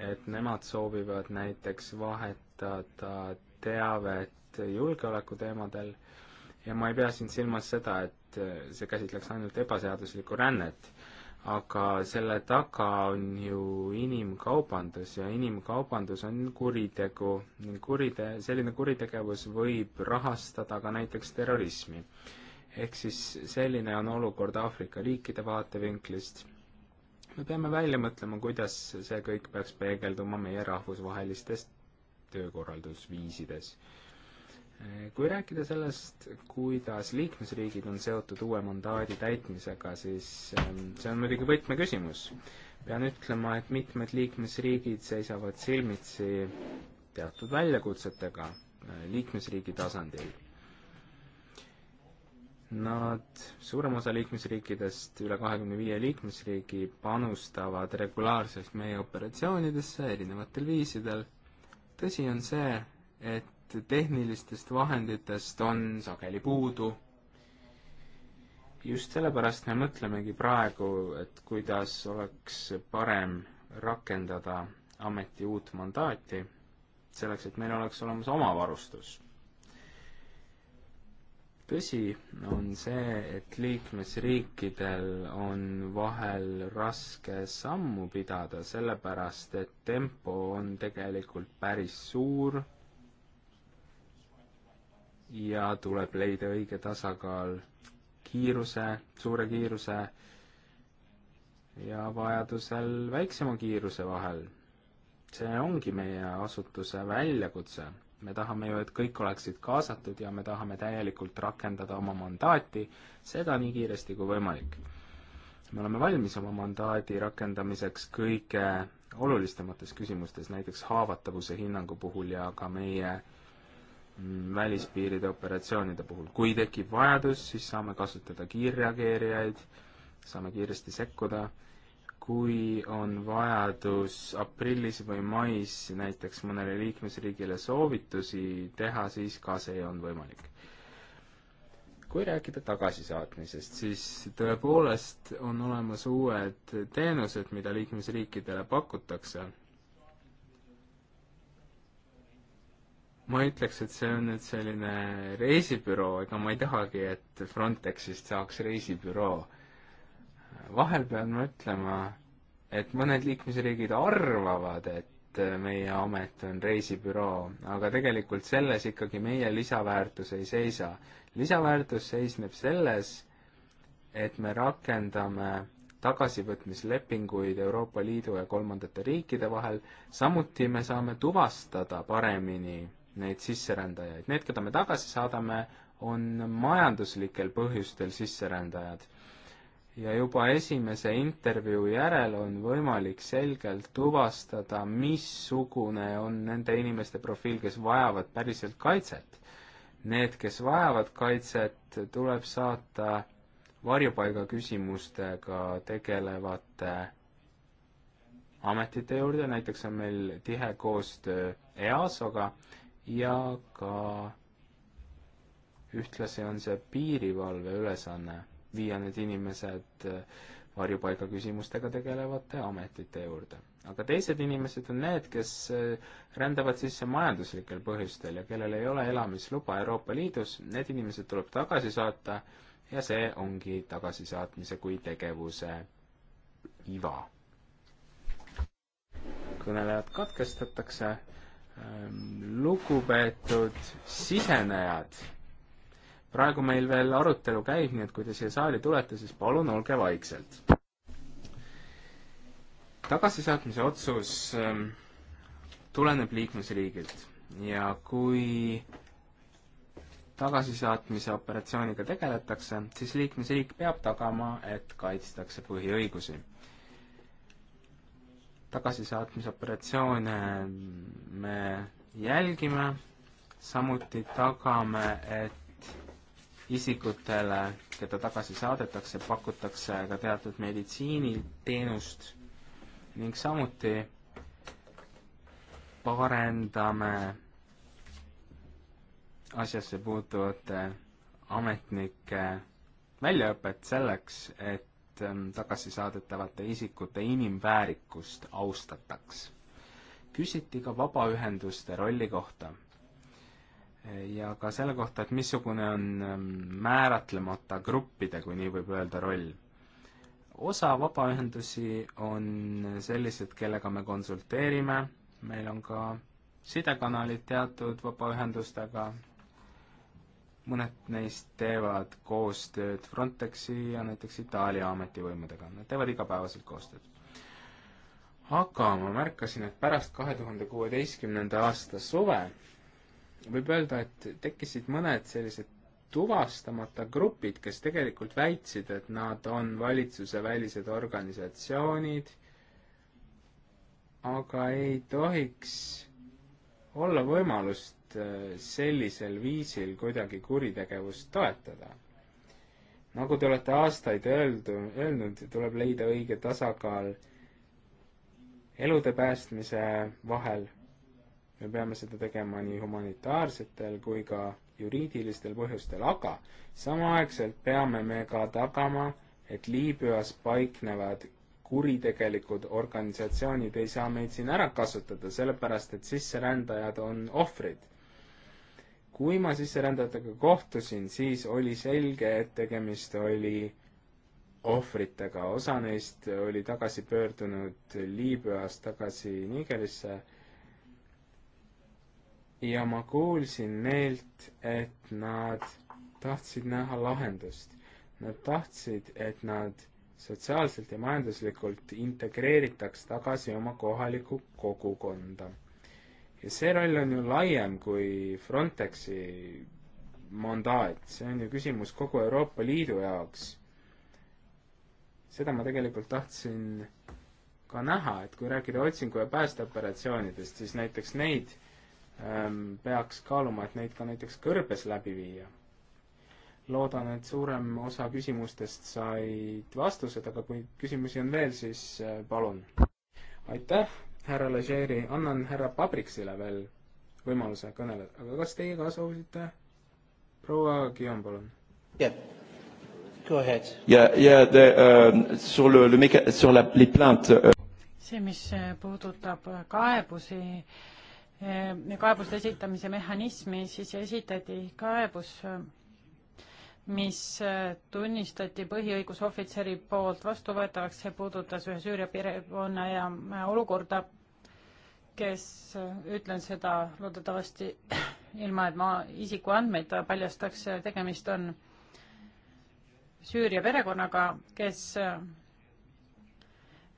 et nemad soovivad näiteks vahetada teavet julgeolekuteemadel ja ma ei pea siin silmas seda, et see käsitleks ainult ebaseaduslikku rännet aga selle taga on ju inimkaubandus ja inimkaubandus on kuritegu ning kurite-, selline kuritegevus võib rahastada ka näiteks terrorismi. ehk siis selline on olukord Aafrika riikide vaatevinklist. me peame välja mõtlema, kuidas see kõik peaks peegelduma meie rahvusvahelistes töökorraldusviisides kui rääkida sellest, kuidas liikmesriigid on seotud uue mandaadi täitmisega, siis ähm, see on muidugi võtmeküsimus. pean ütlema, et mitmed liikmesriigid seisavad silmitsi teatud väljakutsetega äh, liikmesriigi tasandil. Nad, suurem osa liikmesriikidest, üle kahekümne viie liikmesriigi, panustavad regulaarselt meie operatsioonidesse erinevatel viisidel. tõsi on see, et et tehnilistest vahenditest on sageli puudu. just sellepärast me mõtlemegi praegu, et kuidas oleks parem rakendada ameti uut mandaati, selleks et meil oleks olemas oma varustus. tõsi on see, et liikmesriikidel on vahel raske sammu pidada, sellepärast et tempo on tegelikult päris suur ja tuleb leida õige tasakaal kiiruse, suure kiiruse ja vajadusel väiksema kiiruse vahel. see ongi meie asutuse väljakutse. me tahame ju, et kõik oleksid kaasatud ja me tahame täielikult rakendada oma mandaati, seda nii kiiresti kui võimalik. me oleme valmis oma mandaadi rakendamiseks kõige olulisemates küsimustes, näiteks haavatavuse hinnangu puhul ja ka meie äh, välispiiride operatsioonide puhul. kui tekib vajadus, siis saame kasutada kiirreageerijaid, saame kiiresti sekkuda, kui on vajadus aprillis või mais näiteks mõnele liikmesriigile soovitusi teha, siis ka see on võimalik. kui rääkida tagasisaatmisest, siis tõepoolest on olemas uued teenused, mida liikmesriikidele pakutakse ma ütleks, et see on nüüd selline reisibüroo, ega ma ei tahagi, et Frontexist saaks reisibüroo. vahel pean ma ütlema, et mõned liikmesriigid arvavad, et meie amet on reisibüroo, aga tegelikult selles ikkagi meie lisaväärtus ei seisa. lisaväärtus seisneb selles, et me rakendame tagasivõtmislepinguid Euroopa Liidu ja kolmandate riikide vahel, samuti me saame tuvastada paremini neid sisserändajaid. Need, keda me tagasi saadame, on majanduslikel põhjustel sisserändajad. ja juba esimese intervjuu järel on võimalik selgelt tuvastada, missugune on nende inimeste profiil, kes vajavad päriselt kaitset. Need, kes vajavad kaitset, tuleb saata varjupaiga küsimustega tegelevate ametite juurde, näiteks on meil tihe koostöö EASO-ga ja ka ühtlasi on see piirivalve ülesanne viia need inimesed äh, varjupaiga küsimustega tegelevate ametite juurde. aga teised inimesed on need, kes äh, rändavad sisse majanduslikel põhjustel ja kellel ei ole elamisluba Euroopa Liidus, need inimesed tuleb tagasi saata ja see ongi tagasisaatmise kui tegevuse iva. kõnelejad katkestatakse Ähm, lugupeetud sisenejad, praegu meil veel arutelu käib, nii et kui te siia saali tulete, siis palun olge vaikselt. tagasisaatmise otsus ähm, tuleneb liikmesriigilt ja kui tagasisaatmise operatsiooniga tegeletakse, siis liikmesriik peab tagama, et kaitstakse põhiõigusi tagasisaatmisoperatsioone me jälgime, samuti tagame, et isikutele, keda tagasi saadetakse, pakutakse ka teatud meditsiiniteenust ning samuti parendame asjasse puutuvate ametnike väljaõpet selleks, et et ähm, tagasi saadetavate isikute inimväärikust austataks. küsiti ka vabaühenduste rolli kohta ja ka selle kohta, et missugune on ähm, määratlemata gruppide, kui nii võib öelda, roll. osa vabaühendusi on sellised, kellega me konsulteerime, meil on ka sidekanalid teatud vabaühendustega, mõned neist teevad koostööd Frontexi ja näiteks Itaalia ametivõimudega, nad teevad igapäevaselt koostööd. aga ma märkasin, et pärast kahe tuhande kuueteistkümnenda aasta suve võib öelda, et tekkisid mõned sellised tuvastamata grupid, kes tegelikult väitsid, et nad on valitsusevälised organisatsioonid, aga ei tohiks olla võimalust Äh, sellisel viisil kuidagi kuritegevust toetada. nagu te olete aastaid öeldu, öelnud, tuleb leida õige tasakaal elude päästmise vahel, me peame seda tegema nii humanitaarsetel kui ka juriidilistel põhjustel, aga samaaegselt peame me ka tagama, et Liibüas paiknevad kuritegelikud organisatsioonid ei saa meid siin ära kasutada, sellepärast et sisserändajad on ohvrid kui ma sisserändajatega kohtusin, siis oli selge, et tegemist oli ohvritega, osa neist oli tagasi pöördunud Liibüast tagasi Nigerisse ja ma kuulsin neilt, et nad tahtsid näha lahendust. Nad tahtsid, et nad sotsiaalselt ja majanduslikult integreeritaks tagasi oma kohalikku kogukonda ja see roll on ju laiem kui Frontexi mandaat, see on ju küsimus kogu Euroopa Liidu jaoks. seda ma tegelikult tahtsin ka näha, et kui rääkida otsingu- ja päästeoperatsioonidest, siis näiteks neid ähm, peaks kaaluma, et neid ka näiteks kõrbes läbi viia. loodan, et suurem osa küsimustest said vastused, aga kui küsimusi on veel, siis äh, palun. aitäh härra Legeri, annan härra Pabriksile veel võimaluse kõneleda, aga kas teie ka soovisite? proua Guillaume, palun. jah yeah.. Go ahead. ja, ja de, uh, sur le, le méca-, sur la, les plaintes uh.... see, mis äh, puudutab äh, kaebusi, äh, kaebuste esitamise mehhanismi, siis esitati kaebus uh, mis äh, tunnistati põhiõigusohvitseri poolt vastuvõetavaks, see puudutas ühe Süüria perekonna ja äh, olukorda, kes, äh, ütlen seda loodetavasti ilma, et ma isikuandmeid paljastaks, tegemist on Süüria perekonnaga, kes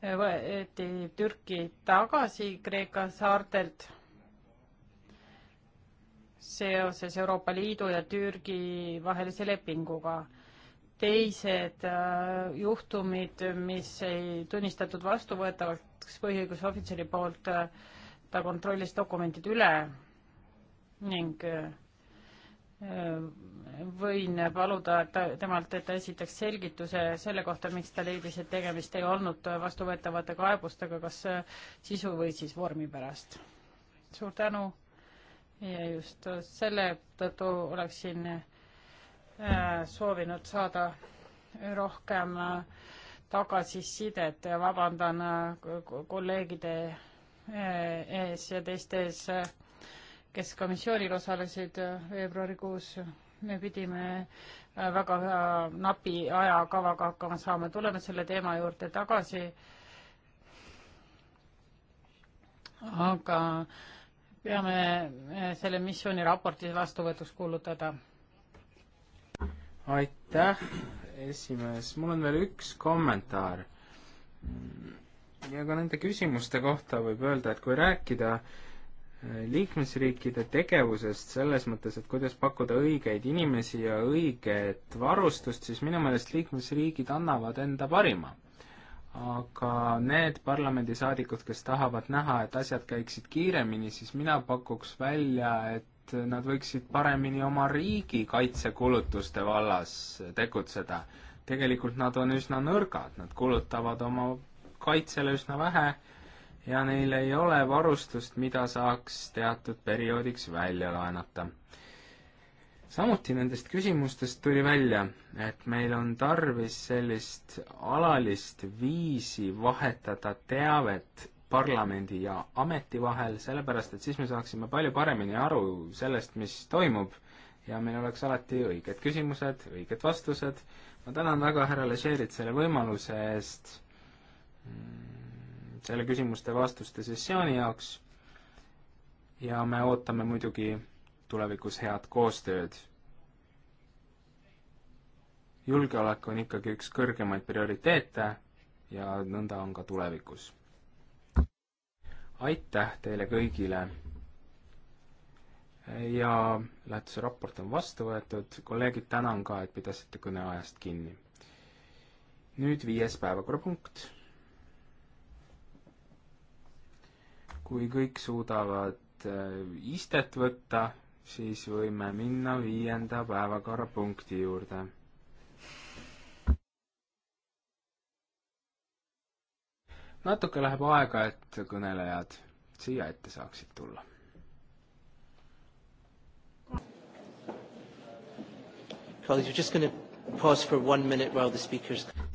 võeti Türki tagasi Kreeka saartelt seoses Euroopa Liidu ja Türgi vahelise lepinguga. teised äh, juhtumid, mis ei tunnistatud vastuvõetavaks põhiõiguse ohvitseri poolt äh,, ta kontrollis dokumendid üle ning äh, võin paluda ta, temalt, et ta esitaks selgituse selle kohta, miks ta leidis, et tegemist ei olnud vastuvõetavate kaebustega, kas äh, sisu või siis vormi pärast. suur tänu ja just selle tõttu oleksin äh, soovinud saada rohkem äh, tagasisidet ja vabandan äh, kolleegide ees ja teiste ees, kes ka missioonil osalesid veebruarikuus. me pidime väga napi ajakavaga hakkama saama, tuleme selle teema juurde tagasi. aga äh, peame eh, selle missiooni raporti vastuvõtuks kuulutada. aitäh, esimees, mul on veel üks kommentaar. ja ka nende küsimuste kohta võib öelda, et kui rääkida eh, liikmesriikide tegevusest selles mõttes, et kuidas pakkuda õigeid inimesi ja õiget varustust, siis minu meelest liikmesriigid annavad enda parima aga need parlamendisaadikud, kes tahavad näha, et asjad käiksid kiiremini, siis mina pakuks välja, et nad võiksid paremini oma riigi kaitsekulutuste vallas tegutseda. tegelikult nad on üsna nõrgad, nad kulutavad oma kaitsele üsna vähe ja neil ei ole varustust, mida saaks teatud perioodiks välja laenata samuti nendest küsimustest tuli välja, et meil on tarvis sellist alalist viisi vahetada teavet parlamendi ja ameti vahel, sellepärast et siis me saaksime palju paremini aru sellest, mis toimub ja meil oleks alati õiged küsimused, õiged vastused. ma tänan väga härra Ležerit selle võimaluse eest mm, selle küsimuste-vastuste sessiooni jaoks ja me ootame muidugi tulevikus head koostööd. julgeolek on ikkagi üks kõrgemaid prioriteete ja nõnda on ka tulevikus. aitäh teile kõigile! ja lähtuse raport on vastu võetud, kolleegid, tänan ka, et pidasite kõneajast kinni. nüüd viies päevakorrapunkt. kui kõik suudavad äh, istet võtta siis võime minna viienda päevakorrapunkti juurde. natuke läheb aega, et kõnelejad siia ette saaksid tulla.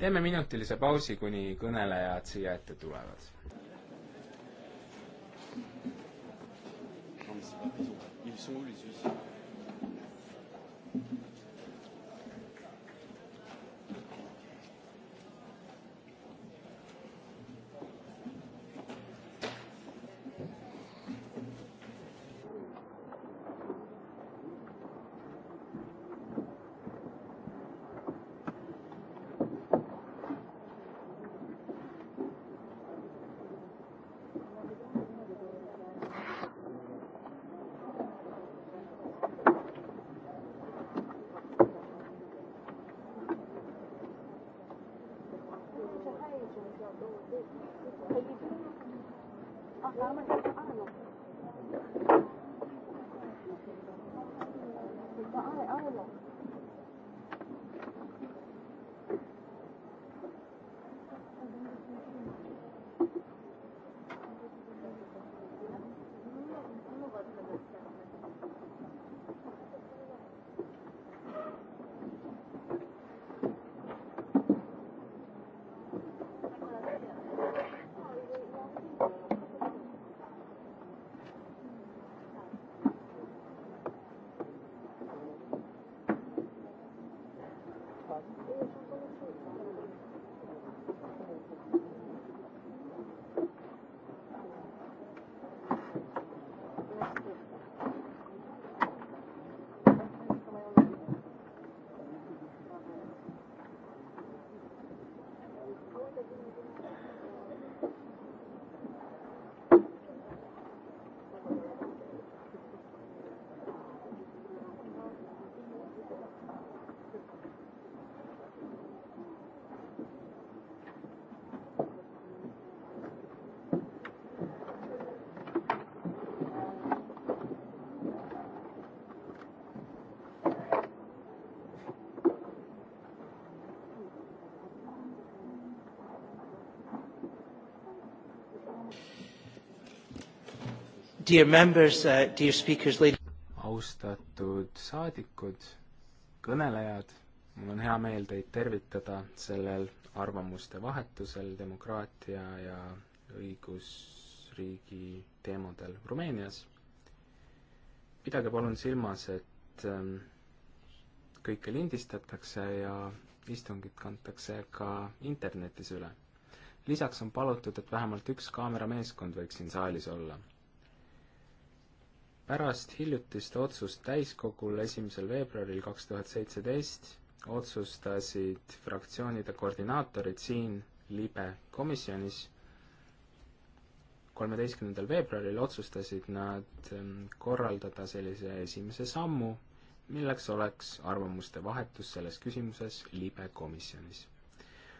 teeme minutilise pausi, kuni kõnelejad siia ette tulevad sont où les huissiers Dear members uh,, dear speakers, ladies austatud saadikud, kõnelejad, mul on hea meel teid tervitada sellel arvamuste vahetusel demokraatia ja õigusriigi teemadel Rumeenias. pidage palun silmas, et ähm, kõike lindistatakse ja istungit kantakse ka internetis üle. lisaks on palutud, et vähemalt üks kaamerameeskond võiks siin saalis olla pärast hiljutist otsust täiskogul esimesel veebruaril kaks tuhat seitseteist otsustasid fraktsioonide koordinaatorid siin libe komisjonis kolmeteistkümnendal veebruaril otsustasid nad ähm, korraldada sellise esimese sammu, milleks oleks arvamuste vahetus selles küsimuses libe komisjonis.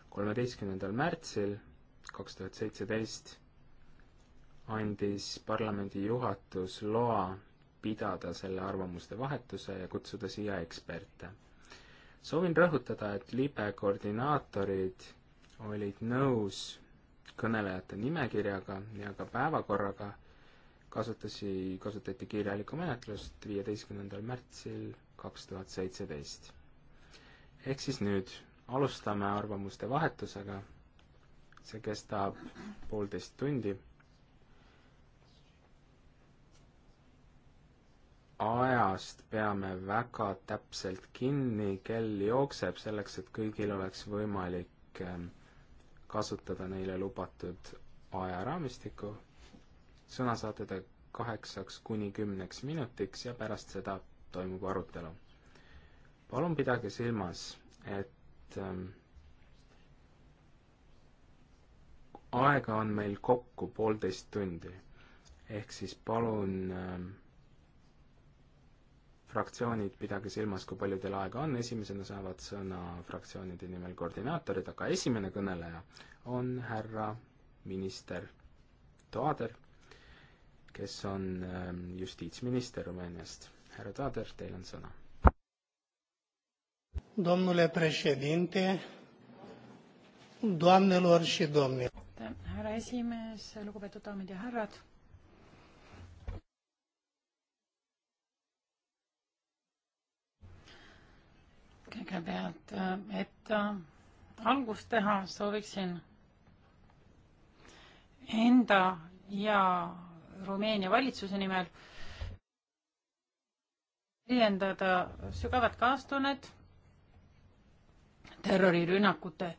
kolmeteistkümnendal märtsil kaks tuhat seitseteist andis parlamendi juhatus loa pidada selle arvamuste vahetuse ja kutsuda siia eksperte. soovin rõhutada, et libe koordinaatorid olid nõus kõnelejate nimekirjaga ja ka päevakorraga, kasutasi, kasutati kirjalikku menetlust viieteistkümnendal märtsil kaks tuhat seitseteist. ehk siis nüüd alustame arvamuste vahetusega, see kestab poolteist tundi ajast peame väga täpselt kinni, kell jookseb, selleks et kõigil oleks võimalik ähm, kasutada neile lubatud ajaraamistikku. sõna saate te kaheksaks kuni kümneks minutiks ja pärast seda toimub arutelu. palun pidage silmas, et ähm, aega on meil kokku poolteist tundi. ehk siis palun ähm, fraktsioonid, pidage silmas, kui palju teil aega on, esimesena saavad sõna fraktsioonide nimel koordinaatorid, aga esimene kõneleja on härra minister Toader, kes on ähm, justiitsminister Rumeeniast. härra Toader, teil on sõna. Domnule președinte, doamnelor și domnilor. härra esimees, lugupeetud daamid ja härrad kõigepealt, äh, et äh, algust teha, sooviksin enda ja Rumeenia valitsuse nimel väljendada sügavat kaastunnet terrorirünnakute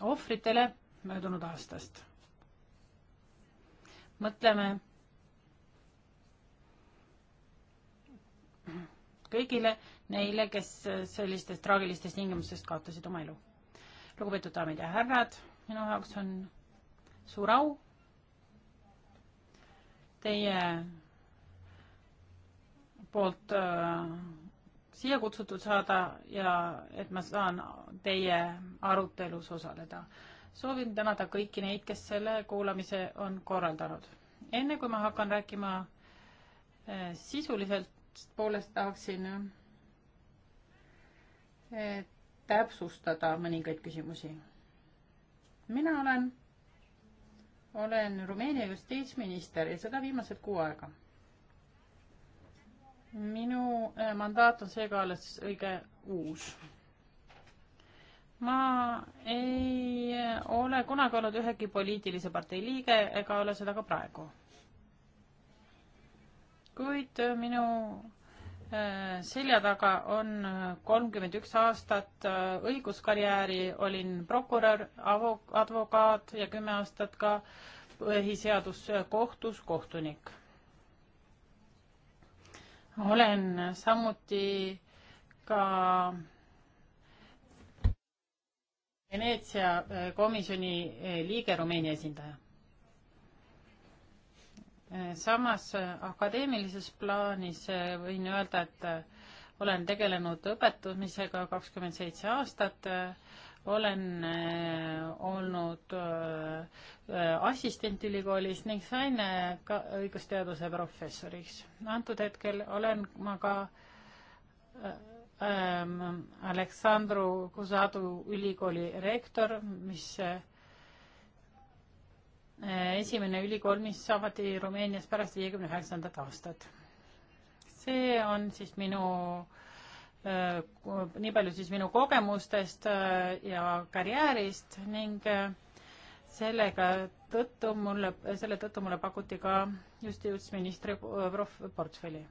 ohvritele möödunud aastast. mõtleme kõigile, neile, kes sellistest traagilistest tingimustest kaotasid oma elu. lugupeetud daamid ja härrad, minu jaoks on suur au teie poolt äh, siia kutsutud saada ja et ma saan teie arutelus osaleda. soovin tänada kõiki neid, kes selle kuulamise on korraldanud. enne kui ma hakkan rääkima äh, sisuliselt poolest tahaksin täpsustada mõningaid küsimusi. mina olen, olen Rumeenia justiitsminister ja seda viimased kuu aega. minu äh, mandaat on seega alles õige uus. ma ei äh, ole kunagi olnud ühegi poliitilise partei liige ega ole seda ka praegu. kuid äh, minu Äh, selja taga on äh, kolmkümmend üks aastat äh, õiguskarjääri, olin prokurör, advokaat ja kümme aastat ka põhiseaduskohtus kohtunik. olen samuti ka Veneetsia komisjoni liige Rumeenia esindaja Eh, samas eh, akadeemilises plaanis eh, võin öelda, et olen tegelenud õpetamisega kakskümmend seitse aastat, olen olnud assistent ülikoolis ning sain ka õigusteaduse professoriks. antud hetkel olen ma ka ähm, Aleksandru Kusadu ülikooli rektor, mis äh, Eh, esimene ülikool, mis avati Rumeenias pärast viiekümne üheksandat aastat. see on siis minu, eh, nii palju siis minu kogemustest eh, ja karjäärist ning sellega tõttu mulle, selle tõttu mulle pakuti ka justiitsministri prof-, portfelli.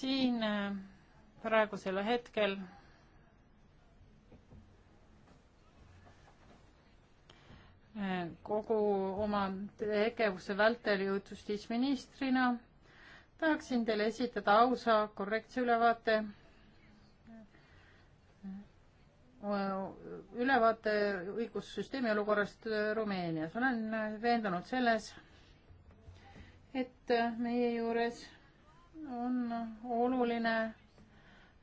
siin praegusel hetkel kogu oma tegevuse vältel justiitsministrina tahaksin teile esitada ausa korrektse ülevaate ülevaate õigussüsteemi olukorrast Rumeenias. olen veendunud selles, et meie juures on oluline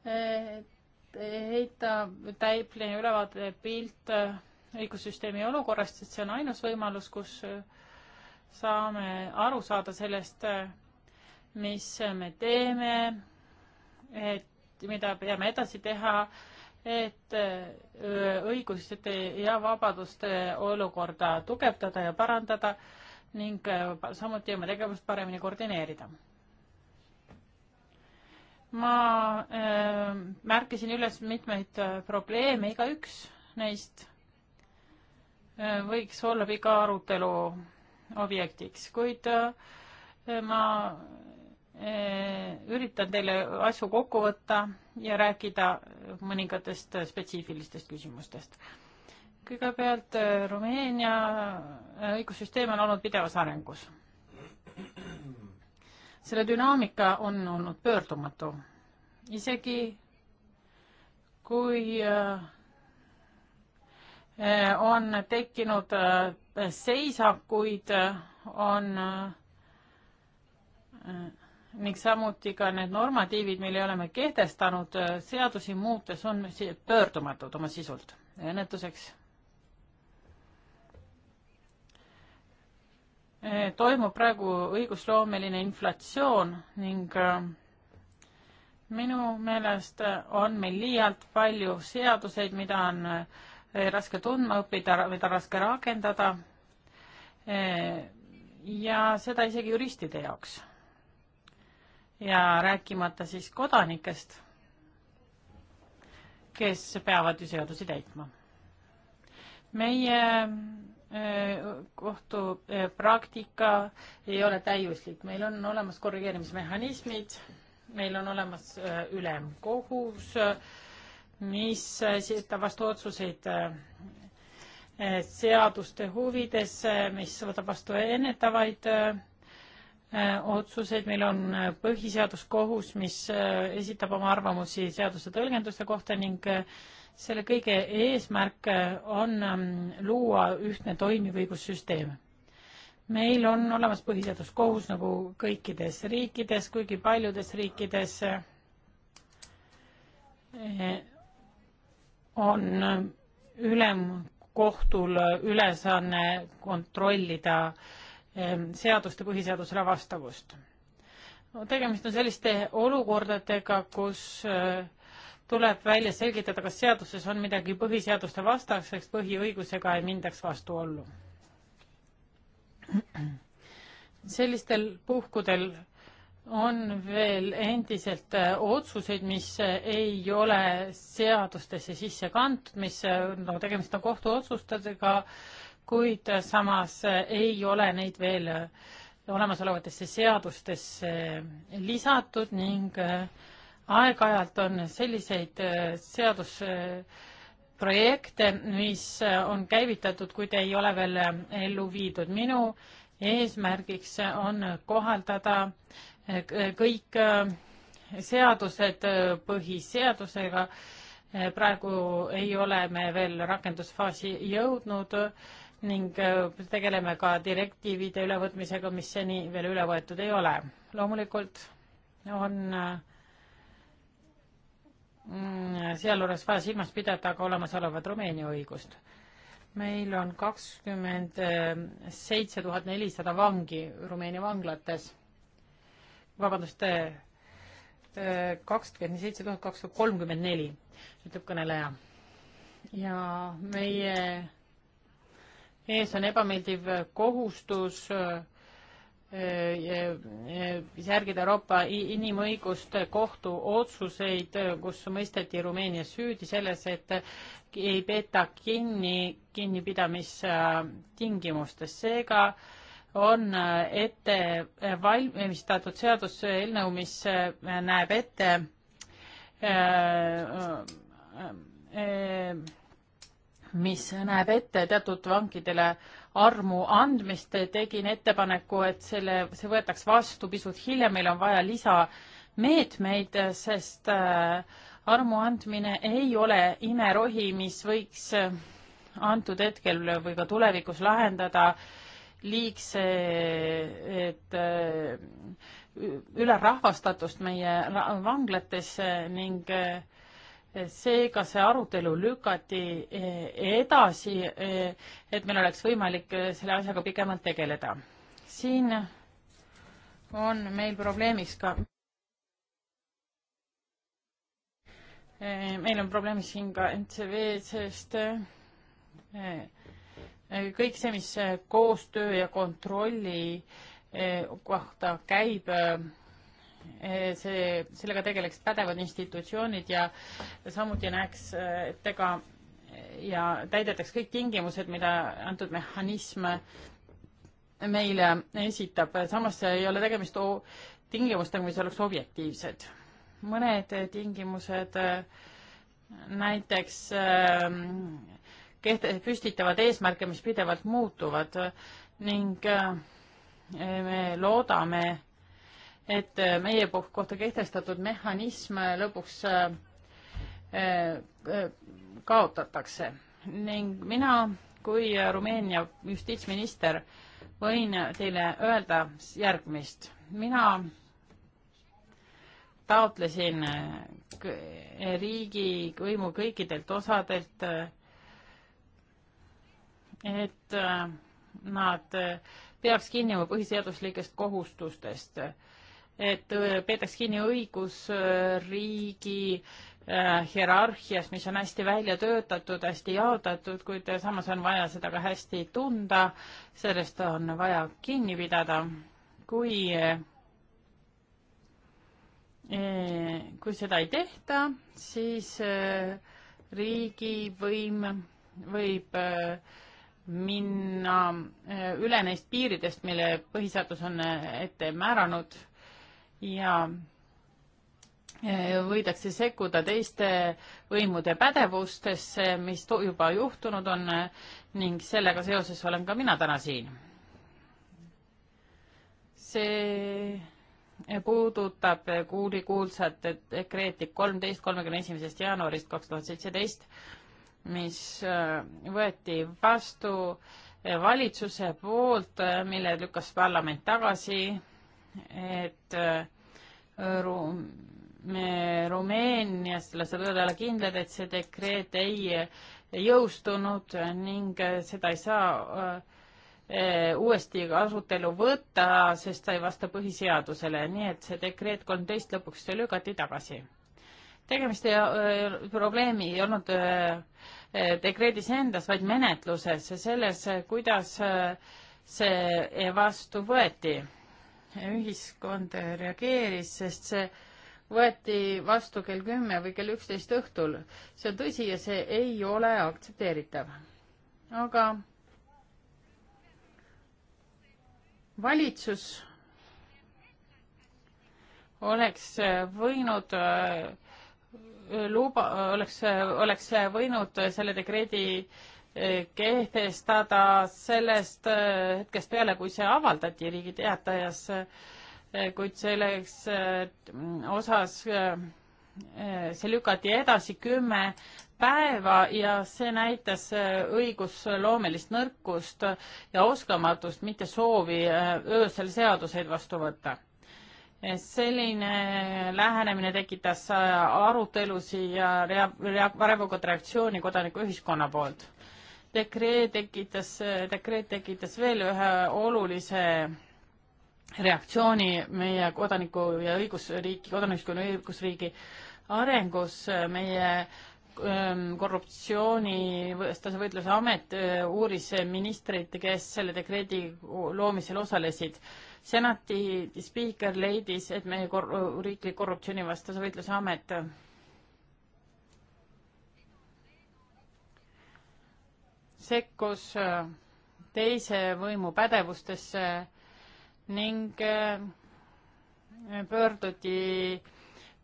heita täipline ülevaate pilt õigussüsteemi olukorrast, sest see on ainus võimalus, kus äh, saame aru saada sellest, äh, mis me teeme, et mida peame edasi teha, et äh, õiguste ja vabaduste olukorda tugevdada ja parandada ning samuti oma tegevust paremini koordineerida. ma äh, märkisin üles mitmeid probleeme, igaüks neist võiks olla pika arutelu objektiks, kuid äh, ma äh, üritan teile asju kokku võtta ja rääkida mõningatest spetsiifilistest küsimustest. kõigepealt äh, Rumeenia õigussüsteem on olnud pidevas arengus. selle dünaamika on olnud pöördumatu. isegi kui äh, Eh, on tekkinud eh, seisakuid, eh, on ning samuti ka need normatiivid, mille oleme kehtestanud seadusi muutes, on pöördumatud oma sisult. õnnetuseks toimub praegu õigusloomeline inflatsioon ning minu meelest on meil liialt palju seaduseid, mida on äh, raske tundma õppida, mida raske rakendada. E, ja seda isegi juristide jaoks. ja rääkimata siis kodanikest, kes peavad ju seadusi täitma. meie e, kohtupraktika e, ei ole täiuslik, meil on olemas korrigeerimismehhanismid, meil on olemas ülemkohus, mis esitab vastu otsuseid eh, seaduste huvides, eh, mis võtab vastu ennetavaid eh, otsuseid, meil on põhiseaduskohus, mis esitab oma arvamusi seaduse tõlgenduste kohta ning selle kõige eesmärk on mm, luua ühtne toimiv õigussüsteem. meil on olemas põhiseaduskohus nagu kõikides riikides, kuigi paljudes riikides on ülemkohtul ülesanne kontrollida ehm, seaduste põhiseadusele vastavust. tegemist on selliste olukordadega, kus eh, tuleb välja selgitada, kas seaduses on midagi põhiseaduste vastaseks, põhiõigusega ei mindaks vastuollu. sellistel puhkudel on veel endiselt äh, otsuseid, mis äh, ei ole seadustesse sisse kantud, mis äh, no nagu tegemist on kohtuotsustega, kuid samas ei ole neid veel olemasolevatesse seadustesse lisatud ning aeg-ajalt on selliseid seadusprojekte, mis on käivitatud, kuid ei ole veel ellu viidud. minu eesmärgiks on kohaldada äh, kõik äh, seadused äh, põhiseadusega. Äh, praegu ei ole me veel rakendusfaasi jõudnud ning tegeleme ka direktiivide ülevõtmisega, mis seni veel üle võetud ei ole. loomulikult on sealjuures vaja silmas pidada ka olemasolevat Rumeenia õigust. meil on kakskümmend seitse tuhat nelisada vangi Rumeenia vanglates vabandust, kakskümmend seitse tuhat kakssada kolmkümmend neli, ütleb kõneleja. ja meie ees on ebameeldiv kohustus äh, äh, äh, järgida Euroopa Inimõiguste Kohtu otsuseid, kus mõisteti Rumeenia süüdi selles, et ei peeta kinni kinnipidamistingimustest, seega äh, on äh, ette äh, valmistatud seaduseelnõu, mis äh, näeb ette mis näeb ette teatud vangidele armu andmist, tegin ettepaneku, et selle, see võetaks vastu pisut hiljem, meil on vaja lisameetmeid, sest armu andmine ei ole imerohi, mis võiks antud hetkel või ka tulevikus lahendada äh, liigse et, äh, ülerahvastatust meie vanglates ning äh, seega see arutelu lükati äh, edasi, et meil oleks võimalik selle asjaga pikemalt tegeleda. siin on meil probleemiks ka meil on probleemiks siin ka NCV, sest kõik see, mis eh, koostöö ja kontrolli eh, kohta käib, eh, see, sellega tegeleks pädevad institutsioonid ja samuti näeks ette ka ja täidetaks kõik tingimused, mida antud mehhanism meile esitab. samas ei ole tegemist tingimustega, mis oleks objektiivsed. mõned tingimused, näiteks äh, keht-, püstitavad eesmärke, mis pidevalt muutuvad ning äh, me loodame, et meie kohta kehtestatud mehhanism lõpuks äh, äh, kaotatakse ning mina kui Rumeenia justiitsminister võin teile öelda järgmist. mina taotlesin riigi võimu kõikidelt osadelt äh, et äh, nad äh, peaks kinni oma põhiseaduslikest kohustustest, et äh, peetaks kinni õigusriigi hierarhias, mis on hästi välja töötatud, hästi jaotatud, kuid samas on vaja seda ka hästi tunda, sellest on vaja kinni pidada. kui, kui seda ei tehta, siis riigivõim võib, võib minna eh, üle neist piiridest, mille põhiseadus on eh, ette määranud ja eh, võidakse sekkuda teiste võimude pädevustesse, mis juba juhtunud on ning sellega seoses olen ka mina täna siin. see puudutab kuulikuulsat dekreeti kolmteist kolmekümne esimesest jaanuarist kaks tuhat seitseteist, mis äh, võeti vastu äh, valitsuse poolt, äh, mille lükkas parlament tagasi, et Ru-, me rumeenlasele saab olla kindlad, et see dekreet ei jõustunud ning seda ei saa uuesti arutelu võtta, sest ta ei vasta põhiseadusele, nii et see dekreet kolmteist lõpuks lükati tagasi tegemist ei, äh, probleemi ei olnud äh, äh, dekreedis endas, vaid menetluses ja selles, kuidas see vastu võeti. ühiskond reageeris, sest see võeti vastu kell kümme või kell üksteist õhtul. see on tõsi ja see ei ole aktsepteeritav. aga valitsus oleks võinud äh, luba, oleks, oleks võinud selle dekreedi eh, kehtestada sellest eh, hetkest peale, kui see avaldati Riigi Teatajas, eh, kuid selleks osas see lükati edasi kümme päeva ja see näitas õigusloomelist nõrkust ja oskamatust, mitte soovi öösel seaduseid vastu võtta selline lähenemine tekitas arutelusid ja rea-, rea-, varevukat reaktsiooni kodanikuühiskonna poolt. dekreet tekitas, dekreet tekitas veel ühe olulise reaktsiooni meie kodaniku ja õigusriiki, kodanikuskonna õigusriigi arengus, meie ähm, korruptsioonivastase võitluse amet äh, uuris ministreid, kes selle dekreedi loomisel osalesid senati spiiker leidis, et meie kor-, riiklik korruptsioonivastase võitluse amet sekkus äh, teise võimu pädevustesse ning äh, pöörduti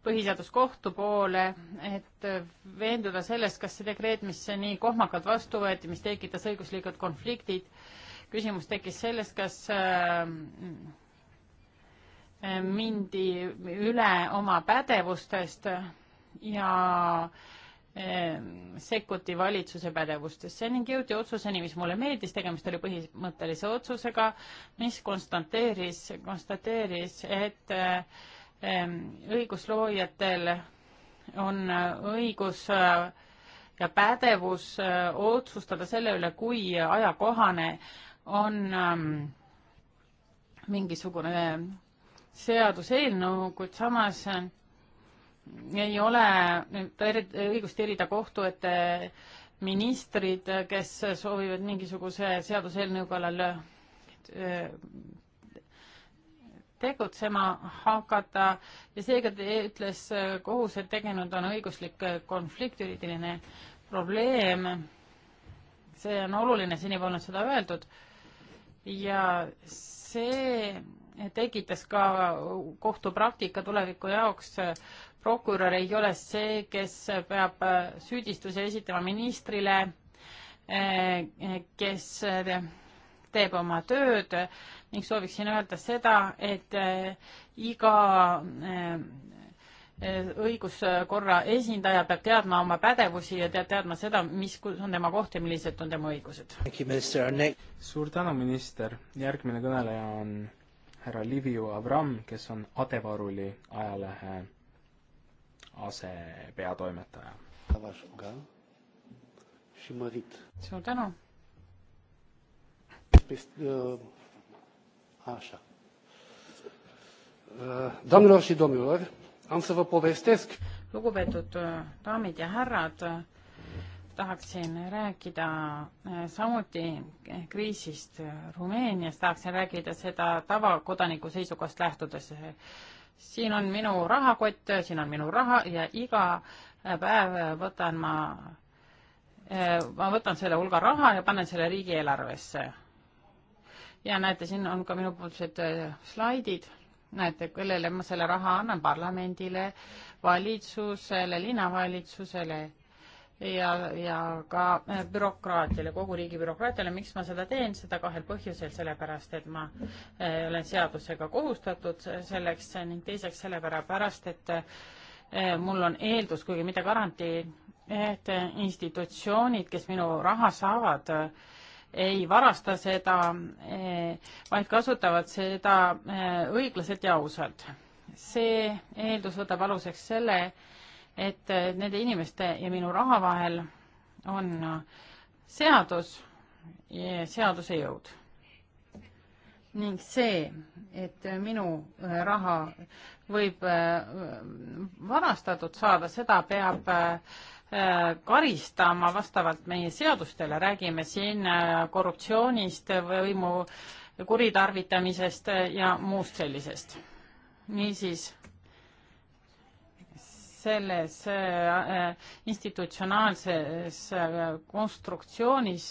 põhiseaduskohtu poole, et veenduda selles, kas see dekreet, mis nii kohmakalt vastu võeti, mis tekitas õiguslikud konfliktid, küsimus tekkis sellest, kas äh, mindi üle oma pädevustest ja äh, sekkuti valitsuse pädevustesse ning jõuti otsuseni, mis mulle meeldis, tegemist oli põhimõttelise otsusega, mis konstateeris, konstateeris, et äh, õigusloojatel on õigus ja pädevus otsustada selle üle, kui ajakohane on ähm, mingisugune seaduseelnõu, kuid samas äh, ei ole õigust erida kohtu ette ministrid, kes soovivad mingisuguse seaduseelnõu kallal äh, tegutsema hakata ja seega ütles kohus, et tegenud on õiguslik konflikt, juriidiline probleem. see on oluline, seni polnud seda öeldud ja see tekitas ka kohtupraktika tuleviku jaoks. prokurör ei ole see, kes peab süüdistuse esitama ministrile, kes teeb oma tööd ning sooviksin öelda seda, et iga õiguskorra esindaja peab teadma oma pädevusi ja peab teadma seda, mis on tema koht ja millised on tema õigused. suur tänu, minister. järgmine kõneleja on härra Liviu Avram, kes on Adevaruli ajalehe asepeatoimetaja. suur tänu. Doamnelor și domnilor, Am să vă povestesc. Lugupeetud eh, daamid ja härrad, eh, tahaksin rääkida eh, samuti kriisist Rumeenias, tahaksin rääkida seda tavakodaniku seisukohast lähtudes. siin on minu rahakott, siin on minu raha ja iga päev võtan ma, ma võtan selle hulga raha ja panen selle riigieelarvesse. ja näete, siin on ka minupoolsed slaidid näete, kellele ma selle raha annan, parlamendile, valitsusele, linnavalitsusele ja, ja ka äh, bürokraatiale, kogu riigi bürokraatiale, miks ma seda teen, seda kahel põhjusel, sellepärast et ma äh, olen seadusega kohustatud selleks ning teiseks sellepärast, et äh, mul on eeldus, kuigi mitte garantii, et institutsioonid, kes minu raha saavad, ei varasta seda, vaid kasutavad seda eh, õiglaselt ja ausalt. see eeldus võtab aluseks selle, et nende inimeste ja minu raha vahel on seadus, seaduse jõud. ning see, et minu eh, raha võib eh, varastatud saada, seda peab äh, Äh, karistama vastavalt meie seadustele, räägime siin äh, korruptsioonist, võimu kuritarvitamisest äh, ja muust sellisest. niisiis, selles institutsionaalses konstruktsioonis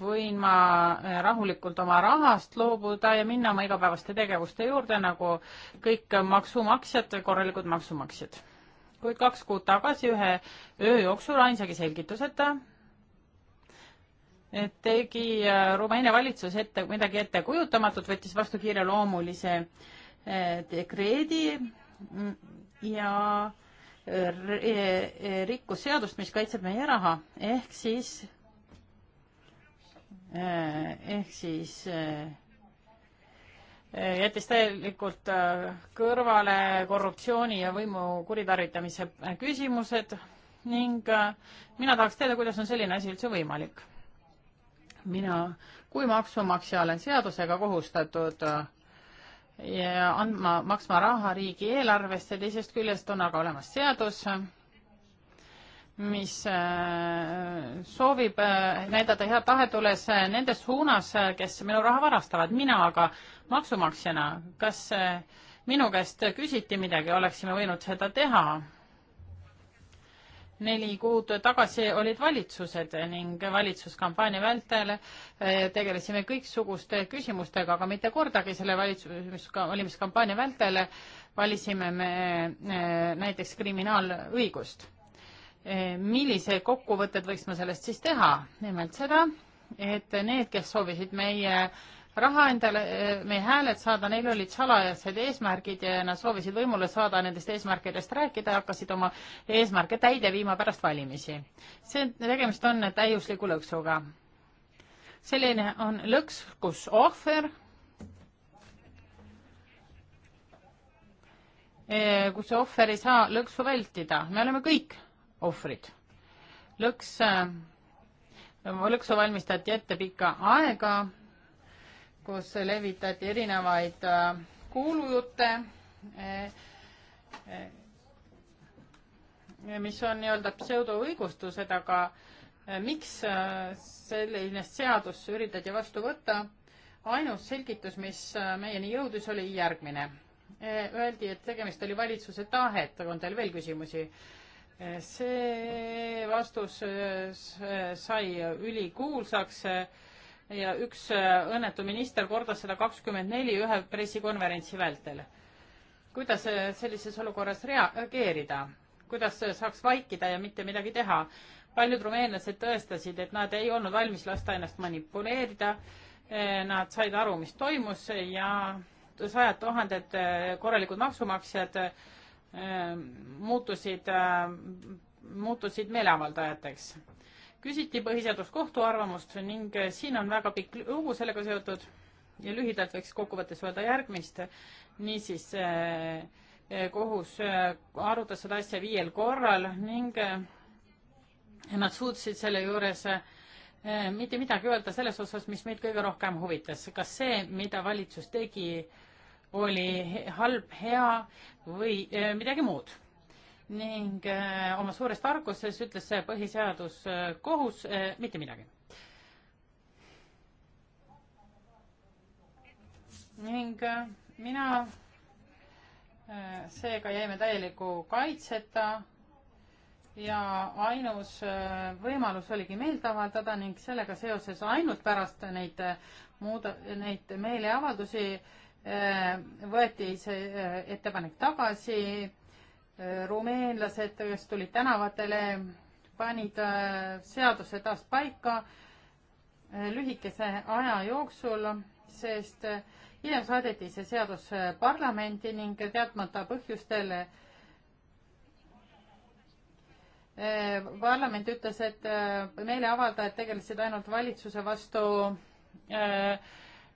võin ma rahulikult oma rahast loobuda ja minna oma igapäevaste tegevuste juurde, nagu kõik maksumaksjad, korralikud maksumaksjad kuid kaks kuud tagasi ühe öö jooksul ainsagi selgituseta et tegi äh, Rumeenia valitsus ette midagi ettekujutamatut, võttis vastu kiireloomulise äh, dekreedi mm, ja äh, rikkus seadust, mis kaitseb meie raha, ehk siis, ehk siis jättis täielikult äh, kõrvale korruptsiooni ja võimu kuritarvitamise äh, küsimused ning äh, mina tahaks teada, kuidas on selline asi üldse võimalik. mina kui maksumaksja olen seadusega kohustatud andma, maksma raha riigieelarvesse, teisest küljest on aga olemas seadus, mis äh, soovib äh, näidata head tahet, olles äh, nende suunas, kes minu raha varastavad, mina aga maksumaksjana, kas minu käest küsiti midagi, oleksime võinud seda teha? neli kuud tagasi olid valitsused ning valitsuskampaania vältel tegelesime kõiksuguste küsimustega, aga mitte kordagi selle valitsus, valimiskampaania vältel valisime me näiteks kriminaalõigust Eh, millise kokkuvõtted võiks ma sellest siis teha? nimelt seda, et need, kes soovisid meie raha endale, eh, meie hääled saada, neil olid salajased eesmärgid ja nad soovisid võimule saada, nendest eesmärkidest rääkida, hakkasid oma eesmärke täide viima pärast valimisi. see, tegemist on täiusliku lõksuga. selline on lõks, kus ohver, eh, kus ohver ei saa lõksu vältida, me oleme kõik ohvrid. lõks, äh, lõksu valmistati ette pikka aega, kus levitati erinevaid äh, kuulujutte, äh, mis on nii-öelda pseudoõigustused, aga miks selline seadus üritati vastu võtta, ainus selgitus, mis meieni jõudis, oli järgmine. Öeldi, et tegemist oli valitsuse tahet, on teil veel küsimusi? see vastus sai ülikuulsaks ja üks õnnetu minister kordas seda kakskümmend neli ühe pressikonverentsi vältel. kuidas sellises olukorras reageerida, kuidas saaks vaikida ja mitte midagi teha? paljud rumeenlased tõestasid, et nad ei olnud valmis lasta ennast manipuleerida. Nad said aru, mis toimus ja sajad tuhanded korralikud maksumaksjad Ehm, muutusid, ehm, muutusid meeleavaldajateks. küsiti Põhiseaduskohtu arvamust ning eh, siin on väga pikk lugu sellega seotud ja lühidalt võiks kokkuvõttes öelda järgmist. niisiis eh, eh, kohus arutas seda asja viiel korral ning nad suutsid selle juures mitte midagi öelda selles osas, mis meid kõige rohkem huvitas, kas see, mida valitsus tegi, oli halb, hea või eh, midagi muud. ning eh, oma suures tarkuses ütles see põhiseaduskohus eh, mitte midagi. ning mina, seega jäime täieliku kaitseta ja ainus võimalus oligi meelt avaldada ning sellega seoses ainult pärast neid muuda-, neid meeleavaldusi äh, Äh, võeti see äh, ettepanek tagasi, äh, rumeenlased, kes tulid tänavatele, panid seaduse taas paika lühikese aja jooksul, sest hiljem saadeti see seadus parlamenti ning teadmata põhjustel parlament ütles, et meeleavaldajad tegelesid ainult valitsuse vastu äh,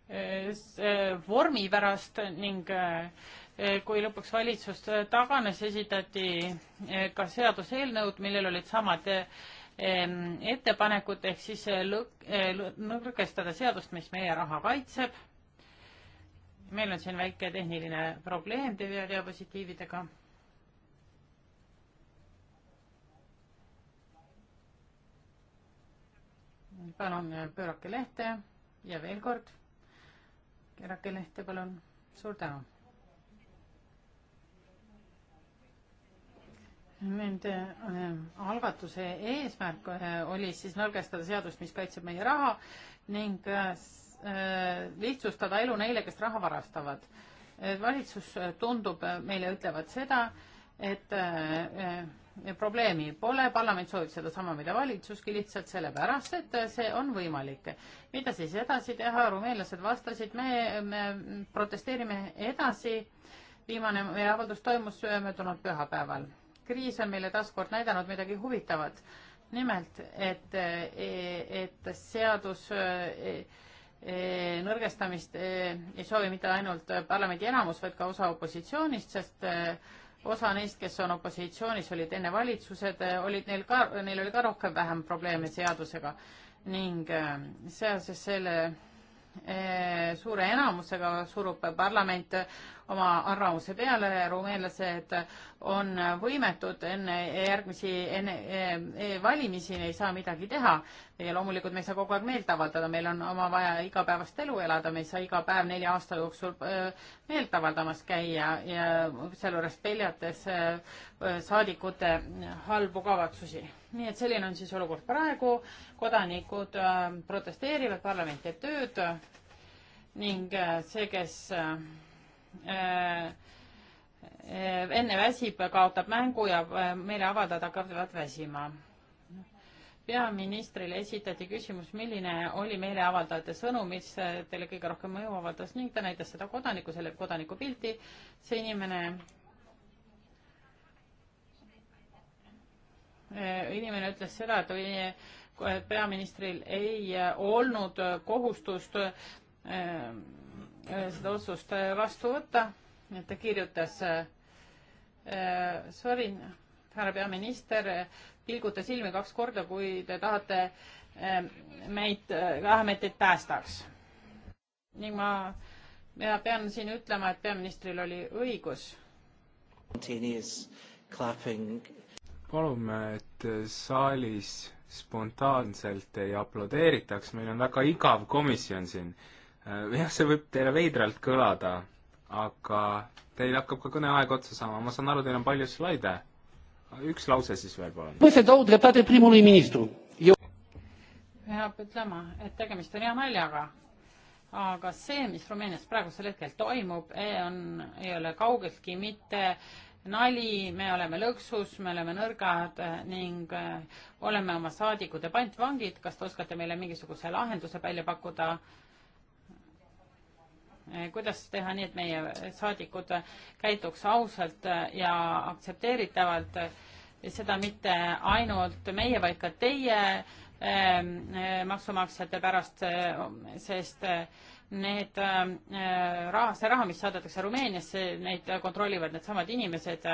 Äh, äh, vormi pärast ning äh, kui lõpuks valitsus taganes, esitati ka seaduseelnõud, millel olid samad ettepanekud ehk siis nõrgestada seadust, mis meie raha kaitseb. meil on siin väike tehniline probleem diapositiividega. palun pöörake lehte ja veel kord Rakel Lehte, palun, suur tänu. Nende äh, algatuse eesmärk äh, oli siis nõrgestada seadust, mis kaitseb meie raha ning äh, äh lihtsustada elu neile, kes raha varastavad. valitsus äh, tundub, äh, meile ütlevad seda, et äh, probleemi pole, parlament soovib sedasama, mida valitsuski, lihtsalt sellepärast, et see on võimalik. mida siis edasi teha, rumeenlased vastasid, me, me protesteerime edasi, viimane meie avaldus toimus möödunud pühapäeval. kriis on meile taaskord näidanud midagi huvitavat, nimelt, et, et seadus e, e, nõrgestamist e, ei soovi mitte ainult parlamendi enamus, vaid ka osa opositsioonist, sest osa neist, kes on opositsioonis, olid enne valitsused, äh, olid neil ka, neil oli ka rohkem-vähem probleeme seadusega ning äh, seoses selle äh, suure enamusega surub parlament oma arvamuse peale, rumeenlased on võimetud enne järgmisi, enne e valimisi ei saa midagi teha. ja loomulikult me ei saa kogu aeg meelt avaldada, meil on oma vaja igapäevast elu elada, me ei saa iga päev nelja aasta jooksul e, meelt avaldamas käia ja sealjuures peljates e, e, saadikute halbu kavatsusi. nii et selline on siis olukord praegu, kodanikud protesteerivad, parlament teeb tööd ning see, kes Äh, äh, enne väsib, kaotab mängu ja äh, meeleavaldajad hakkavad väsima. peaministrile esitati küsimus, milline oli meeleavaldajate sõnum, mis teile kõige rohkem mõju avaldas ning ta näitas seda kodaniku, selle kodaniku pilti. see inimene, inimene ütles seda, et oli peaministril ei olnud kohustust seda otsust äh, vastu võtta, et ta kirjutas äh, äh, Sorry, härra peaminister, pilguta silmi kaks korda, kui te tahate meid, vähemalt teid päästaks. ning ma, ma pean siin ütlema, et peaministril oli õigus. palume, et saalis spontaanselt ei aplodeeritaks, meil on väga igav komisjon siin Äh, jah, see võib teile veidralt kõlada, aga teil hakkab ka kõneaeg otsa saama, ma saan aru, teil on palju slaide. üks lause siis veel, palun. peab ütlema, et tegemist on hea naljaga, aga see, mis Rumeenias praegusel hetkel toimub, e on, ei ole kaugeltki mitte nali, me oleme lõksus, me oleme nõrgad e, ning e, oleme oma saadikute pantvangid, kas te oskate meile mingisuguse lahenduse välja pakkuda äh, Eh, kuidas teha nii, et meie saadikud käituks ausalt ja aktsepteeritavalt, seda mitte ainult meie, vaid ka teie ehm, eh, maksumaksjate pärast, eh, sest need raha, see raha, mis saadetakse Rumeeniasse, neid kontrollivad needsamad inimesed,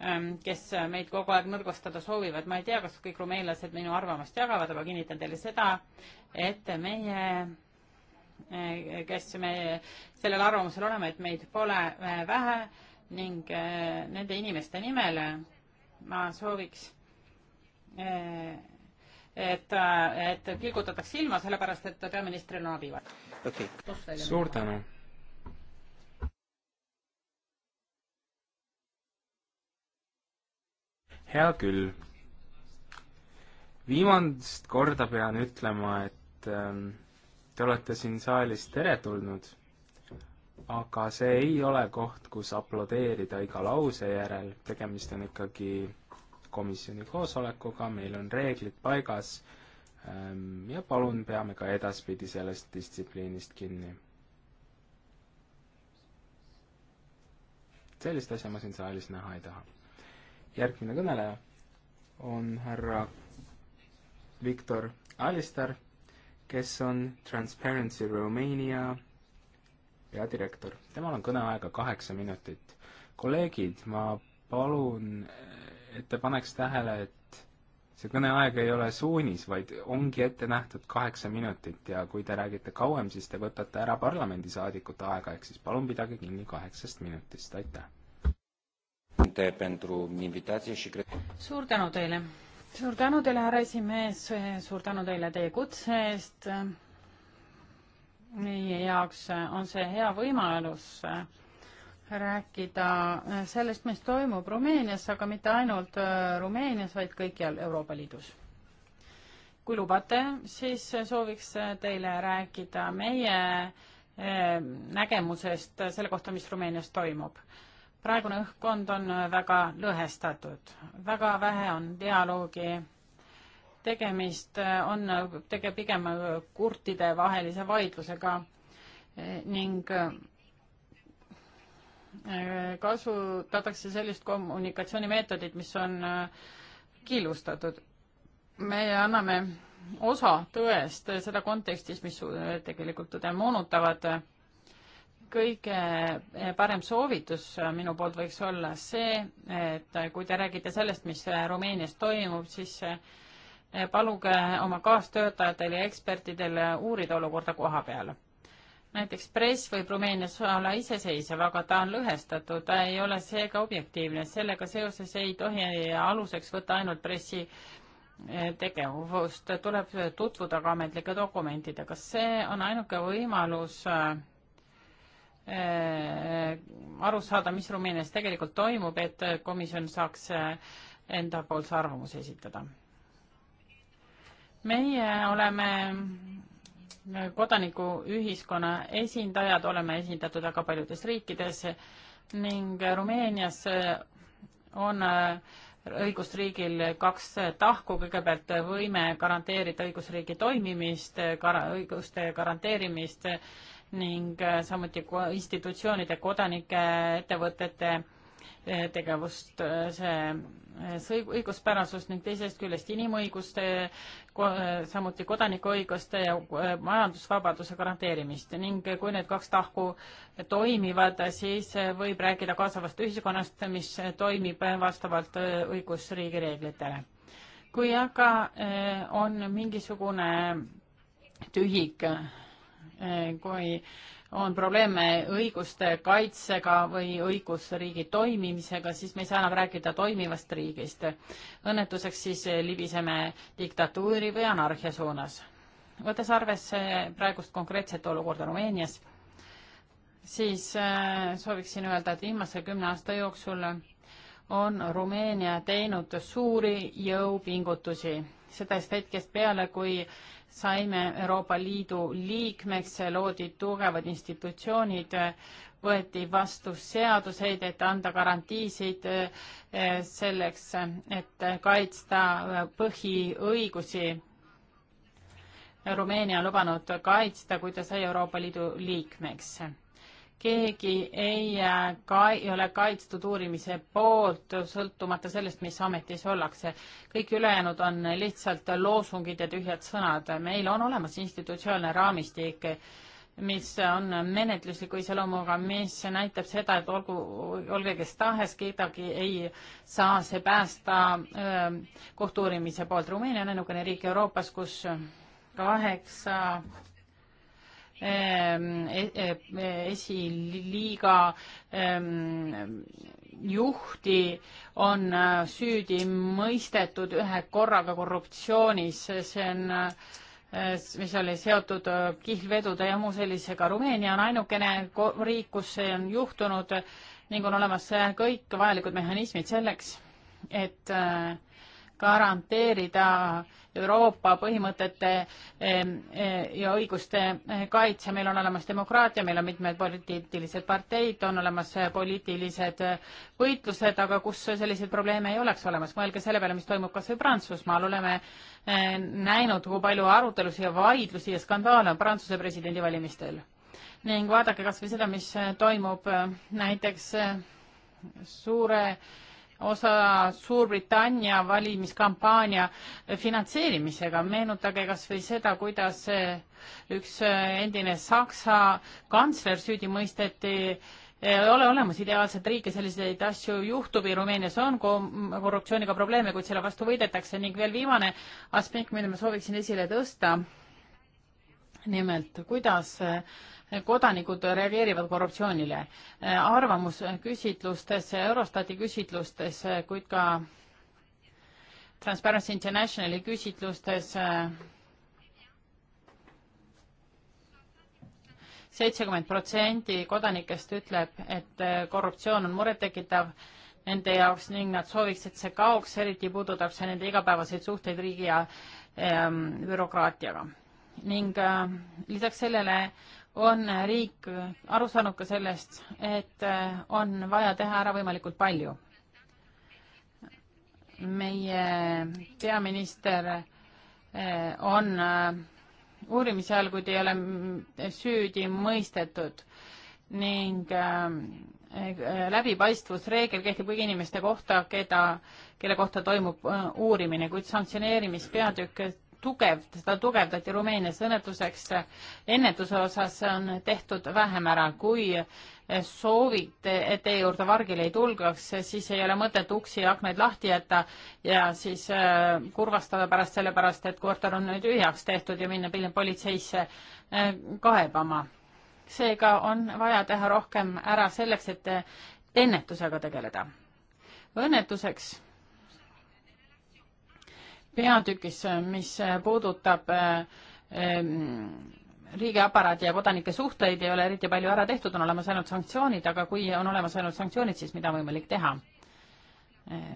ehm, kes meid kogu aeg nõrgustada soovivad. ma ei tea, kas kõik rumeenlased minu arvamust jagavad, aga kinnitan teile seda, et meie Eh, kes me sellel arvamusel oleme, et meid pole eh, vähe ning eh, nende inimeste nimel ma sooviks, et, et kilgutataks silma, sellepärast et peaministril on abi vaja okay.. suur tänu. hea küll. viimast korda pean ütlema, et ähm, Te olete siin saalis teretulnud, aga see ei ole koht, kus aplodeerida iga lause järel, tegemist on ikkagi komisjoni koosolekuga, meil on reeglid paigas ähm, ja palun peame ka edaspidi sellest distsipliinist kinni. sellist asja ma siin saalis näha ei taha. järgmine kõneleja on härra Viktor Alistar kes on Transparency Romania peadirektor. temal on kõneaega kaheksa minutit. kolleegid, ma palun, eh, et te paneks tähele, et see kõneaeg ei ole suunis, vaid ongi ette nähtud kaheksa minutit ja kui te räägite kauem, siis te võtate ära parlamendisaadikute aega, ehk siis palun pidage kinni kaheksast minutist, aitäh! suur tänu teile! suur tänu teile, härra esimees, suur tänu teile teie kutse eest. meie jaoks on see hea võimalus rääkida sellest, mis toimub Rumeenias, aga mitte ainult Rumeenias, vaid kõikjal Euroopa Liidus. kui lubate, siis sooviks teile rääkida meie eh, nägemusest selle kohta, mis Rumeenias toimub praegune õhkkond on väga lõhestatud, väga vähe on dialoogi, tegemist on tege-, pigem kurtide vahelise vaidlusega ning äh, kasutatakse sellist kommunikatsioonimeetodit, mis on äh, killustatud. me anname osa tõest seda kontekstis, mis äh, tegelikult tõde moonutavad kõige eh, parem soovitus eh, minu poolt võiks olla see, et eh, kui te räägite sellest, mis Rumeenias toimub, siis paluge oma kaastöötajatel ja ekspertidel uurida olukorda koha peal. näiteks press võib Rumeenias olla iseseisev, aga ta on lõhestatud, ta ei ole seega objektiivne, sellega seoses ei tohi aluseks võtta ainult pressi tegevust, tuleb tutvuda ka ametlike dokumentidega, see on ainuke võimalus äh, Äh, aru saada, mis Rumeenias tegelikult toimub, et komisjon saaks äh, endapoolse arvamuse esitada. meie oleme äh, kodanikuühiskonna esindajad, oleme esindatud väga paljudes riikides ning Rumeenias on õigusriigil kaks tahku, kõigepealt võime garanteerida õigusriigi toimimist, õiguste garanteerimist ning äh, samuti institutsioonide, kodanike, ettevõtete äh, tegevust, äh, see õiguspärasus ning teisest küljest inimõiguste, samuti kodanikuõiguste ja majandusvabaduse garanteerimist ning kui need kaks tahku toimivad, siis võib rääkida kaasavast ühiskonnast, mis toimib vastavalt õigusriigi reeglitele. kui aga on mingisugune tühik Eh, kui on probleeme õiguste kaitsega või õigusriigi toimimisega, siis me ei saa enam rääkida toimivast riigist. õnnetuseks siis libiseme diktatuuri või anarhia suunas. võttes arvesse praegust konkreetset olukorda Rumeenias, siis eh, sooviksin öelda, et viimase kümne aasta jooksul on Rumeenia teinud suuri jõupingutusi seda just hetkest peale, kui saime Euroopa Liidu liikmeks, loodi tugevad institutsioonid, võeti vastu seaduseid, et anda garantiisid eh, selleks, et kaitsta põhiõigusi. Rumeenia on lubanud kaitsta, kui ta sai Euroopa Liidu liikmeks keegi ei äh, ka-, ei ole kaitstud uurimise poolt, sõltumata sellest, mis ametis ollakse. kõik ülejäänud on lihtsalt loosungid ja tühjad sõnad. meil on olemas institutsionaalne raamistik, mis on menetlusliku iseloomuga, mis näitab seda, et olgu, olge kes tahes, kedagi ei saa see päästa äh, kohtu-uurimise poolt. Rumeenia on ainukene riik Euroopas, kus kaheksa 8 Ehm, e, e, e, esiliiga ehm, juhti on äh, süüdi mõistetud ühe korraga korruptsioonis, see on, äh, mis oli seotud äh, kihlvedude ja muu sellisega. Rumeenia on ainukene riik, kus see on juhtunud ning on olemas kõik vajalikud mehhanismid selleks, et äh, garanteerida Euroopa põhimõtete eh, eh, ja õiguste eh, kaitse, meil on olemas demokraatia, meil on mitmed poliitilised parteid, on olemas poliitilised võitlused, aga kus selliseid probleeme ei oleks olemas, mõelge selle peale, mis toimub kas või Prantsusmaal, oleme näinud, kui palju arutelusid ja vaidlusi ja skandaale on Prantsuse presidendivalimistel. ning vaadake kas või seda, mis toimub näiteks suure osa Suurbritannia valimiskampaania finantseerimisega. meenutage kas või seda, kuidas üks endine Saksa kantsler süüdi mõisteti ei ole olemas ideaalset riiki, selliseid asju juhtub ja Rumeenias on korruptsiooniga probleeme, kuid selle vastu võidetakse ning veel viimane aspekt, mille ma sooviksin esile tõsta. nimelt, kuidas äh, kodanikud reageerivad korruptsioonile. arvamusküsitlustes, Eurostati küsitlustes, kuid ka Transparency Internationali küsitlustes seitsekümmend protsenti kodanikest ütleb, et korruptsioon on murettekitav nende jaoks ning nad sooviks, et see kaoks, eriti puudutab see nende igapäevaseid suhteid riigi ja ähm, bürokraatiaga. ning äh, lisaks sellele on riik aru saanud ka sellest, et eh, on vaja teha ära võimalikult palju. meie peaminister eh, on eh, uurimise all, kuid ei ole süüdi mõistetud ning läbipaistvusreegel kehtib kõigi inimeste kohta, keda, kelle kohta toimub uurimine, kuid sanktsioneerimispeatükk tugev, seda tugevdati Rumeenias õnnetuseks. ennetuse osas on tehtud vähem ära, kui soovite, et teie juurde vargil ei tulgaks, siis ei ole mõtet uksi ja aknaid lahti jätta ja siis äh, kurvastada pärast sellepärast, et korter on nüüd tühjaks tehtud ja minna politseisse äh, kaebama. seega on vaja teha rohkem ära selleks, et ennetusega tegeleda. õnnetuseks peatükis, mis puudutab eh, riigiaparaadi ja kodanike suhteid ei ole eriti palju ära tehtud, on olemas ainult sanktsioonid, aga kui on olemas ainult sanktsioonid, siis mida on võimalik teha? Eh,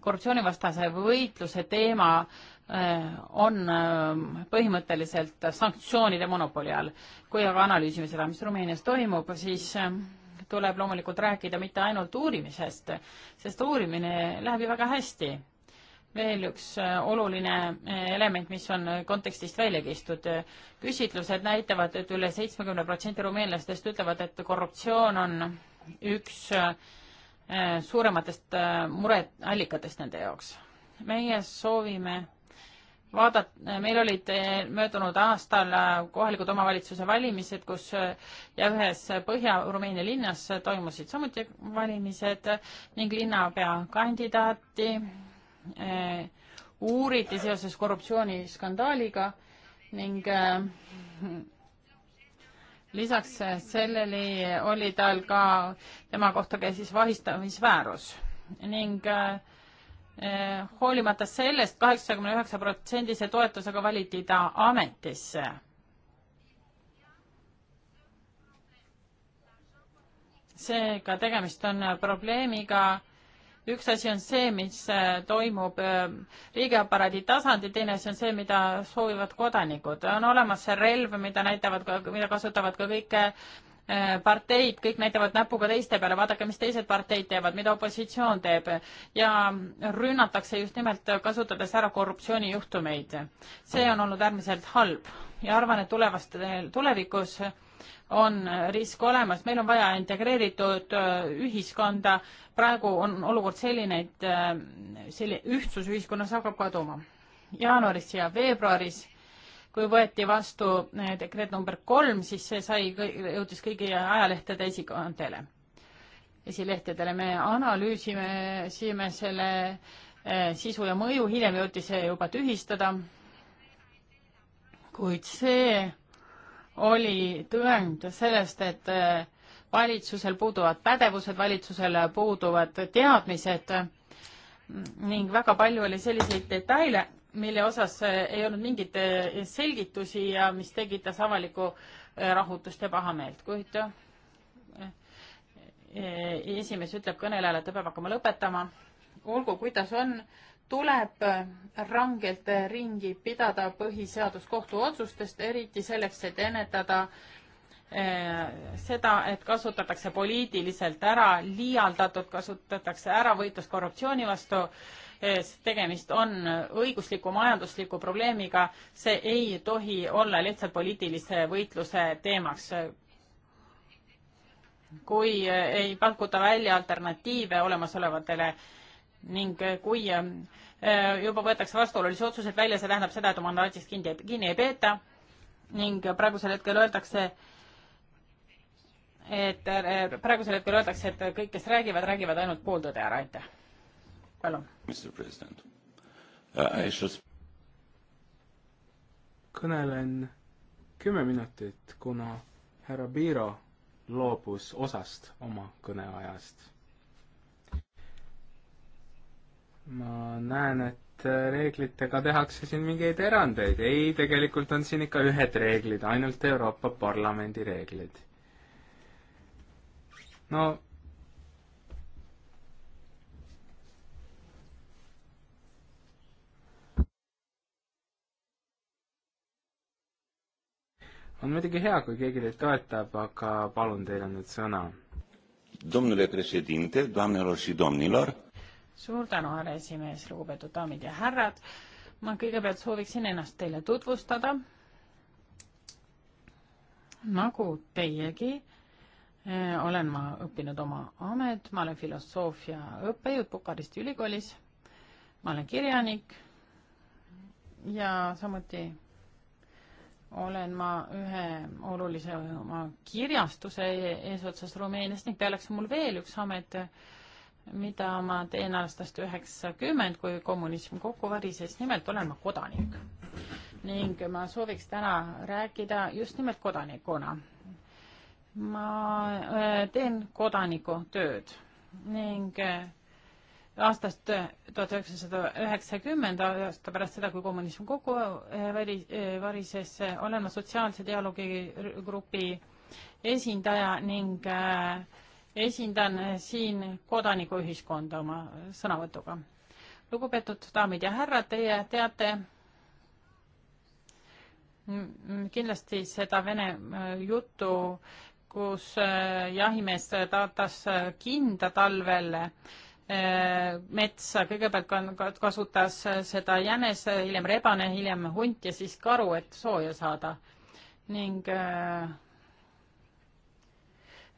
korruptsioonivastase võitluse teema eh, on põhimõtteliselt sanktsioonide monopoli all. kui aga analüüsime seda, mis Rumeenias toimub, siis tuleb loomulikult rääkida mitte ainult uurimisest, sest uurimine läheb ju väga hästi veel üks äh, oluline äh, element, mis on äh, kontekstist välja kistud. küsitlused näitavad, et üle seitsmekümne protsendi rumeenlastest ütlevad, et korruptsioon on üks suurematest mureallikatest nende jaoks. meie soovime vaadata, meil olid möödunud aastal kohalikud omavalitsuse valimised, kus ja ühes Põhja-Rumeenia linnas toimusid samuti valimised ning linnapea kandidaati Äh, uuriti seoses korruptsiooniskandaaliga ning äh, lisaks sellele oli tal ka tema kohta käis siis vahistamismäärus ning äh, hoolimata sellest kaheksakümne üheksa protsendise toetusega valiti ta ametisse seega tegemist on probleemiga, üks asi on see, mis äh, toimub äh, riigiaparaadi tasandil, teine asi on see, mida soovivad kodanikud. on olemas see relv, mida näitavad, mida kasutavad ka kõik äh, parteid, kõik näitavad näpuga teiste peale, vaadake, mis teised parteid teevad, mida opositsioon teeb ja rünnatakse just nimelt kasutades ära korruptsioonijuhtumeid. see on olnud äärmiselt halb ja arvan, et tulevast, tulevikus on risk olemas, meil on vaja integreeritud äh, ühiskonda, praegu on olukord selline, et äh, selline ühtsus ühiskonnas hakkab kaduma. jaanuaris ja veebruaris, kui võeti vastu äh, dekreet number kolm, siis see sai, jõudis kõigi ajalehtede esikaantele, esilehtedele, me analüüsime, siime selle sisu ja mõju, hiljem jõuti see juba tühistada, kuid see oli tõend sellest, et äh, valitsusel puuduvad pädevused, valitsusel puuduvad teadmised ning väga palju oli selliseid detaile, mille osas äh, ei olnud mingeid äh, selgitusi ja mis tekitas avalikku rahutust ja pahameelt, kuid esimees ütleb kõnelejale, et ta peab hakkama lõpetama. olgu, kuidas on tuleb rangelt ringi pidada põhiseaduskohtu otsustest, eriti selleks, et ennetada eh, seda, et kasutatakse poliitiliselt ära, liialdatud kasutatakse ära võitlust korruptsiooni vastu, eh, tegemist on õigusliku, majandusliku probleemiga, see ei tohi olla lihtsalt poliitilise võitluse teemaks. kui eh, ei pakuta välja alternatiive olemasolevatele ning eh, kui eh, eh, juba võetakse vastuolulisi otsuseid välja, see tähendab seda, et oma mandaadist kinni, kinni ei peeta ning praegusel hetkel öeldakse, et praegusel hetkel öeldakse, et kõik, kes räägivad, räägivad ainult pooltõde ära, aitäh. palun. Uh, kõnelen kümme minutit, kuna härra Piiro loobus osast oma kõneajast ma näen, et äh, reeglitega tehakse siin mingeid erandeid. ei, tegelikult on siin ikka ühed reeglid, ainult Euroopa Parlamendi reeglid. no on muidugi hea, kui keegi teid toetab, aga palun, teil on nüüd sõna. Domnule președinte, doamnelor și domnilor suur tänu, härra esimees, lugupeetud daamid ja härrad. ma kõigepealt sooviksin ennast teile tutvustada. nagu teiegi eh, olen ma õppinud oma amet, ma olen filosoofia õppejõud Bukaristi ülikoolis, ma olen kirjanik ja samuti olen ma ühe olulise oma kirjastuse eesotsas Rumeeniast ning peale oleks mul veel üks amet, mida ma teen aastast üheksakümmend, kui kommunism kokku varises, nimelt olen ma kodanik. ning ma sooviks täna rääkida just nimelt kodanikuna. ma äh, teen kodanikutööd ning äh, aastast tuhat üheksasada üheksakümmend aasta pärast seda, kui kommunism kokku äh, väli-, varises, olen ma sotsiaalse dialoogi grupi esindaja ning äh, esindan siin kodanikuühiskonda oma sõnavõtuga. lugupeetud daamid ja härrad, teie teate kindlasti seda vene äh, juttu, kus äh, jahimees taotas äh, kinda talvel metsa, kõigepealt kasutas seda jänes, hiljem rebane, hiljem hunt ja siis karu, et sooja saada. ning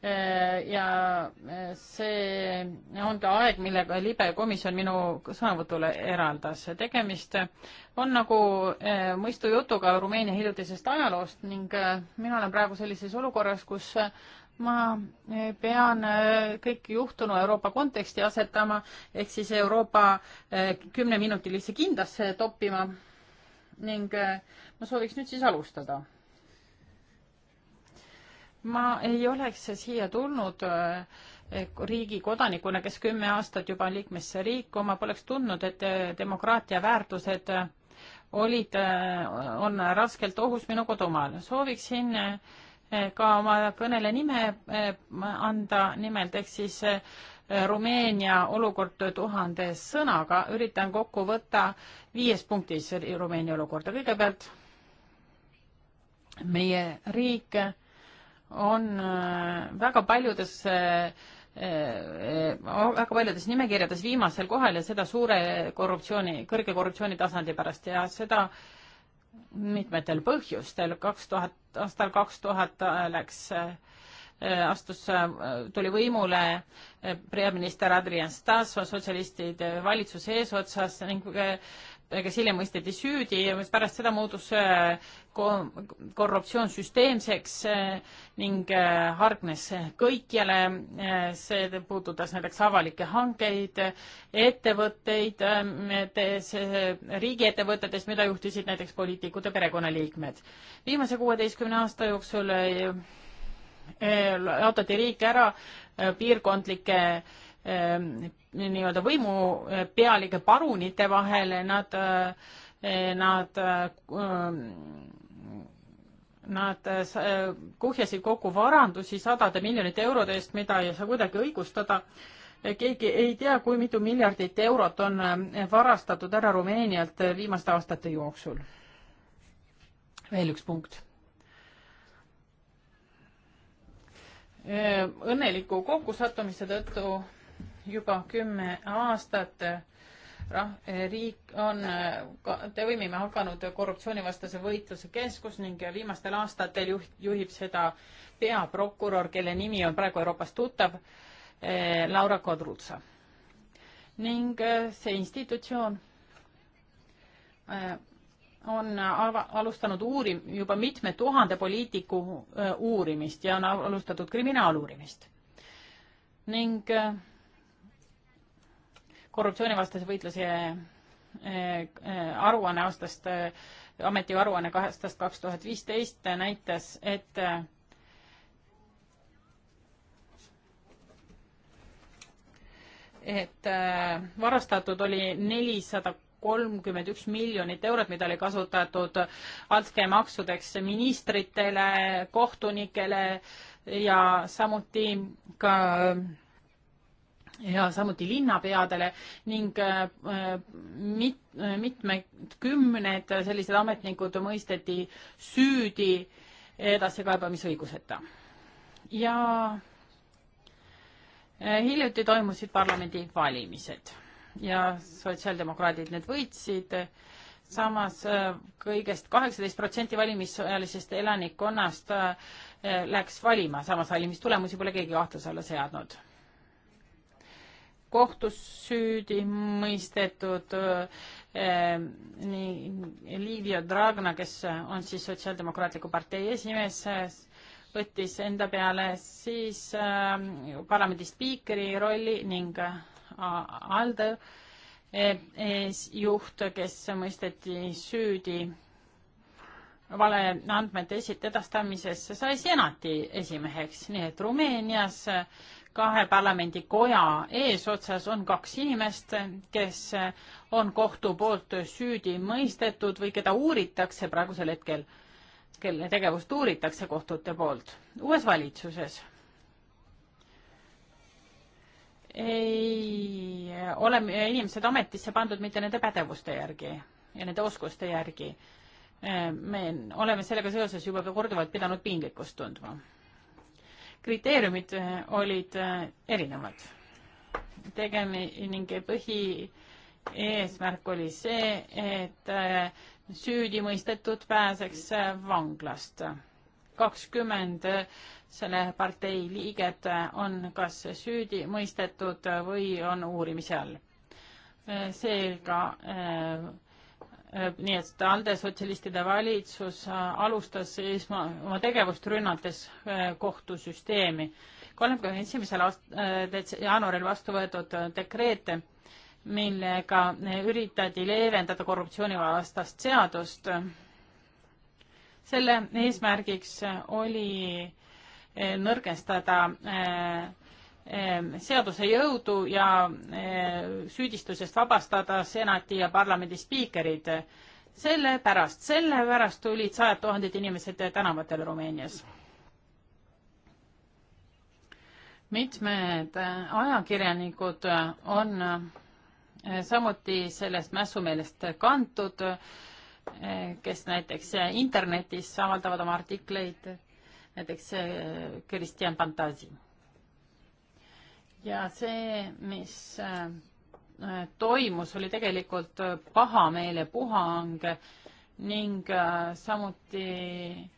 Äh, ja äh, see on ka aeg, millega libe komisjon minu sõnavõtule eraldas. tegemist on nagu äh, mõistujutuga Rumeenia hiljutisest ajaloost ning mina olen praegu sellises olukorras, kus ma pean kõik juhtunu Euroopa konteksti asetama, ehk siis Euroopa kümneminutilisse kindasse toppima ning ma sooviks nüüd siis alustada ma ei oleks siia tulnud eh, eh, riigi kodanikuna, kes kümme aastat juba on liikmesriiku, ma poleks tundnud, et eh, demokraatia väärtused olid, on raskelt ohus minu kodumaal. sooviksin ka oma kõnele nime anda, nimelt ehk siis Rumeenia olukord tuhande sõnaga, üritan kokku võtta viies punktis Rumeenia olukorda. kõigepealt meie riik on äh, väga paljudes äh, äh, väga paljudes nimekirjades viimasel kohal ja seda suure korruptsiooni, kõrge korruptsiooni tasandi pärast ja seda mitmetel põhjustel. kaks tuhat, aastal kaks tuhat läks, astus, tuli võimule peaminister Adrian Stas sotsialistide valitsuse eesotsas ning kes hiljem mõisteti süüdi ja mis pärast seda muutus korruptsioon süsteemseks eh, ning eh, hargnes kõikjale. Eh, see puudutas näiteks avalikke hankeid, ettevõtteid, riigiettevõtetes, mida juhtisid näiteks poliitikud ja perekonnaliikmed. viimase kuueteistkümne aasta jooksul jaotati riik ära piirkondlike Ähm, nii-öelda võimupealike äh, parunite vahele, nad, äh, eh, nad, ähm, nad äh, kuhjasid kokku varandusi sadade miljonite eurode eest, mida ei saa kuidagi õigustada. keegi ei tea, kui mitu miljardit eurot on varastatud ära Rumeenialt viimaste aastate jooksul. veel üks punkt õnneliku kokkusattumise tõttu juba kümme aastat rah-, riik on toimima hakanud korruptsioonivastase võitluse keskus ning viimastel aastatel juht, juhib seda peaprokurör, kelle nimi on praegu Euroopas tuttav, eh, Laura Kodrutsa. ning eh, see institutsioon eh, on ava-, alustanud uurim-, juba mitme tuhande poliitiku uurimist ja on alustatud kriminaaluurimist. ning korruptsioonivastase võitluse eh, eh, aruanne aastast, eh, ametiaruanne aastast kaks tuhat viisteist näitas, et et varastatud oli nelisada kolmkümmend üks miljonit eurot, mida oli kasutatud altkäemaksudeks ministritele, kohtunikele ja samuti ka ja samuti linnapeadele ning äh, mit-, äh, mitmed kümned sellised ametnikud mõisteti süüdi edasikaebamisõiguseta. ja äh, hiljuti toimusid parlamendivalimised ja sotsiaaldemokraadid need võitsid, samas kõigest kaheksateist protsenti valimisealisest elanikkonnast läks valima, samas valimistulemusi pole keegi kahtluse alla seadnud kohtus süüdi mõistetud eh, nii Livia Dragna, kes on siis Sotsiaaldemokraatliku partei esimees, võttis enda peale siis eh, parlamendi spiikri rolli ning Aldo eh, eh juht, kes mõisteti süüdi valeandmete esit-, edastamises, sai senati esimeheks, nii et Rumeenias kahe parlamendikoja eesotsas on kaks inimest, kes on kohtu poolt süüdi mõistetud või keda uuritakse praegusel hetkel, kelle tegevust uuritakse kohtute poolt uues valitsuses. ei ole inimesed ametisse pandud mitte nende pädevuste järgi ja nende oskuste järgi. me oleme sellega seoses juba korduvalt pidanud piinlikkust tundma kriteeriumid eh, olid eh, erinevad. tegemi- ning põhieesmärk oli see, et eh, süüdimõistetud pääseks vanglast. kakskümmend selle partei liiget on kas süüdi mõistetud või on uurimise all. seega Äh, nii et ALDE sotsialistide valitsus äh, alustas esma-, oma tegevust rünnates äh, kohtusüsteemi. kolmekümne esimesel aast-, jaanuaril vastu võetud dekreete, millega üritati leevendada korruptsioonivastast seadust, selle eesmärgiks oli nõrgestada seaduse jõudu ja eh, süüdistusest vabastada senati ja parlamendi spiikerid. sellepärast, sellepärast tulid sajad tuhanded inimesed tänavatele Rumeenias. mitmed eh, ajakirjanikud eh, on samuti sellest mässumeelest kantud, kes näiteks internetis avaldavad oma artikleid, näiteks Kristjan Pantasi ja see, mis äh, toimus, oli tegelikult äh, pahameelepuhang ning äh, samuti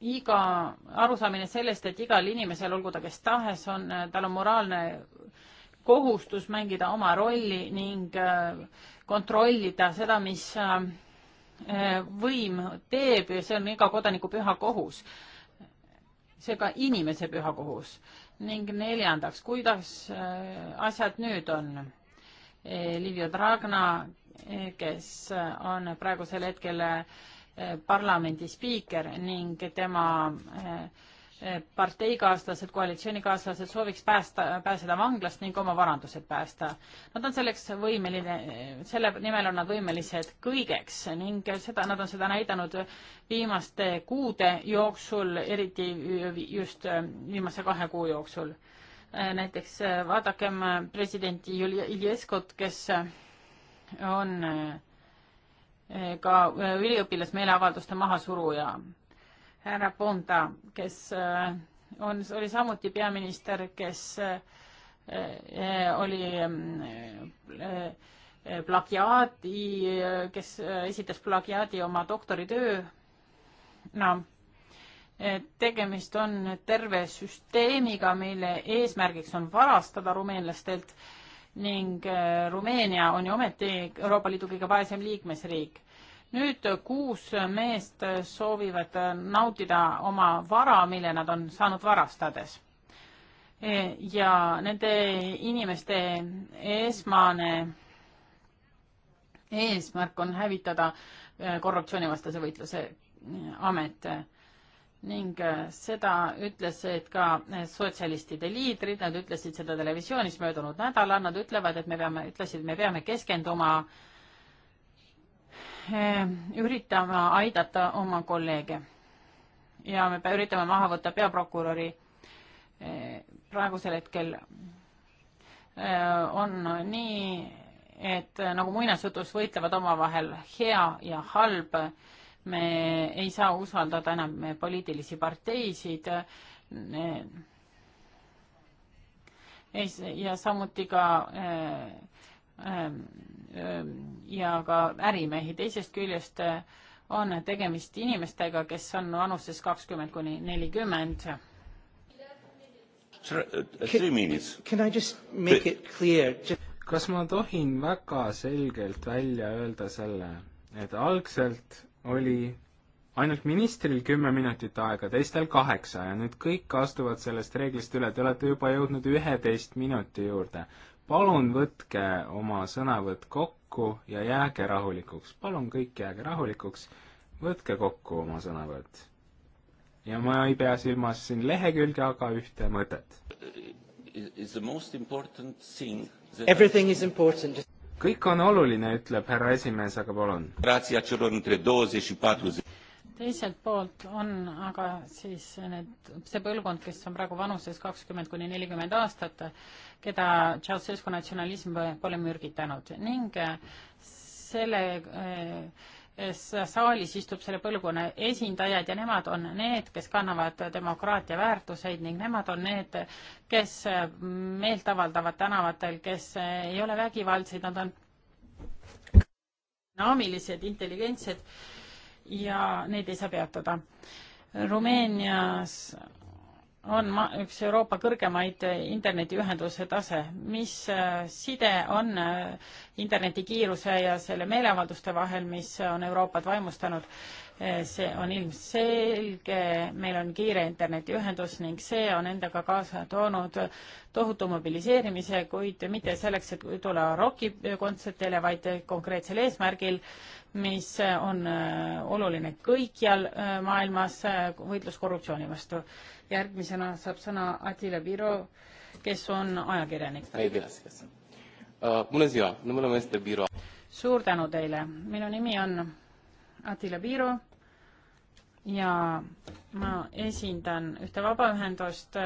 iga arusaamine sellest, et igal inimesel, olgu ta kes tahes on, tal on moraalne kohustus mängida oma rolli ning kontrollida seda, mis võim teeb ja see on iga kodaniku püha kohus seega inimese pühakohus. ning neljandaks, kuidas äh, asjad nüüd on? Äh, Livio Dragna, äh, kes on praegusel hetkel parlamendi spiiker ning tema äh, parteikaaslased, koalitsioonikaaslased sooviks päästa, pääseda vanglast ning oma varandused päästa. Nad on selleks võimeline, selle nimel on nad võimelised kõigeks ning seda, nad on seda näidanud viimaste kuude jooksul, eriti just viimase kahe kuu jooksul. näiteks vaadakem president Iljeskot, kes on ka üliõpilasmeeleavalduste mahasuruja härra Ponta, kes äh, on, oli samuti peaminister, kes äh, äh, oli mm, plagiaadi, kes esitas plagiaadi oma doktoritöö. no tegemist on terve süsteemiga, mille eesmärgiks on varastada rumeenlastelt ning Rumeenia on ju ometi Euroopa Liidu kõige vaesem liikmesriik nüüd kuus meest soovivad nautida oma vara, mille nad on saanud varastades. E, ja nende inimeste esmane eesmärk on hävitada e, korruptsioonivastase võitluse e, amet ning seda ütlesid ka sotsialistide liidrid, nad ütlesid seda televisioonis möödunud nädalal, nad ütlevad, et me peame, ütlesid, me peame keskenduma äh, Eh, üritama aidata oma kolleege ja me üritame maha võtta peaprokuröri eh, praegusel hetkel eh, on nii, et nagu muinasjutus võitlevad omavahel hea ja halb, me ei saa usaldada enam poliitilisi parteisid ja samuti ka ehm, ja ka ärimehi, teisest küljest on tegemist inimestega, kes on vanuses kakskümmend kuni nelikümmend. Äh, kas ma tohin väga selgelt välja öelda selle, et algselt oli ainult ministril kümme minutit aega, teistel kaheksa ja nüüd kõik astuvad sellest reeglist üle, te olete juba jõudnud üheteist minuti juurde palun võtke oma sõnavõtt kokku ja jääge rahulikuks, palun kõik jääge rahulikuks, võtke kokku oma sõnavõtt. ja ma ei pea silmas siin lehekülge, aga ühte mõtet. kõik on oluline, ütleb härra esimees, aga palun teiselt poolt on aga siis need, see põlvkond, kes on praegu vanuses kakskümmend kuni nelikümmend aastat, keda Ceausescu natsionalism pole mürgitanud ning äh, selle äh, saalis istub selle põlvkonna esindajad ja nemad on need, kes kannavad demokraatia väärtuseid ning nemad on need, kes meelt avaldavad tänavatel, kes ei ole vägivaldsed, nad on dünaamilised, intelligentsed ja neid ei saa peatada. Rumeenias on ma-, üks Euroopa kõrgemaid internetiühenduse tase. mis äh, side on äh, internetikiiruse ja selle meeleavalduste vahel, mis on Euroopat vaimustanud? Äh, see on ilmselge, meil on kiire internetiühendus ning see on endaga kaasa toonud tohutu mobiliseerimise, kuid mitte selleks, et tulla rokikontserdile, vaid konkreetsel eesmärgil mis äh, on äh, oluline kõikjal äh, maailmas võitlus korruptsiooni vastu. järgmisena saab sõna Atila Biro, kes on ajakirjanik. suur tänu teile, minu nimi on Atila Biro ja ma esindan ühte vabaühendust,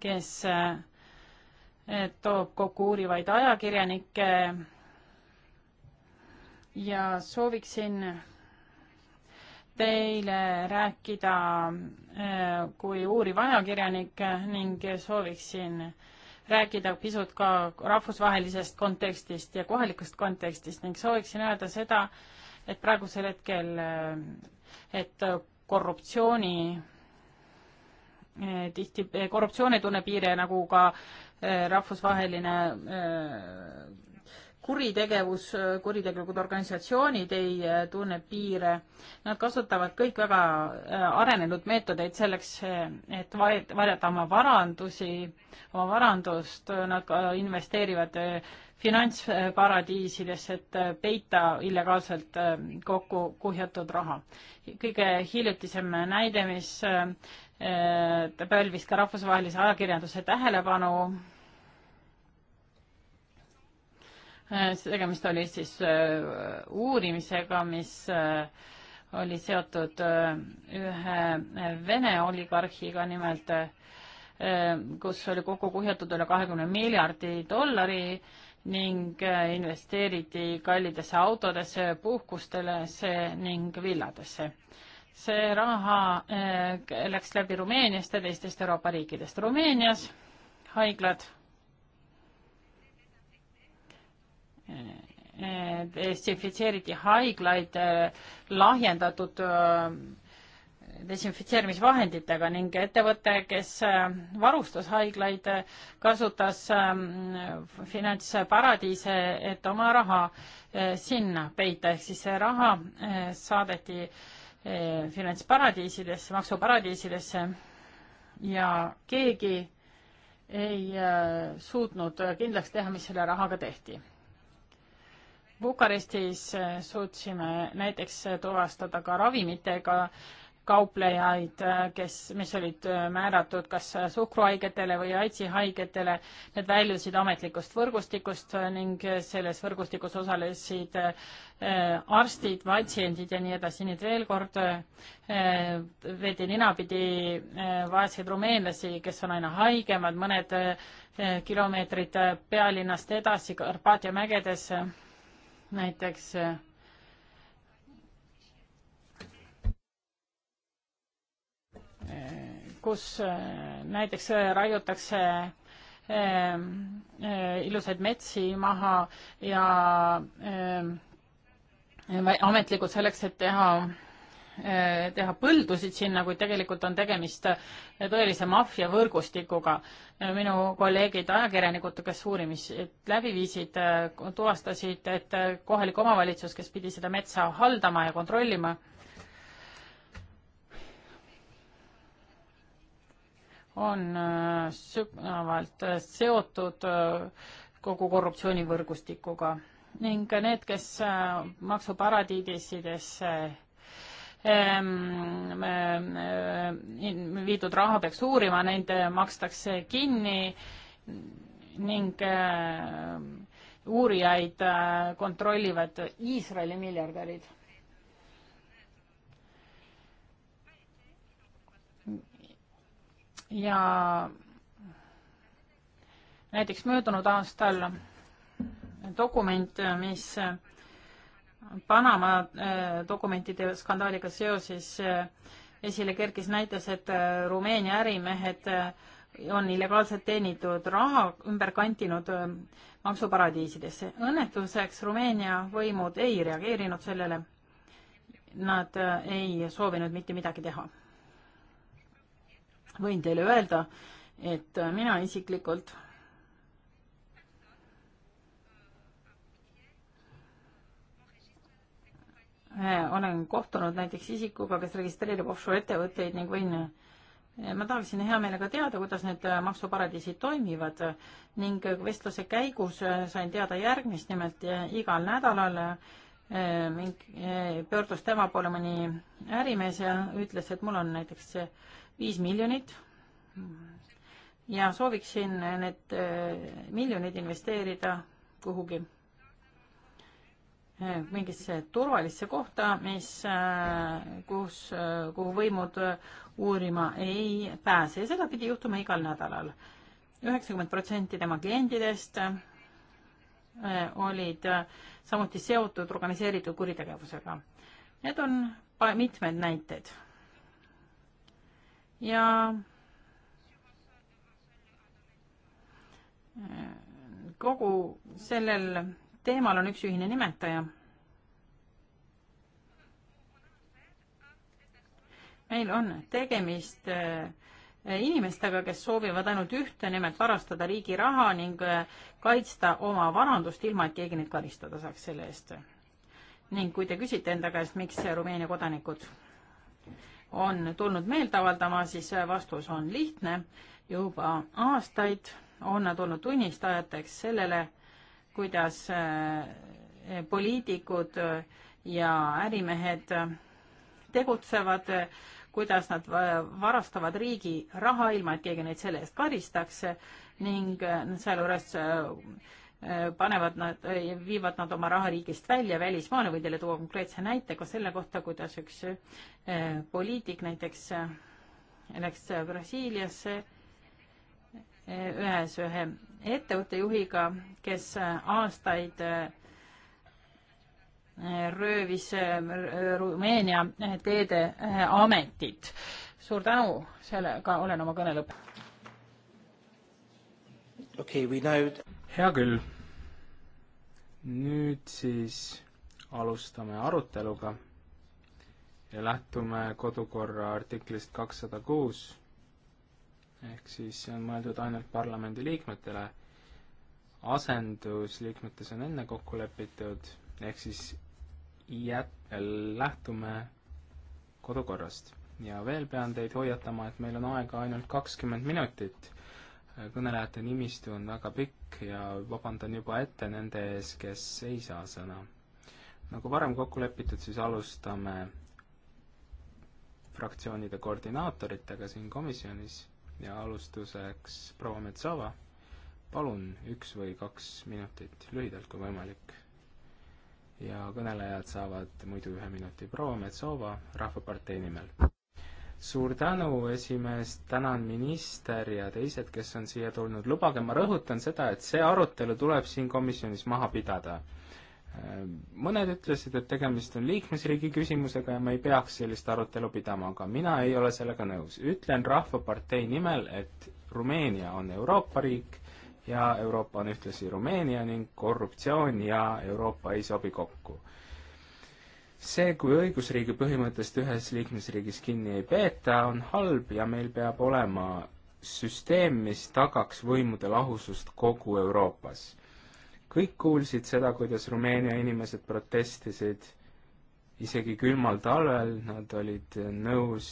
kes toob kokku uurivaid ajakirjanikke ja sooviksin teile rääkida äh, kui uuriv ajakirjanik ning sooviksin rääkida pisut ka rahvusvahelisest kontekstist ja kohalikust kontekstist ning sooviksin öelda seda, et praegusel hetkel, äh, et korruptsiooni äh, tihti, korruptsioon ei tunne piire nagu ka rahvusvaheline kuritegevus, kuritegelikud organisatsioonid ei eh, tunne piire. Nad kasutavad kõik väga eh, arenenud meetodeid selleks, eh, et varjata oma varandusi, oma varandust, nad ka investeerivad finantsparadiisides, et peita illegaalselt kokku kuhjatud raha. kõige hiljutisem näide, mis pälvis ka rahvusvahelise ajakirjanduse tähelepanu, Äh, tegemist oli siis äh, uurimisega, mis äh, oli seotud ühe Vene oligarhiga nimelt, kus oli kokku kuhjatud üle kahekümne miljardi dollari ning investeeriti kallidesse autodesse, puhkustelesse ning villadesse. see raha läks läbi Rumeeniast ja teistest Euroopa riikidest. Rumeenias haiglad desinfitseeriti haiglaid äh, lahjendatud äh, desinfitseerimisvahenditega ning ettevõte, kes äh, varustas haiglaid, kasutas ähm, finantsparadiise, et oma raha sinna peita, ehk siis see raha saadeti finantsparadiisidesse, maksuparadiisidesse ja keegi ei suutnud kindlaks teha, mis selle rahaga tehti Bukarestis eh, suutsime näiteks eh, tuvastada ka ravimitega kauplejaid, eh, kes, mis olid määratud kas suhkruhaigetele või AIDSi haigetele. Need väljusid ametlikust võrgustikust ning selles võrgustikus osalesid arstid, patsiendid ja nii edasi, nii et veel kord veidi ninapidi vaeseid rumeenlasi, kes on aina haigemad, mõned kilomeetrid pealinnast edasi Karpaatia mägedesse näiteks eh, kus eh, näiteks eh, raiutakse ilusaid metsi maha ja ametlikult selleks, et teha Eh, teha põldusid sinna, kuid tegelikult on tegemist tõelise maffiavõrgustikuga. minu kolleegid ajakirjanikud, kes uurimist läbi viisid, eh, tuvastasid, et kohalik omavalitsus, kes pidi seda metsa haldama ja kontrollima, on eh, sügavalt seotud kogu korruptsioonivõrgustikuga ning need, kes maksuparadiisidesse Ehm, ehm, viidud raha peaks uurima, neid eh, makstakse kinni ning eh, uurijaid eh, kontrollivad Iisraeli miljardärid. ja näiteks möödunud aastal dokument, mis Panama äh, dokumentide skandaaliga seoses äh, esile kerkis, näitas, et äh, Rumeenia ärimehed on illegaalselt teenitud raha ümber kantinud maksuparadiisidesse. õnnetuseks Rumeenia võimud ei reageerinud sellele. Nad ei soovinud mitte midagi teha. võin teile öelda, et mina isiklikult Äh, olen kohtunud näiteks isikuga, kes registreerib offshore ettevõtteid ning võin äh, ma tahaksin hea meelega teada, kuidas need äh, maksuparadiisid toimivad ning vestluse käigus sain teada järgmist, nimelt igal nädalal pöördus tema poole mõni ärimees ja ütles, et mul on näiteks viis miljonit ja sooviksin need miljonid investeerida kuhugi mingisse turvalisse kohta, mis, äh, kus, äh, kuhu võimud äh, uurima ei pääse ja seda pidi juhtuma igal nädalal. üheksakümmend protsenti tema klientidest olid samuti seotud organiseeritud kuritegevusega. Need on mitmed näited. ja kogu sellel teemal on üks ühine nimetaja. meil on tegemist äh, inimestega, kes soovivad ainult ühte, nimelt varastada riigi raha ning äh, kaitsta oma varandust, ilma et keegi neid karistada saaks selle eest. ning kui te küsite enda käest, miks Rumeenia kodanikud on tulnud meelt avaldama, siis äh, vastus on lihtne. juba aastaid on nad olnud tunnistajateks sellele, kuidas äh, poliitikud ja ärimehed tegutsevad, kuidas nad varastavad riigi raha, ilma et keegi neid selle eest karistaks ning äh, sealjuures äh, panevad nad, viivad nad oma raha riigist välja välismaale, võin teile tuua konkreetse näite ka selle kohta, kuidas üks poliitik näiteks läks Brasiiliasse ühes ühe ettevõtte juhiga, kes aastaid äh, röövis äh, Rumeenia teede äh, ametit. suur tänu, sellega olen oma kõne lõpetanud. Okay, we now... hea küll. nüüd siis alustame aruteluga ja lähtume kodukorra artiklist kakssada kuus ehk siis see on mõeldud ainult parlamendiliikmetele, asendusliikmetes on enne kokku lepitud, ehk siis jät-, lähtume kodukorrast. ja veel pean teid hoiatama, et meil on aega ainult kakskümmend minutit. kõnelejate nimistu on väga pikk ja vabandan juba ette nende ees, kes ei saa sõna. nagu varem kokku lepitud, siis alustame fraktsioonide koordinaatoritega siin komisjonis ja alustuseks proua Metsava, palun üks või kaks minutit, lühidalt kui võimalik. ja kõnelejad saavad muidu ühe minuti. proua Metsova Rahvapartei nimel. suur tänu, esimees, tänan minister ja teised, kes on siia tulnud. lubage, ma rõhutan seda, et see arutelu tuleb siin komisjonis maha pidada Äh, mõned ütlesid, et tegemist on liikmesriigi küsimusega ja me ei peaks sellist arutelu pidama, aga mina ei ole sellega nõus. ütlen Rahvapartei nimel, et Rumeenia on Euroopa riik ja Euroopa on ühtlasi Rumeenia ning korruptsioon ja Euroopa ei sobi kokku. see, kui õigusriigi põhimõttest ühes liikmesriigis kinni ei peeta, on halb ja meil peab olema süsteem, mis tagaks võimude lahusust kogu Euroopas kõik kuulsid seda, kuidas Rumeenia inimesed protestisid, isegi külmal talvel nad olid nõus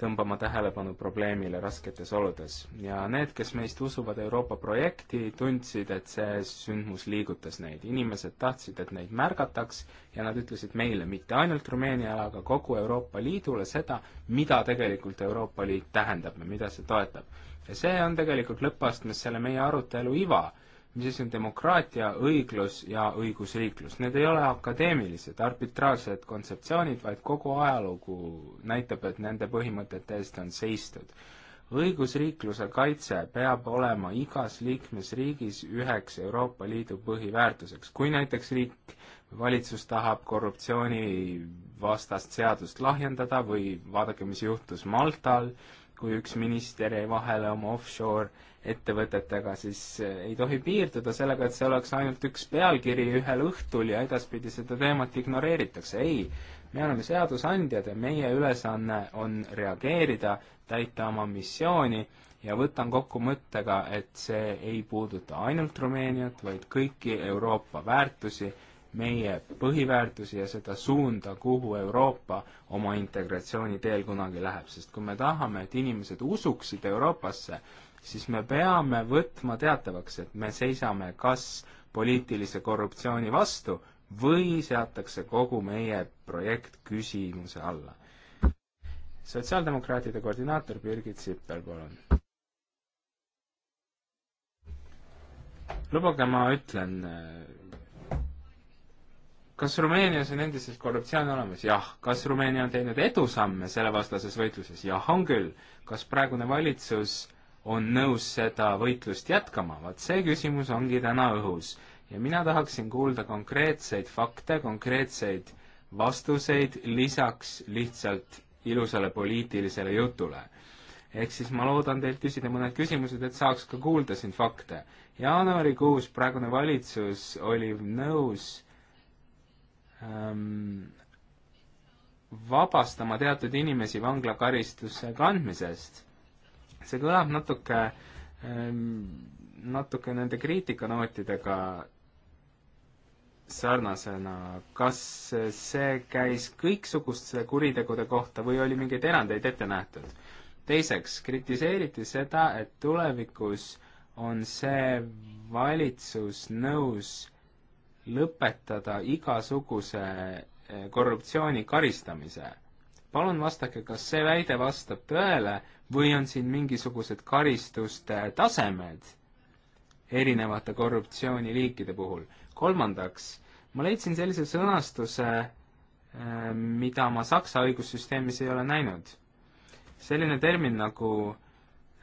tõmbama tähelepanu probleemile rasketes oludes ja need, kes meist usuvad Euroopa projekti, tundsid, et see sündmus liigutas neid. inimesed tahtsid, et neid märgataks ja nad ütlesid meile, mitte ainult Rumeeniale, aga kogu Euroopa Liidule seda, mida tegelikult Euroopa Liit tähendab ja mida see toetab. ja see on tegelikult lõppastmes selle meie arutelu iva mis on demokraatia, õiglus ja õigusriiklus. Need ei ole akadeemilised, arbitraarsed kontseptsioonid, vaid kogu ajalugu näitab, et nende põhimõtete eest on seistud. õigusriikluse kaitse peab olema igas liikmesriigis üheks Euroopa Liidu põhiväärtuseks. kui näiteks riik, valitsus tahab korruptsioonivastast seadust lahjendada või vaadake, mis juhtus Maltal, kui üks minister jäi vahele oma offshore ettevõtetega, siis äh, ei tohi piirduda sellega, et see oleks ainult üks pealkiri ühel õhtul ja edaspidi seda teemat ignoreeritakse, ei. me oleme seadusandjad ja meie ülesanne on reageerida, täita oma missiooni ja võtan kokku mõttega, et see ei puuduta ainult Rumeeniat, vaid kõiki Euroopa väärtusi, meie põhiväärtusi ja seda suunda, kuhu Euroopa oma integratsiooni teel kunagi läheb, sest kui me tahame, et inimesed usuksid Euroopasse, siis me peame võtma teatavaks, et me seisame kas poliitilise korruptsiooni vastu või seatakse kogu meie projekt küsimuse alla. sotsiaaldemokraatide koordinaator Birgit Sipper, palun. lubage, ma ütlen, äh, kas Rumeenias on endiselt korruptsioon olemas? jah. kas Rumeenia on teinud edusamme sellevastases võitluses? jah, on küll. kas praegune valitsus on nõus seda võitlust jätkama, vot see küsimus ongi täna õhus. ja mina tahaksin kuulda konkreetseid fakte, konkreetseid vastuseid lisaks lihtsalt ilusale poliitilisele jutule. ehk siis ma loodan teilt küsida mõned küsimused, et saaks ka kuulda siin fakte. jaanuarikuus praegune valitsus oli nõus ähm, vabastama teatud inimesi vanglakaristuse kandmisest see kõlab natuke, ehm, natuke nende kriitikanootidega sarnasena, kas see käis kõiksuguste kuritegude kohta või oli mingeid erandeid ette nähtud? teiseks, kritiseeriti seda, et tulevikus on see valitsus nõus lõpetada igasuguse eh, korruptsiooni karistamise. palun vastake, kas see väide vastab tõele või on siin mingisugused karistuste tasemed erinevate korruptsiooniliikide puhul? kolmandaks, ma leidsin sellise sõnastuse, äh, mida ma Saksa õigussüsteemis ei ole näinud. selline termin nagu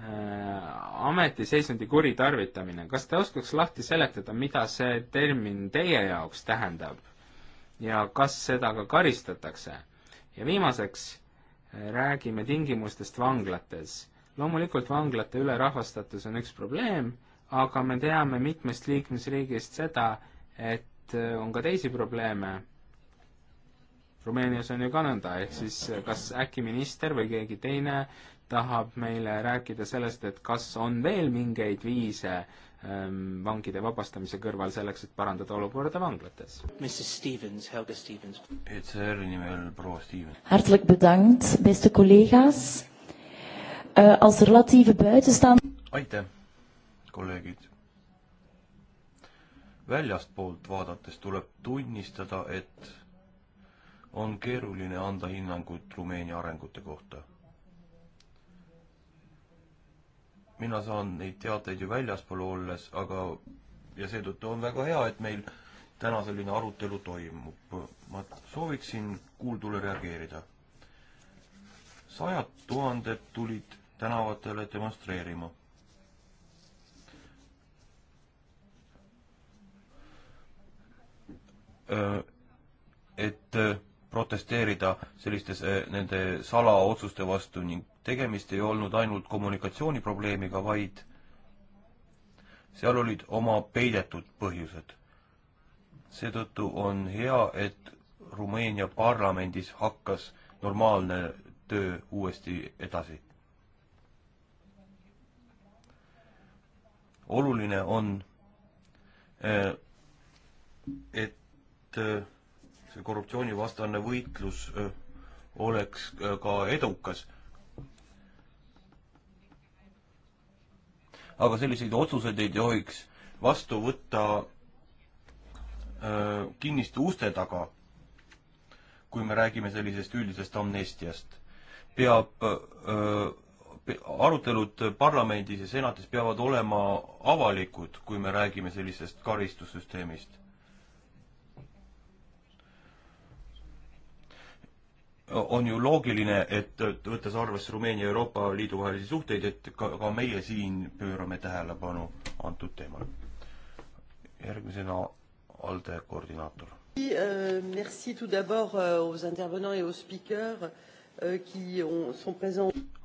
äh, ametiseisundi kuritarvitamine, kas te oskaks lahti seletada, mida see termin teie jaoks tähendab? ja kas seda ka karistatakse? ja viimaseks, räägime tingimustest vanglates. loomulikult vanglate ülerahvastatus on üks probleem, aga me teame mitmest liikmesriigist seda, et äh, on ka teisi probleeme. Rumeenias on ju ka nõnda, ehk siis äh, kas äkki minister või keegi teine tahab meile rääkida sellest, et kas on veel mingeid viise ähm, vangide vabastamise kõrval selleks, et parandada olukorda vanglates. ECR-i nimel proua Stevens. Hartelijk bedankt, beste kollegas uh,. Eh, als relatieve buitenstaan-. aitäh, kolleegid. väljastpoolt vaadates tuleb tunnistada, et on keeruline anda hinnangut Rumeenia arengute kohta mina saan neid teateid ju väljaspool olles, aga ja seetõttu on väga hea, et meil täna selline arutelu toimub. ma sooviksin kuuldule reageerida. sajad tuhanded tulid tänavatele demonstreerima. Äh, et protesteerida sellistes äh, nende salaotsuste vastu ning tegemist ei olnud ainult kommunikatsiooniprobleemiga, vaid seal olid oma peidetud põhjused. seetõttu on hea, et Rumeenia parlamendis hakkas normaalne töö uuesti edasi. oluline on, eh, et eh, see korruptsioonivastane võitlus eh, oleks ka edukas aga selliseid otsuseid ei tohiks vastu võtta öö, kinniste uste taga, kui me räägime sellisest üldisest amnestiast. peab öö, arutelud parlamendis ja senatis peavad olema avalikud, kui me räägime sellisest karistussüsteemist. on ju loogiline, et võttes arvesse Rumeenia ja Euroopa Liidu vahelisi suhteid, et ka, ka meie siin pöörame tähelepanu antud teemale. järgmisena ALDE koordinaator. Euh, euh, euh,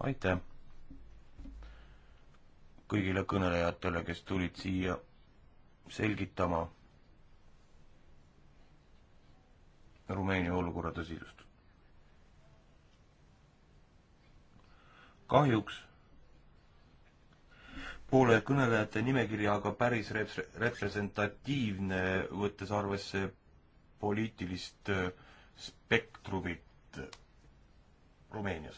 aitäh kõigile kõnelejatele, kes tulid siia selgitama Rumeenia olukorra tõsidust. kahjuks poole kõnelejate nimekiri aga päris reps-, representatiivne, võttes arvesse poliitilist äh, spektrumit äh, Rumeenias.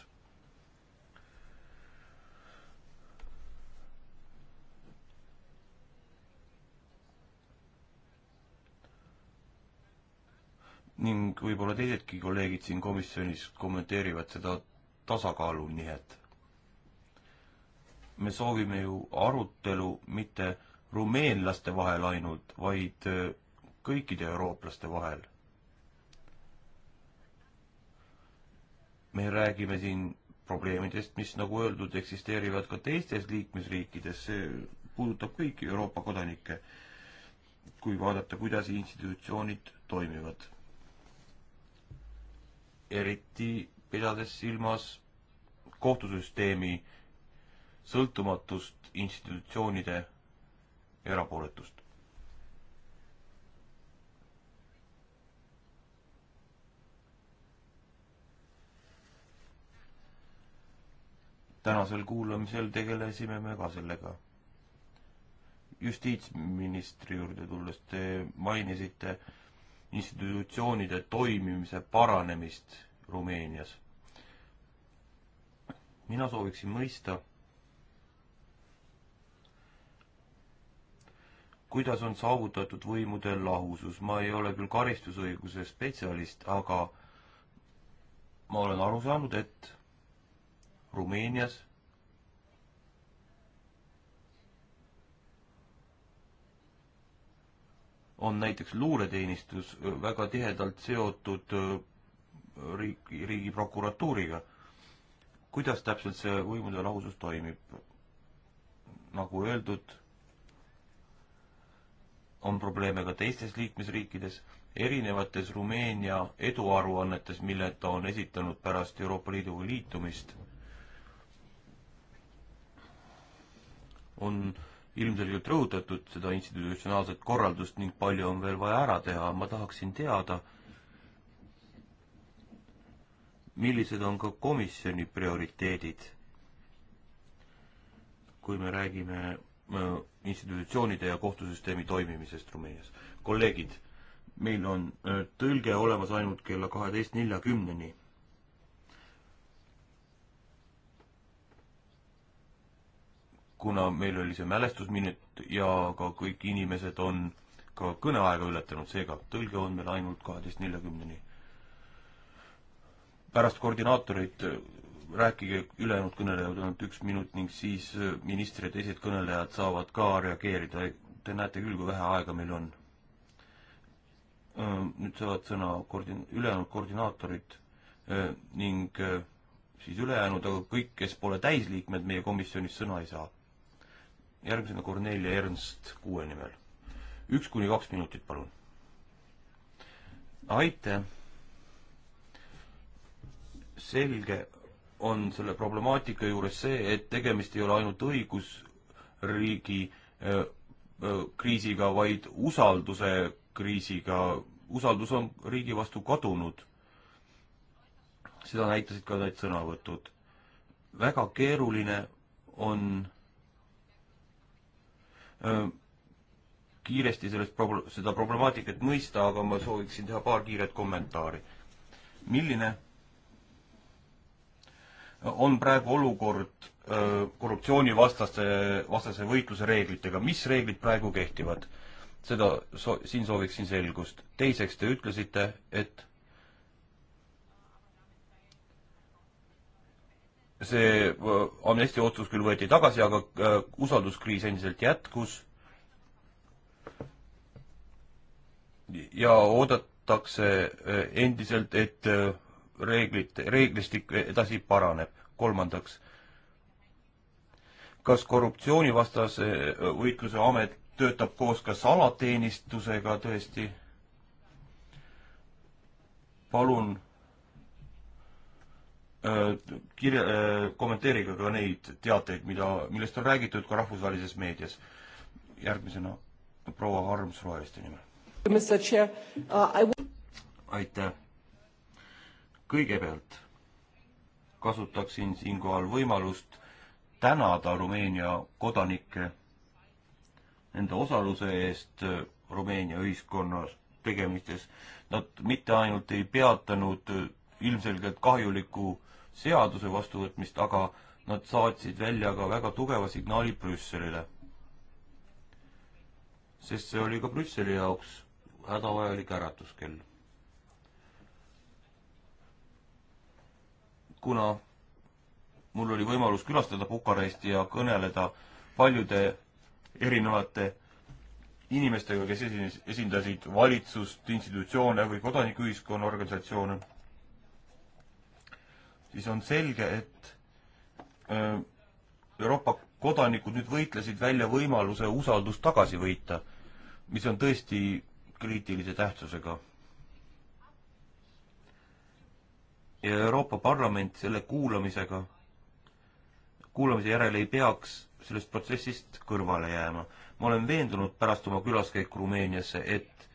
ning võib-olla teisedki kolleegid siin komisjonis kommenteerivad seda tasakaalunihet me soovime ju arutelu mitte rumeenlaste vahel ainult, vaid äh, kõikide eurooplaste vahel. me räägime siin probleemidest, mis, nagu öeldud, eksisteerivad ka teistes liikmesriikides, see puudutab kõiki Euroopa kodanikke, kui vaadata, kuidas institutsioonid toimivad. eriti pidades silmas kohtusüsteemi äh, sõltumatust, institutsioonide erapooletust. tänasel kuulamisel tegelesime me ka sellega. justiitsministri juurde tulles te mainisite institutsioonide toimimise paranemist Rumeenias. mina sooviksin mõista kuidas on saavutatud võimude lahusus. ma ei ole küll karistusõiguse spetsialist, aga ma olen aru saanud, et Rumeenias on näiteks luureteenistus väga tihedalt seotud äh, riigi, riigiprokuratuuriga. kuidas täpselt see võimude lahusus toimib? nagu öeldud on probleeme ka teistes liikmesriikides, erinevates Rumeenia eduaruannetes, mille ta on esitanud pärast Euroopa Liiduga liitumist, on ilmselgelt rõhutatud seda institutsionaalset korraldust ning palju on veel vaja ära teha, ma tahaksin teada, millised on ka komisjoni prioriteedid, kui me räägime Äh, institutsioonide ja kohtusüsteemi toimimisest Rumeenias. kolleegid, meil on äh, tõlge olemas ainult kella kaheteist neljakümneni. kuna meil oli see mälestusminut ja ka kõik inimesed on ka kõneaega ületanud, seega tõlge on meil ainult kaheteist neljakümneni. pärast koordinaatorit rääkige ülejäänud kõnelejad ainult üks minut ning siis äh, minister ja teised kõnelejad saavad ka reageerida. Te näete küll, kui vähe aega meil on. Äh, nüüd saavad sõna koordin-, ülejäänud koordinaatorid äh, ning siis ülejäänud, aga kõik, kes pole täisliikmed meie komisjonis, sõna ei saa. järgmisena Kornelia Ernst kuue nimel. üks kuni kaks minutit, palun. aitäh. selge on selle problemaatika juures see, et tegemist ei ole ainult õigusriigi öö, äh, öö, äh, kriisiga, vaid usalduse kriisiga. usaldus on riigi vastu kadunud. seda näitasid ka need sõnavõtud. väga keeruline on öö, äh, kiiresti sellest prob-, seda problemaatikat mõista, aga ma sooviksin teha paar kiiret kommentaari. milline on praegu olukord korruptsioonivastaste, vastase võitluse reeglitega, mis reeglid praegu kehtivad? seda so-, siin sooviksin selgust. teiseks, te ütlesite, et see amnesti otsus küll võeti tagasi, aga usalduskriis endiselt jätkus ja oodatakse endiselt, et reeglite, reeglistik edasi paraneb. kolmandaks, kas korruptsioonivastase äh, võitluse amet töötab koos ka salateenistusega tõesti? palun äh, kirja, äh, kommenteerige ka neid teateid, mida, millest on räägitud ka rahvusvahelises meedias. järgmisena proua Harms Roheliste nimel. Uh, aitäh kõigepealt kasutaksin siinkohal võimalust tänada Rumeenia kodanikke nende osaluse eest Rumeenia ühiskonnas tegemistes. Nad mitte ainult ei peatanud ilmselgelt kahjuliku seaduse vastuvõtmist, aga nad saatsid välja ka väga tugeva signaali Brüsselile. sest see oli ka Brüsseli jaoks hädavajalik äratuskell kuna mul oli võimalus külastada Bukaresti ja kõneleda paljude erinevate inimestega, kes esines, esindasid valitsust, institutsioone või kodanikuühiskonna organisatsioone, siis on selge, et äh, Euroopa kodanikud nüüd võitlesid välja võimaluse usaldust tagasi võita, mis on tõesti kriitilise tähtsusega ja Euroopa Parlament selle kuulamisega, kuulamise järel ei peaks sellest protsessist kõrvale jääma. ma olen veendunud pärast oma külaskäiku Rumeeniasse, et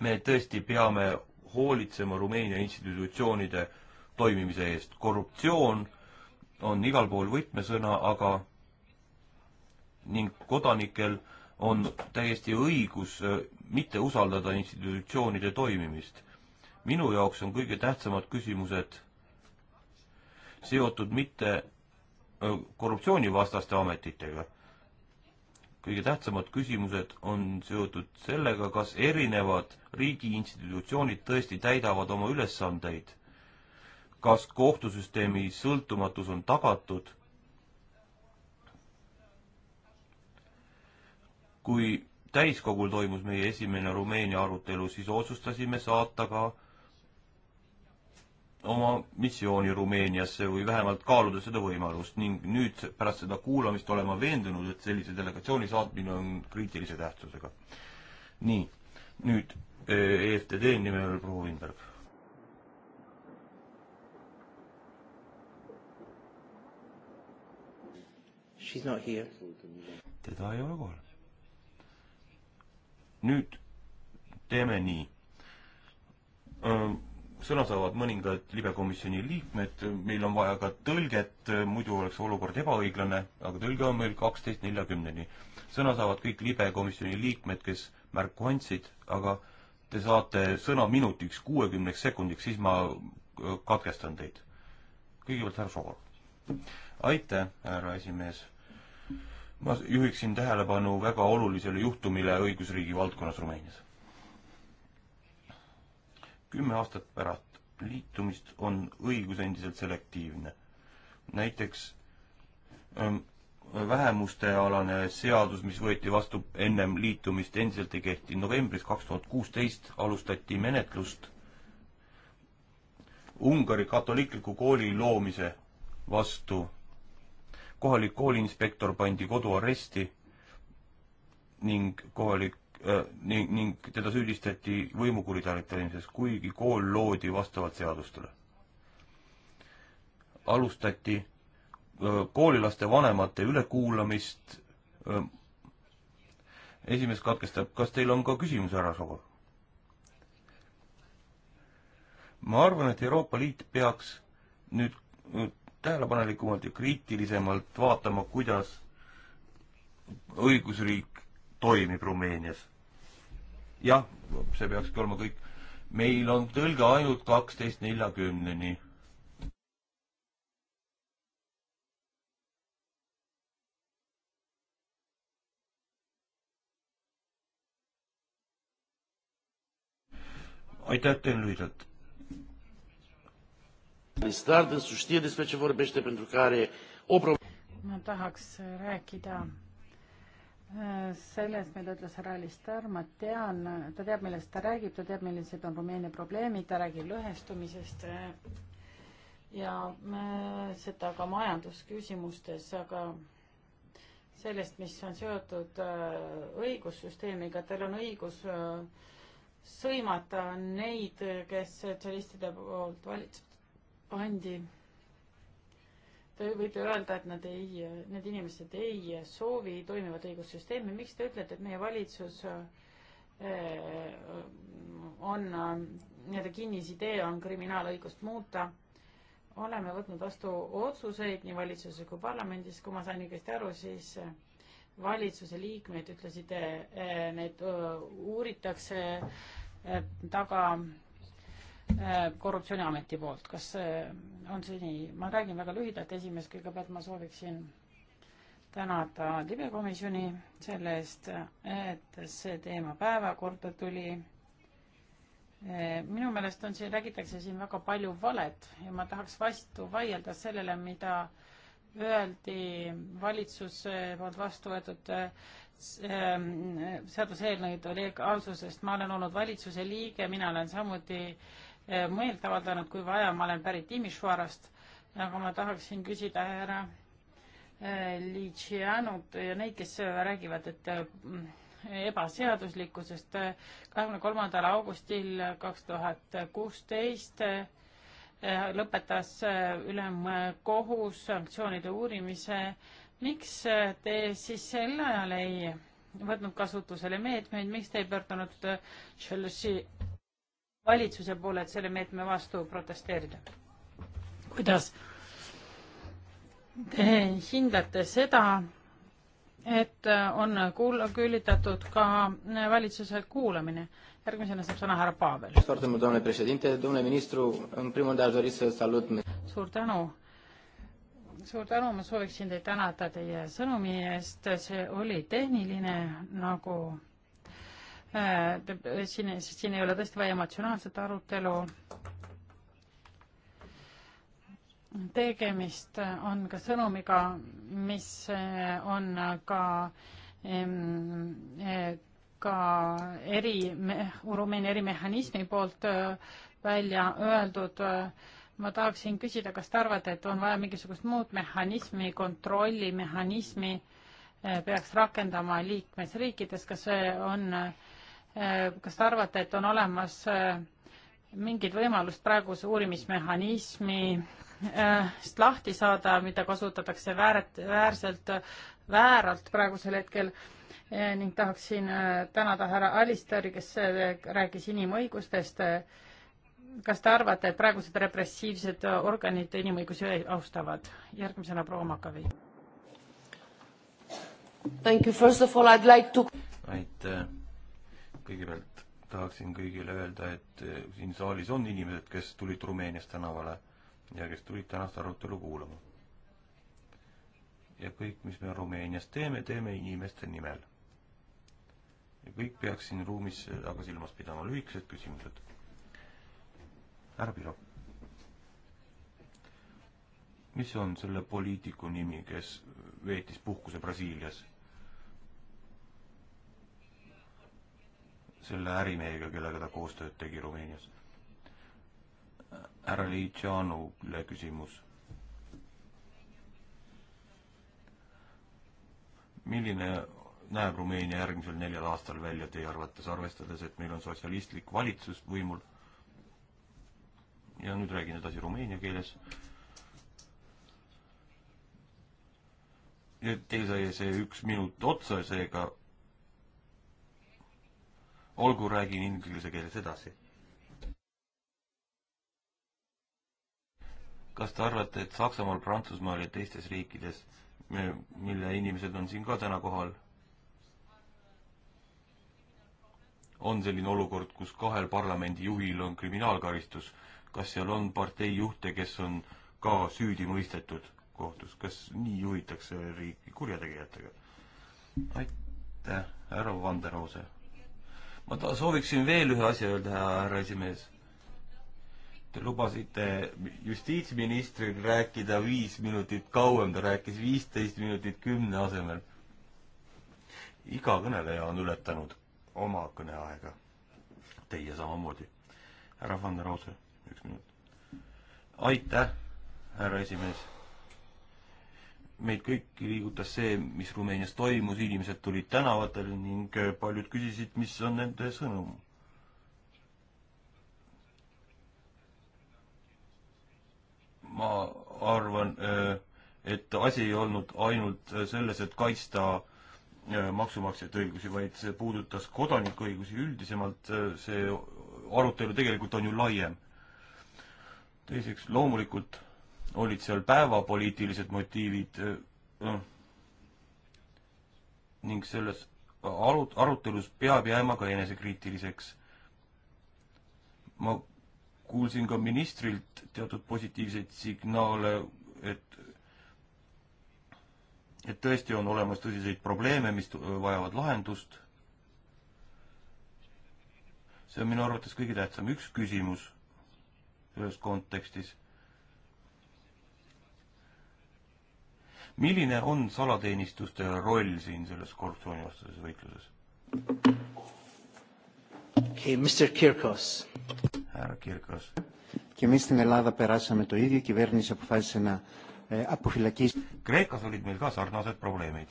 me tõesti peame hoolitsema Rumeenia institutsioonide toimimise eest. korruptsioon on igal pool võtmesõna, aga ning kodanikel on täiesti õigus mitte usaldada institutsioonide toimimist. minu jaoks on kõige tähtsamad küsimused seotud mitte korruptsioonivastaste ametitega. kõige tähtsamad küsimused on seotud sellega, kas erinevad riigi institutsioonid tõesti täidavad oma ülesandeid, kas kohtusüsteemi sõltumatus on tagatud, kui täiskogul toimus meie esimene Rumeenia arutelu, siis otsustasime saata ka oma missiooni Rumeeniasse või vähemalt kaaluda seda võimalust ning nüüd pärast seda kuulamist olen ma veendunud, et sellise delegatsiooni saatmine on kriitilise tähtsusega. nii, nüüd EFTD eh, e nimel proua Vinberg. teda ei ole kohal nüüd teeme nii. sõna saavad mõningad libekomisjoni liikmed, meil on vaja ka tõlget, muidu oleks olukord ebaõiglane, aga tõlge on meil kaksteist neljakümneni. sõna saavad kõik libekomisjoni liikmed, kes märku andsid, aga te saate sõna minutiks, kuuekümneks sekundiks, siis ma katkestan teid. kõigepealt härra Sool. aitäh, härra esimees ma juhiksin tähelepanu väga olulisele juhtumile õigusriigi valdkonnas Rumeenias. kümme aastat pärast liitumist on õigus endiselt selektiivne. näiteks ähm, vähemuste alane seadus, mis võeti vastu ennem liitumist, endiselt ei kehti. novembris kaks tuhat kuusteist alustati menetlust Ungari katoliikliku kooli loomise vastu kohalik kooliinspektor pandi koduaresti ning kohalik äh, ning, ning teda süüdistati võimukuritarvitamises, kuigi kool loodi vastavalt seadustele. alustati äh, koolilaste vanemate ülekuulamist äh,. esimees katkestab, kas teil on ka küsimus, härra Sobol? ma arvan, et Euroopa Liit peaks nüüd, nüüd tähelepanelikumalt ja kriitilisemalt vaatama, kuidas õigusriik toimib Rumeenias. jah, see peakski olema kõik. meil on tõlge ainult kaksteist neljakümneni. aitäh teile lühidalt ma tahaks rääkida äh, sellest, mida ütles härra Alistar, ma tean, ta teab, millest ta räägib, ta teab, millised on Rumeenia probleemid, ta räägib lõhestumisest äh, ja äh, seda ka majandusküsimustes, aga sellest, mis on seotud õigussüsteemiga, teil on õigus sõimata neid, kes sotsialistide poolt valitsevad pandi. Te võite öelda, et nad ei, need inimesed ei soovi toimivat õigussüsteemi, miks te ütlete, et meie valitsus eh, on nii-öelda kinnisidee on kriminaalõigust muuta. oleme võtnud vastu otsuseid nii valitsuses kui parlamendis, kui ma sain õigesti aru, siis valitsuse liikmeid ütlesid, eh, neid eh, uuritakse taga Äh, korruptsiooniameti poolt, kas äh, on see nii? ma räägin väga lühidalt, esimest kõigepealt ma sooviksin tänada libekomisjoni selle eest, et see teema päevakorda tuli. Äh, minu meelest on siin, räägitakse siin väga palju valet ja ma tahaks vastu vaielda sellele, mida öeldi valitsuse poolt vastu võetud seaduseelnõud oli austusest, ma olen olnud valitsuse liige, mina olen samuti äh, Eh, meelt avaldanud, kui vaja, ma olen pärit Timisoarast, aga ma tahaksin küsida härra eh, Liitsianud ja neid, kes räägivad, et mm, ebaseaduslikkusest kahekümne kolmandal augustil kaks tuhat kuusteist eh, lõpetas ülemkohus sanktsioonide uurimise. miks te siis sel ajal ei võtnud kasutusele meetmeid, miks te ei pöördunud Chelsea valitsuse poole, et selle meetme vastu protesteerida. kuidas te hindate seda, et on kuul-, küülitatud ka valitsuse kuulamine? järgmisena saab sõna härra Pavel. suur tänu suur tänu, ma sooviksin teid tänada teie sõnumi eest, see oli tehniline, nagu Äh, siin, siin ei ole tõesti vaja emotsionaalset arutelu. tegemist on ka sõnumiga, mis äh, on ka äh, ka eri, Rumeenia erimehhanismi poolt välja öeldud. ma tahaksin küsida, kas te arvate, et on vaja mingisugust muud mehhanismi, kontrollimehhanismi peaks rakendama liikmesriikides, kas see on äh, Äh, kas te arvate, et on olemas äh, mingit võimalust praeguse uurimismehhanismi äh, sest lahti saada, mida kasutatakse väärt, väärselt, vääralt praegusel hetkel ning tahaksin tänada härra Alisteri, kes rääkis inimõigustest. kas te arvate, et praegused repressiivsed organid inimõigusi austavad? järgmisena proua Makavi. Thank you, first of all I would like to aitäh kõigepealt tahaksin kõigile öelda, et eh, siin saalis on inimesed, kes tulid Rumeeniast tänavale ja kes tulid tänast arutelu kuulama. ja kõik, mis me Rumeenias teeme, teeme inimeste nimel. ja kõik peaks siin ruumis aga silmas pidama lühikesed küsimused. härra Piro. mis on selle poliitiku nimi, kes veetis puhkuse Brasiilias? selle ärimehega, kellega ta koostööd tegi Rumeenias. härra Liitšanule küsimus. milline näeb Rumeenia järgmisel neljal aastal välja teie arvates, arvestades, et meil on sotsialistlik valitsus võimul? ja nüüd räägin edasi rumeenia keeles. nüüd teil sai see üks minut otsa, seega olgu, räägin inglise keeles edasi. kas te arvate, et Saksamaal, Prantsusmaal ja teistes riikides, mille inimesed on siin ka täna kohal, on selline olukord, kus kahel parlamendijuhil on kriminaalkaristus, kas seal on parteijuhte, kes on ka süüdi mõistetud kohtus, kas nii juhitakse riiki kurjategijatega? aitäh, härra Vanderhause ma ta-, sooviksin veel ühe asja öelda, härra esimees. Te lubasite justiitsministril rääkida viis minutit kauem, ta rääkis viisteist minutit kümne asemel. iga kõneleja on ületanud oma kõneaega. Teie samamoodi. härra Van der Ause, üks minut. aitäh, härra esimees meid kõiki liigutas see, mis Rumeenias toimus, inimesed tulid tänavatele ning äh, paljud küsisid, mis on nende sõnum. ma arvan, äh, et asi ei olnud ainult äh, selles, et kaitsta maksumaksjate õigusi, vaid see puudutas kodanikuõigusi üldisemalt, see arutelu tegelikult on ju laiem. teiseks, loomulikult olid seal päevapoliitilised motiivid eh, no, ning selles arut-, arutelus peab jääma ka enesekriitiliseks. ma kuulsin ka ministrilt teatud positiivseid signaale, et et tõesti on olemas tõsiseid probleeme, mis vajavad lahendust. see on minu arvates kõige tähtsam üks küsimus selles kontekstis milline on salateenistuste roll siin selles korruptsioonivastases võitluses? Okay, Mr. Kirkos. Härra Kirkos. Και εμείς στην Ελλάδα περάσαμε το ίδιο, η κυβέρνηση αποφάσισε να ε, αποφυλακίσει. Κρέκας olid meil ka sarnased probleemid.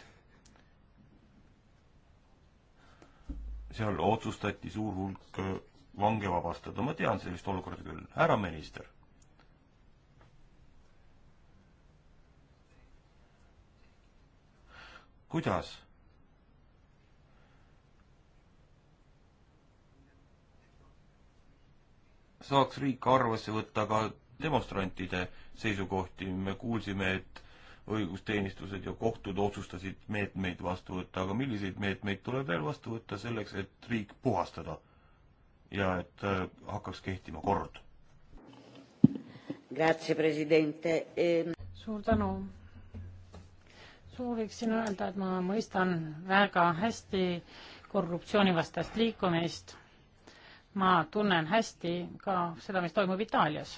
Seal otsustati suur hulk äh, vange vabastada. Ma tean sellist olukorda küll. Härra minister, kuidas saaks riik arvesse võtta ka demonstrantide seisukohti, me kuulsime, et õigusteenistused ja kohtud otsustasid meetmeid vastu võtta, aga milliseid meetmeid tuleb veel vastu võtta selleks, et riik puhastada ja et äh, hakkaks kehtima kord? Ehm, suur tänu, sooviksin öelda, et ma mõistan väga hästi korruptsioonivastast liikumist. ma tunnen hästi ka seda, mis toimub Itaalias.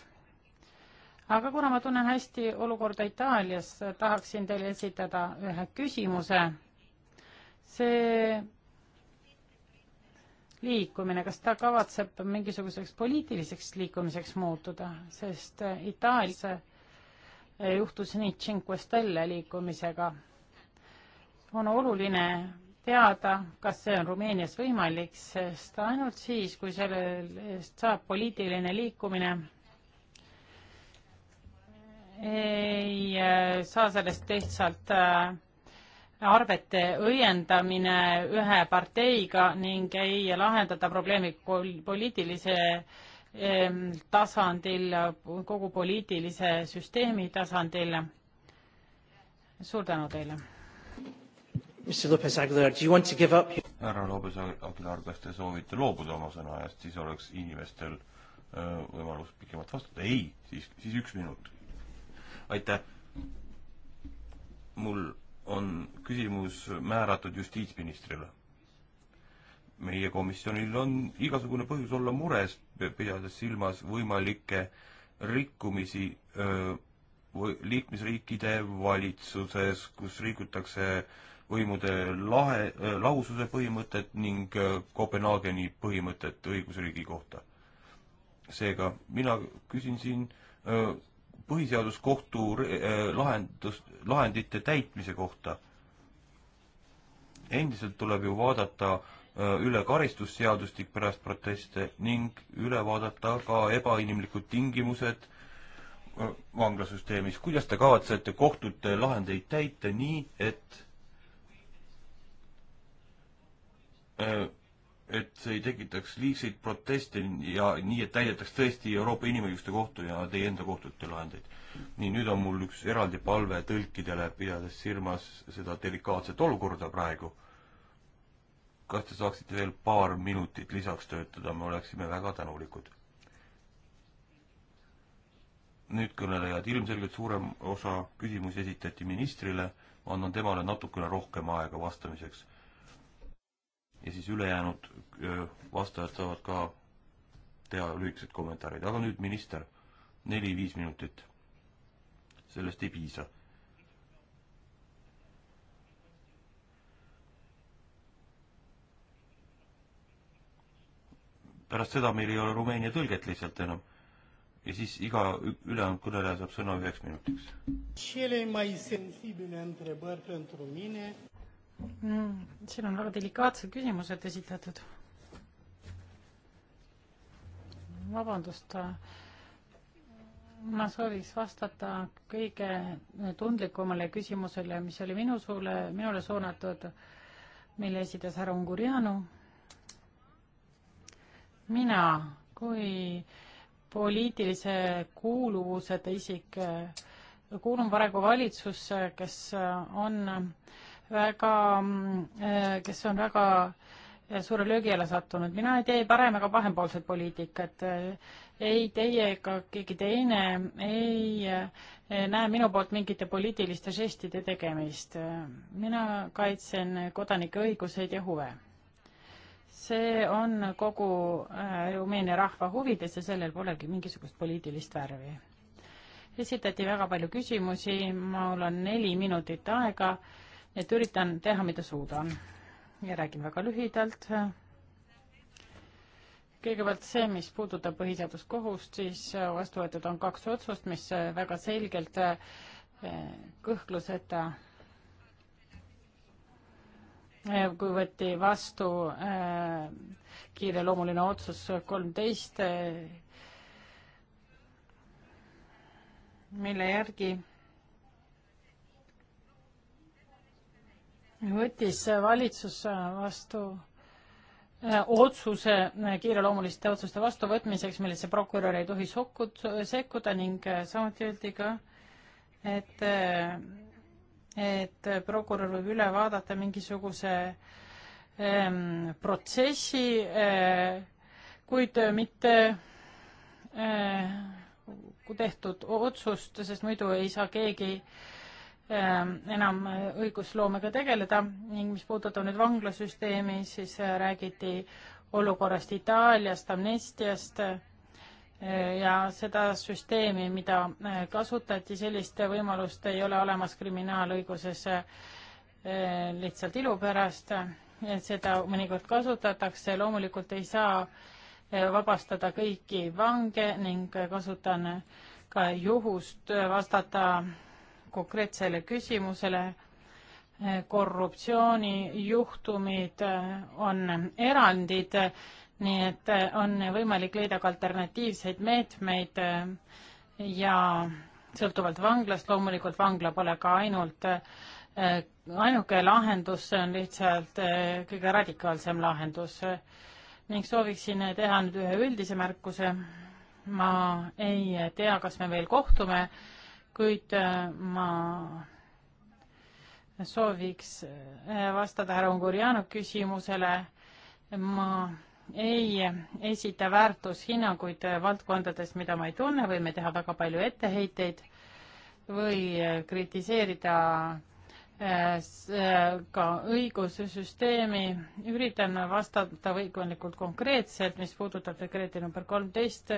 aga kuna ma tunnen hästi olukorda Itaalias, tahaksin teile esitada ühe küsimuse. see liikumine, kas ta kavatseb mingisuguseks poliitiliseks liikumiseks muutuda, sest Itaalias juhtus nii Cinque Stelle liikumisega. on oluline teada, kas see on Rumeenias võimalik, sest ainult siis, kui sellest saab poliitiline liikumine, ei äh, saa sellest lihtsalt äh, arvete õiendamine ühe parteiga ning ei lahendada probleemi poliitilise tasandil, kogu poliitilise süsteemi tasandil. suur tänu teile. härra Lopez Aguilar, kas te soovite loobuda oma sõna eest, siis oleks inimestel äh, võimalus pikemalt vastata. ei, siis, siis üks minut. aitäh. mul on küsimus määratud justiitsministrile meie komisjonil on igasugune põhjus olla mures, pidades silmas võimalikke rikkumisi öö, liikmesriikide valitsuses, kus rikutakse võimude lahe, lahususe põhimõtet ning Kopenhaageni põhimõtet õigusriigi kohta. seega mina küsin siin öö, põhiseaduskohtu lahendust, lahendite täitmise kohta. endiselt tuleb ju vaadata Äh, üle karistusseadustik pärast proteste ning üle vaadata ka ebainimlikud tingimused äh, vanglasüsteemis. kuidas te kavatsete kohtute lahendeid täita nii, et äh, et see ei tekitaks liigseid proteste ja nii, et täidetaks tõesti Euroopa Inimõiguste Kohtu ja teie enda kohtute lahendeid. nii, nüüd on mul üks eraldi palve tõlkidele, pidades silmas seda delikaatset olukorda praegu kas te saaksite veel paar minutit lisaks töötada, me oleksime väga tänulikud. nüüd kõnelejad, ilmselgelt suurem osa küsimusi esitati ministrile, ma annan temale natukene rohkem aega vastamiseks. ja siis ülejäänud vastajad saavad ka teha lühikesed kommentaarid, aga nüüd minister, neli-viis minutit. sellest ei piisa pärast seda meil ei ole Rumeenia tõlget lihtsalt enam. ja siis iga ülejäänud kõneleja saab sõna üheks minutiks. Mm, siin on väga delikaatsed küsimused esitatud. vabandust, äh, ma sooviks vastata kõige tundlikumale küsimusele, mis oli minu suule, minule suunatud, mille esitas härra Ungurianu mina kui poliitilise kuuluvuseta isik äh, kuulun praegu valitsusse, kes äh, on äh, väga, kes on väga suure löögi alla sattunud. mina ei tee parem ega vahepoolset poliitikat. ei teie ega keegi teine ei näe minu poolt mingite poliitiliste žestide tegemist. mina kaitsen kodanike õiguseid ja huve see on kogu äh, Rumeenia rahva huvides ja sellel polegi mingisugust poliitilist värvi. esitati väga palju küsimusi, mul on neli minutit aega, et üritan teha, mida suudan ja räägin väga lühidalt. kõigepealt see, mis puudutab põhiseaduskohust, siis vastu võetud on kaks otsust, mis väga selgelt äh, kõhkluseta Äh, kui võeti vastu äh, kiireloomuline otsus kolmteist, äh, mille järgi võttis valitsus vastu otsuse kiireloomuliste otsuste vastuvõtmiseks, millesse prokurör ei tohi sokkud, sekkuda ning samuti öeldi ka, et et prokurör võib üle vaadata mingisuguse ähm, protsessi äh,, kuid mitte äh, tehtud otsust, sest muidu ei saa keegi ehm, enam õigusloomega tegeleda ning mis puudutab nüüd vanglasüsteemi, siis eh, räägiti olukorrast Itaaliast, amnestiast äh,, ja seda süsteemi, mida eh, kasutati, sellist võimalust ei ole olemas kriminaalõiguses eh, lihtsalt ilu pärast, seda mõnikord kasutatakse, loomulikult ei saa eh, vabastada kõiki vange ning kasutan ka juhust vastata konkreetsele küsimusele. korruptsioonijuhtumid on erandid nii et äh, on võimalik leida ka alternatiivseid meetmeid äh, ja sõltuvalt vanglast, loomulikult vangla pole ka ainult äh, ainuke lahendus, see on lihtsalt kõige radikaalsem lahendus. ning sooviksin teha nüüd ühe üldise märkuse. ma ei tea, kas me veel kohtume, kuid ma sooviks vastata härra Ungurjanu küsimusele. ma ei esita väärtushinnanguid valdkondades, mida ma ei tunne, võime teha väga palju etteheiteid või kritiseerida äh, äh, ka õigussüsteemi, üritan vastata võimalikult konkreetselt, mis puudutab dekreeti number kolmteist,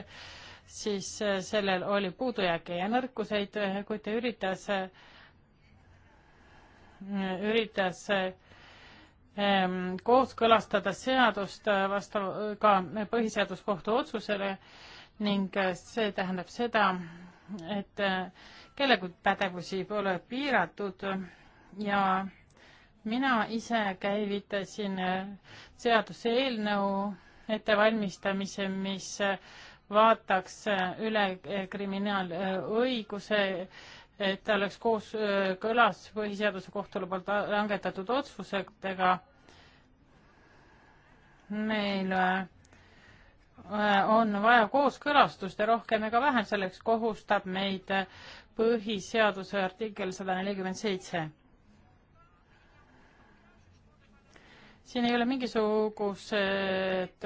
siis äh, sellel oli puudujääke ja nõrkuseid, kuid ta üritas, üritas, üritas Ähm, kooskõlastada seadust äh, vastav ka põhiseaduskohtu otsusele ning äh, see tähendab seda, et äh, kellegi pädevusi pole piiratud ja mina ise käivitasin seaduseelnõu ettevalmistamise, mis vaataks üle kriminaalõiguse äh, et ta oleks koos äh, kõlas põhiseaduse kohtule poolt langetatud otsusetega. meil äh, äh, on vaja kooskõlastust ja rohkem ega vähem, selleks kohustab meid põhiseaduse artikkel sada nelikümmend seitse. siin ei ole mingisugused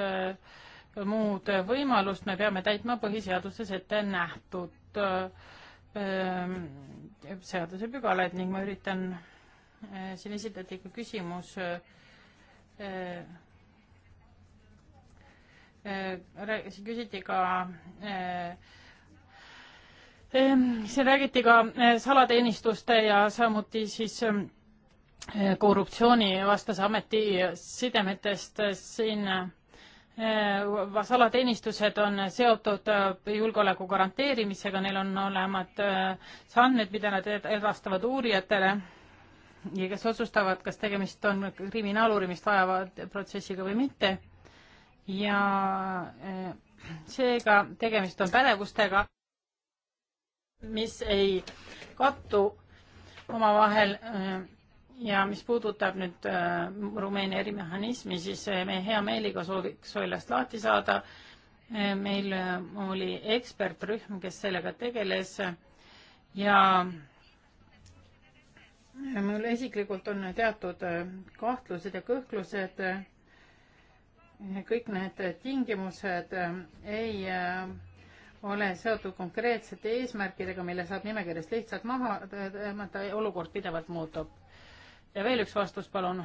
muud võimalust, me peame täitma põhiseaduses ette nähtud äh, Ehm, seadusepügalad ning ma üritan, eh, siin esitati ka küsimus eh, eh, siin küsiti ka ehm, siin räägiti ka salateenistuste ja samuti siis korruptsioonivastase ameti sidemetest siin Äh, salateenistused on seotud äh, julgeoleku garanteerimisega, neil on olemas äh, andmed, mida nad edastavad uurijatele ja kes otsustavad, kas tegemist on kriminaaluurimist vajava protsessiga või mitte. ja seega tegemist on pädevustega, mis ei kattu omavahel ja mis puudutab nüüd äh, Rumeenia erimehhanismi, siis äh, me hea meeliga sooviks sellest lahti saada äh,. meil äh, oli ekspertrühm, kes sellega tegeles ja äh, mul isiklikult on teatud äh, kahtlused ja kõhklused. Äh, kõik need tingimused ei ole seotud konkreetsete eesmärkidega, mille saab nimekirjast lihtsalt maha tõmmata, olukord pidevalt muutub ja veel üks vastus, palun.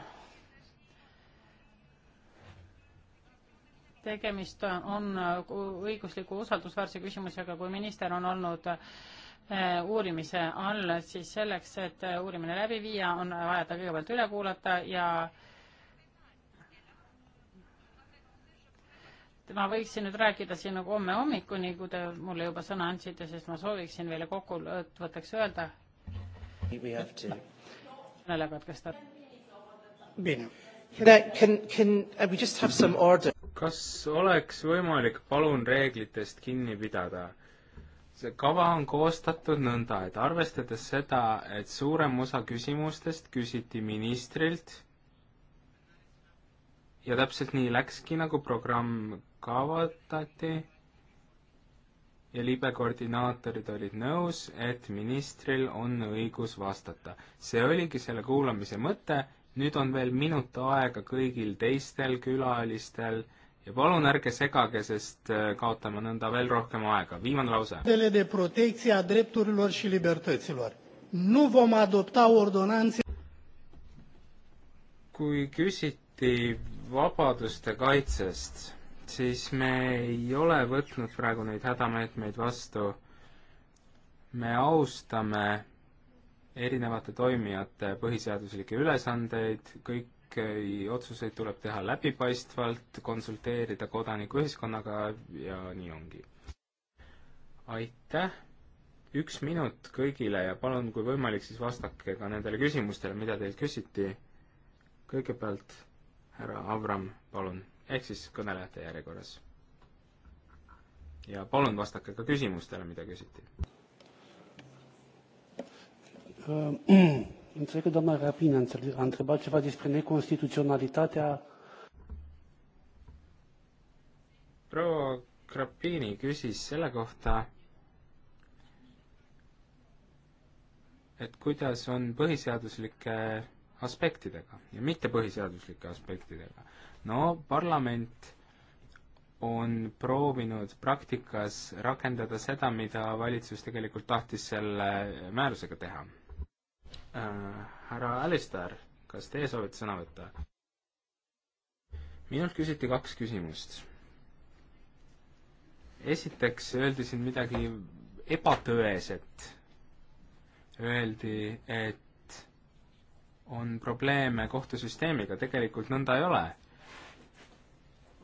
tegemist on õigusliku usaldusväärse küsimusega, kui minister on olnud eh, uurimise all, siis selleks, et uurimine läbi viia, on vaja ta kõigepealt üle kuulata ja ma võiksin nüüd rääkida siin nagu homme hommikuni, kui te mulle juba sõna andsite, sest ma sooviksin veel kokkuvõtteks öelda. We have to kõnele katkestada. Can I, can, can uh, we just have some order? kas oleks võimalik palun reeglitest kinni pidada? see kava on koostatud nõnda, et arvestades seda, et suurem osa küsimustest küsiti ministrilt ja täpselt nii läkski, nagu programm kavatati ja libekoordinaatorid olid nõus, et ministril on õigus vastata. see oligi selle kuulamise mõte, nüüd on veel minut aega kõigil teistel külalistel ja palun ärge segage, sest äh, kaotame nõnda veel rohkem aega. viimane lause. de protecție a drepturilor și libertăților. Nu vom adopta ordonanțe kui küsiti vabaduste kaitsest siis me ei ole võtnud praegu neid hädameetmeid vastu. me austame erinevate toimijate põhiseaduslikke ülesandeid, kõiki otsuseid tuleb teha läbipaistvalt, konsulteerida kodanikuühiskonnaga ja nii ongi. aitäh, üks minut kõigile ja palun, kui võimalik, siis vastake ka nendele küsimustele, mida teilt küsiti. kõigepealt härra Avram, palun ehk siis kõnelejate järjekorras. ja palun vastake ka küsimustele, mida küsiti. Äh, înțeleg că doamna Rapin a întrebat ceva despre neconstituționalitatea proua Krapini küsis selle kohta, et kuidas on põhiseaduslike aspektidega ja mittepõhiseaduslike aspektidega no parlament on proovinud praktikas rakendada seda, mida valitsus tegelikult tahtis selle määrusega teha äh,. härra Alistair, kas teie soovite sõna võtta? minult küsiti kaks küsimust. esiteks öeldi siin midagi ebatõeset. Öeldi, et on probleeme kohtusüsteemiga, tegelikult nõnda ei ole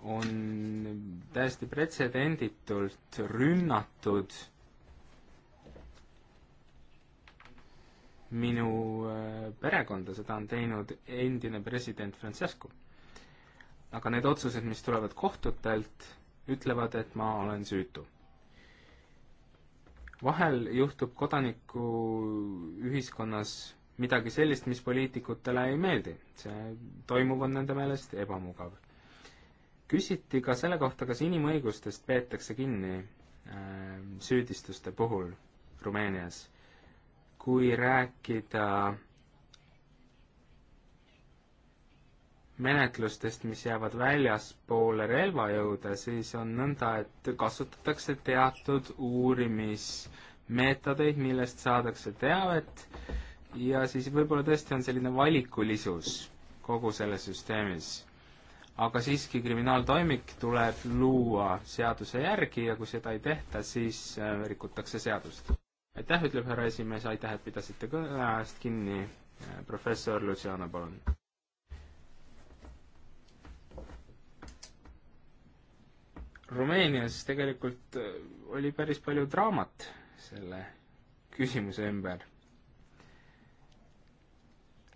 on täiesti pretsedenditult rünnatud minu äh, perekonda, seda on teinud endine president Francesco. aga need otsused, mis tulevad kohtutelt, ütlevad, et ma olen süütu. vahel juhtub kodanikuühiskonnas midagi sellist, mis poliitikutele ei meeldi. see toimuv on nende meelest ebamugav küsiti ka selle kohta, kas inimõigustest peetakse kinni äh, süüdistuste puhul Rumeenias. kui rääkida menetlustest, mis jäävad väljaspoole relvajõude, siis on nõnda, et kasutatakse teatud uurimismeetodeid, millest saadakse teavet ja siis võib-olla tõesti on selline valikulisus kogu selles süsteemis aga siiski kriminaaltoimik tuleb luua seaduse järgi ja kui seda ei tehta, siis äh, rikutakse seadust. aitäh, ütleb härra esimees, aitäh, et pidasite kõneajast kinni. Äh, professor Luciano, palun. Rumeenias tegelikult äh, oli päris palju draamat selle küsimuse ümber.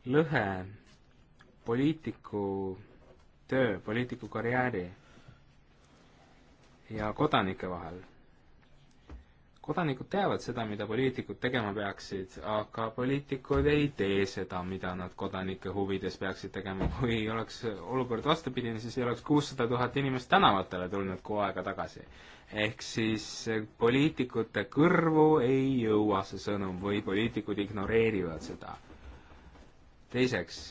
lõhe poliitiku töö, poliitiku karjääri ja kodanike vahel. kodanikud teavad seda, mida poliitikud tegema peaksid, aga poliitikud ei tee seda, mida nad kodanike huvides peaksid tegema. kui oleks olukord vastupidine, siis ei oleks kuussada tuhat inimest tänavatele tulnud kuu aega tagasi. ehk siis poliitikute kõrvu ei jõua see sõnum või poliitikud ignoreerivad seda. teiseks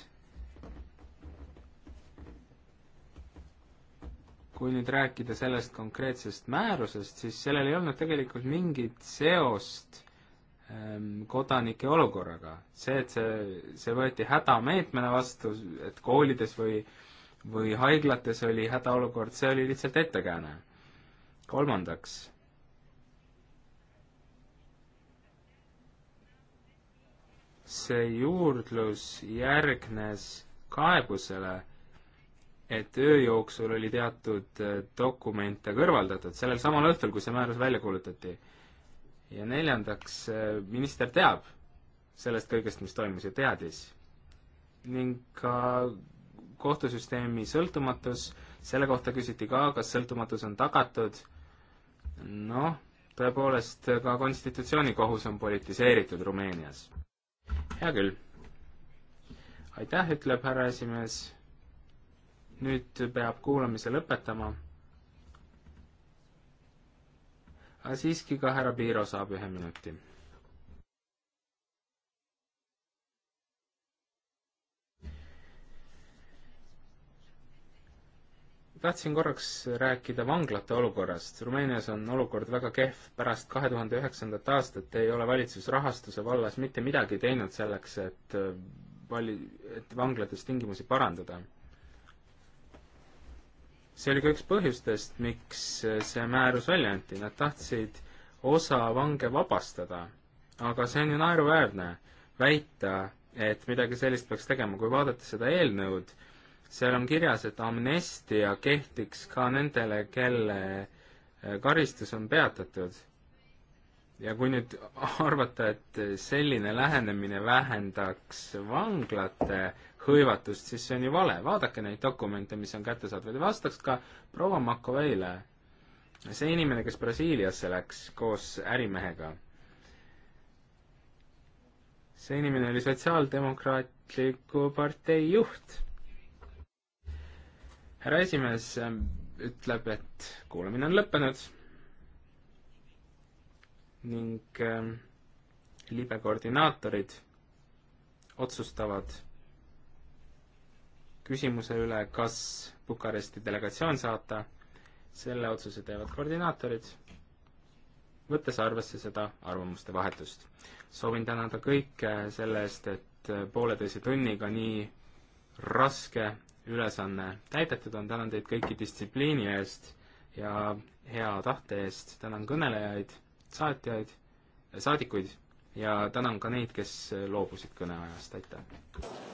kui nüüd rääkida sellest konkreetsest määrusest, siis sellel ei olnud tegelikult mingit seost ähm, kodanike olukorraga. see, et see, see võeti hädameetmena vastu, et koolides või, või haiglates oli hädaolukord, see oli lihtsalt ettekääne. kolmandaks see juurdlus järgnes kaebusele et öö jooksul oli teatud äh, dokumente kõrvaldatud, sellel samal õhtul, kui see määrus välja kuulutati. ja neljandaks, äh, minister teab sellest kõigest, mis toimus ja teadis. ning ka kohtusüsteemi sõltumatus, selle kohta küsiti ka, kas sõltumatus on tagatud, noh, tõepoolest, ka konstitutsioonikohus on politiseeritud Rumeenias. hea küll. aitäh, ütleb härra esimees nüüd peab kuulamise lõpetama. aga siiski ka härra Piiro saab ühe minuti. tahtsin korraks rääkida vanglate olukorrast. Rumeenias on olukord väga kehv. pärast kahe tuhande üheksandat aastat ei ole valitsus rahastuse vallas mitte midagi teinud selleks, et vali-, et vanglates tingimusi parandada see oli ka üks põhjustest, miks see määrus välja anti, nad tahtsid osa vange vabastada. aga see on ju naeruväärne väita, et midagi sellist peaks tegema, kui vaadata seda eelnõud, seal on kirjas, et amnestia kehtiks ka nendele, kelle eh, karistus on peatatud. ja kui nüüd arvata, et selline lähenemine vähendaks vanglate hõivatust, siis see on ju vale. vaadake neid dokumente, mis on kättesaadavad ja vastaks ka proua Makoveile, see inimene, kes Brasiiliasse läks koos ärimehega. see inimene oli Sotsiaaldemokraatliku partei juht. härra esimees ähm, ütleb, et kuulamine on lõppenud ning äh, libe koordinaatorid otsustavad küsimuse üle, kas Bukaresti delegatsioon saata, selle otsuse teevad koordinaatorid, võttes arvesse seda arvamuste vahetust. soovin tänada kõike selle eest, et pooleteise tunniga nii raske ülesanne täidetud on, tänan teid kõiki distsipliini eest ja hea tahte eest, tänan kõnelejaid, saatjaid, saadikuid ja tänan ka neid, kes loobusid kõneajast, aitäh!